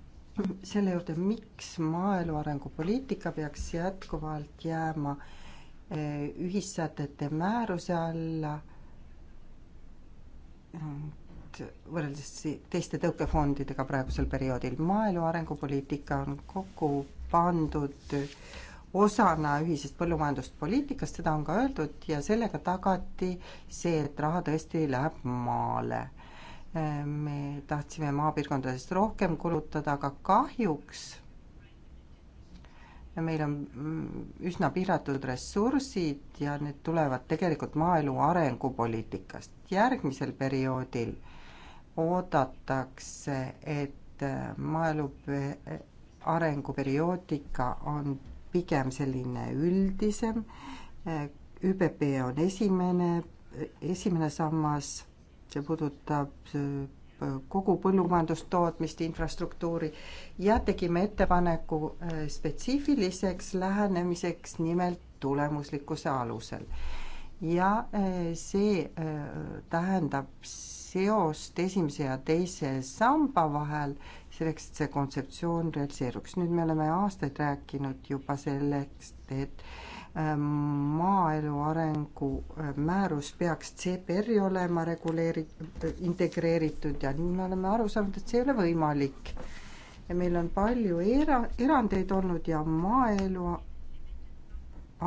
selle juurde, miks maaelu arengupoliitika peaks jätkuvalt jääma äh, Eh, ühissätete määruse alla võrreldes teiste tõukefondidega praegusel perioodil. maaelu arengupoliitika on kokku pandud osana ühisest põllumajanduspoliitikast, seda on ka öeldud, ja sellega tagati see, et raha tõesti läheb maale. Eh, me tahtsime maapiirkondadest rohkem kulutada, aga kahjuks meil on mm, üsna piiratud ressursid ja need tulevad tegelikult maaelu arengupoliitikast. järgmisel perioodil oodatakse, et äh, maaelu arenguperioodika on pigem selline üldisem, äh, ÜBB on esimene, esimene sammas, see puudutab äh, kogu põllumajandustootmist, infrastruktuuri ja tegime ettepaneku äh, spetsiifiliseks lähenemiseks nimelt tulemuslikkuse alusel. ja äh, see äh, tähendab seost esimese ja teise samba vahel, selleks, et see kontseptsioon realiseeruks. nüüd me oleme aastaid rääkinud juba sellest, et Ehm, maaelu arengu ehm, määrus peaks CPR-i olema reguleeri-, integreeritud ja nüüd me oleme aru saanud, et see ei ole võimalik. ja meil on palju era-, erandeid olnud ja maaelu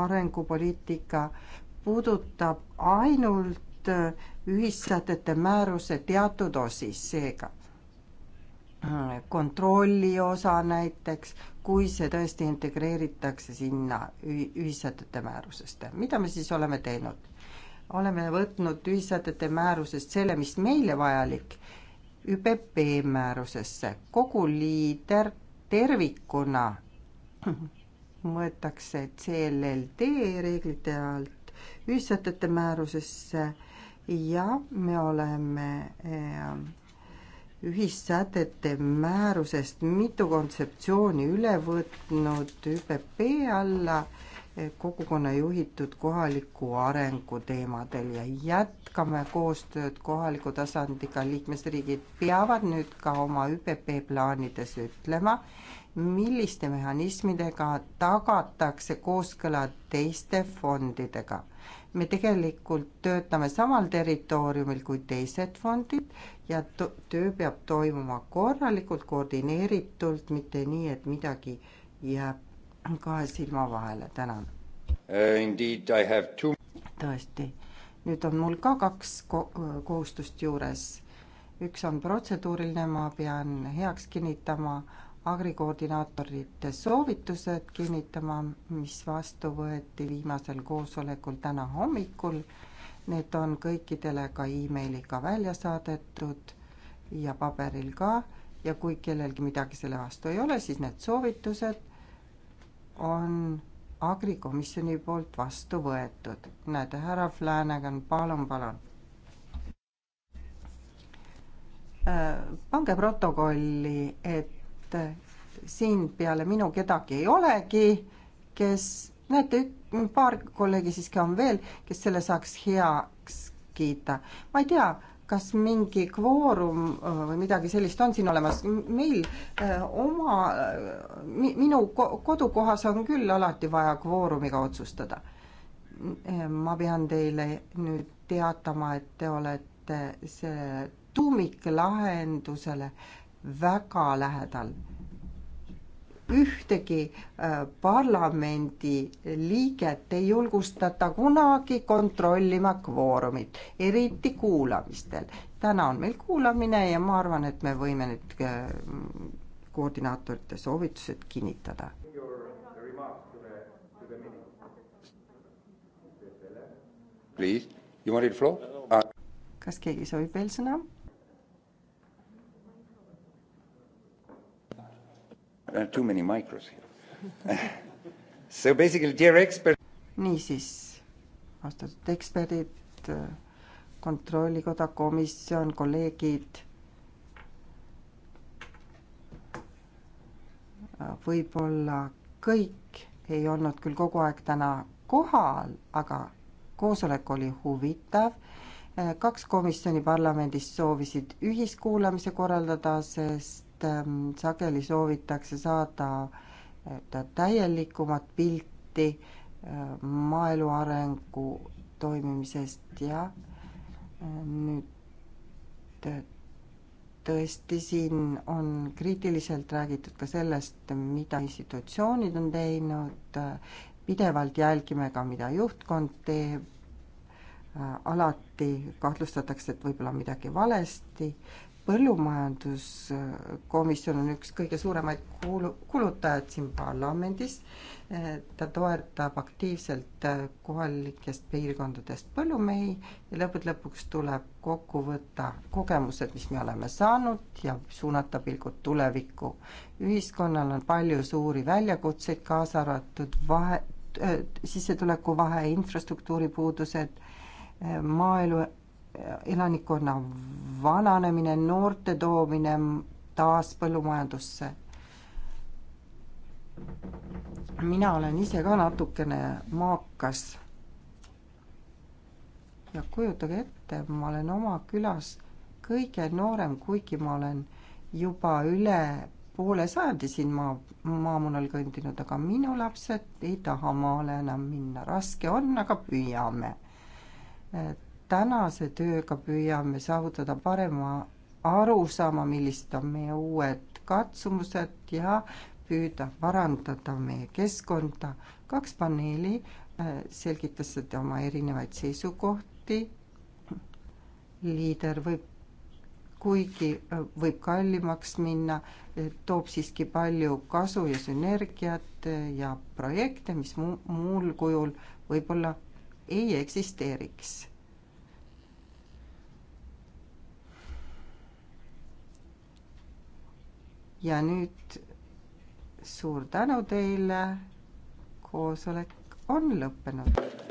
arengupoliitika puudutab ainult ehm, ühissätete määruse teatud osis, seega Äh, kontrolli osa näiteks, kui see tõesti integreeritakse sinna ühissätete määrusest. mida me siis oleme teinud? oleme võtnud ühissätete määrusest selle, mis meile vajalik, ÜPP määrusesse, kogu liider tervikuna võetakse CLLD reeglite alt ühissätete määrusesse ja me oleme äh, ühissätete määrusest mitu kontseptsiooni üle võtnud ÜPP alla eh, kogukonna juhitud kohaliku arengu teemadel ja jätkame koostööd kohaliku tasandiga. liikmesriigid peavad nüüd ka oma ÜPP plaanides ütlema, milliste mehhanismidega tagatakse kooskõla teiste fondidega me tegelikult töötame samal territooriumil kui teised fondid ja töö peab toimuma korralikult, koordineeritult, mitte nii, et midagi jääb kahe silma vahele. tänan uh,. Indeed, I have two. tõesti, nüüd on mul ka kaks ko kohustust juures. üks on protseduuriline, ma pean heaks kinnitama agrikoordinaatorite soovitused kinnitama, mis vastu võeti viimasel koosolekul täna hommikul. Need on kõikidele ka emailiga välja saadetud ja paberil ka ja kui kellelgi midagi selle vastu ei ole, siis need soovitused on agrikomisjoni poolt vastu võetud. näete, härra Flanagan, palun, palun. Äh, pange protokolli, et et siin peale minu kedagi ei olegi, kes, näete, paar kolleegi siiski on veel, kes selle saaks heaks kiita. ma ei tea, kas mingi kvoorum äh, või midagi sellist on siin olemas, meil öö, äh, oma äh, mi,, minu kodukohas on küll alati vaja kvoorumiga otsustada. ma pean teile nüüd teatama, et te olete selle tuumiklahendusele äh, väga lähedal. ühtegi äh, parlamendi liiget ei julgustata kunagi kontrollima kvoorumit, eriti kuulamistel. täna on meil kuulamine ja ma arvan, et me võime nüüd äh, koordinaatorite soovitused kinnitada Please, you wanted floor ah.? kas keegi soovib veel sõna? Uh, too many micros here. so basically, dear expert. niisiis, austatud eksperdid, uh, kontrollikoda, komisjon, kolleegid. Uh, võib-olla kõik ei olnud küll kogu aeg täna kohal, aga koosolek oli huvitav uh, kaks komisjoni parlamendist soovisid ühiskuulamise korraldada, sest Ähm, sageli soovitakse saada täielikumat pilti äh, maaelu arengu toimimisest ja äh, nüüd äh, tõesti, siin on kriitiliselt räägitud ka sellest, mida institutsioonid on teinud, pidevalt jälgime ka, mida juhtkond teeb, alati kahtlustatakse, et võib-olla midagi valesti, põllumajanduskomisjon on üks kõige suuremaid kuulu-, kulutajaid siin parlamendis, ta toetab aktiivselt kohalikest piirkondadest põllumehi ja lõppude lõpuks tuleb kokku võtta kogemused, mis me oleme saanud ja suunata pilgud tulevikku. ühiskonnal on palju suuri väljakutseid, kaasa arvatud vahe, sissetuleku vahe, infrastruktuuri puudused, maaelu elanikkonna vananemine, noorte toomine taas põllumajandusse. mina olen ise ka natukene maakas. ja kujutage ette, ma olen oma külas kõige noorem, kuigi ma olen juba üle poole sajandi siin maa, maamunal kõndinud, aga minu lapsed ei taha maale enam minna, raske on, aga püüame tänase tööga püüame saavutada parema arusaama, millised on meie uued katsumused ja püüda parandada meie keskkonda. kaks paneeli äh, selgitasid oma erinevaid seisukohti. liider võib, kuigi äh, võib kallimaks minna, äh, toob siiski palju kasu ja sünergiat ja projekte, mis mu muul kujul võib-olla ei eksisteeriks ja nüüd suur tänu teile, koosolek on lõppenud.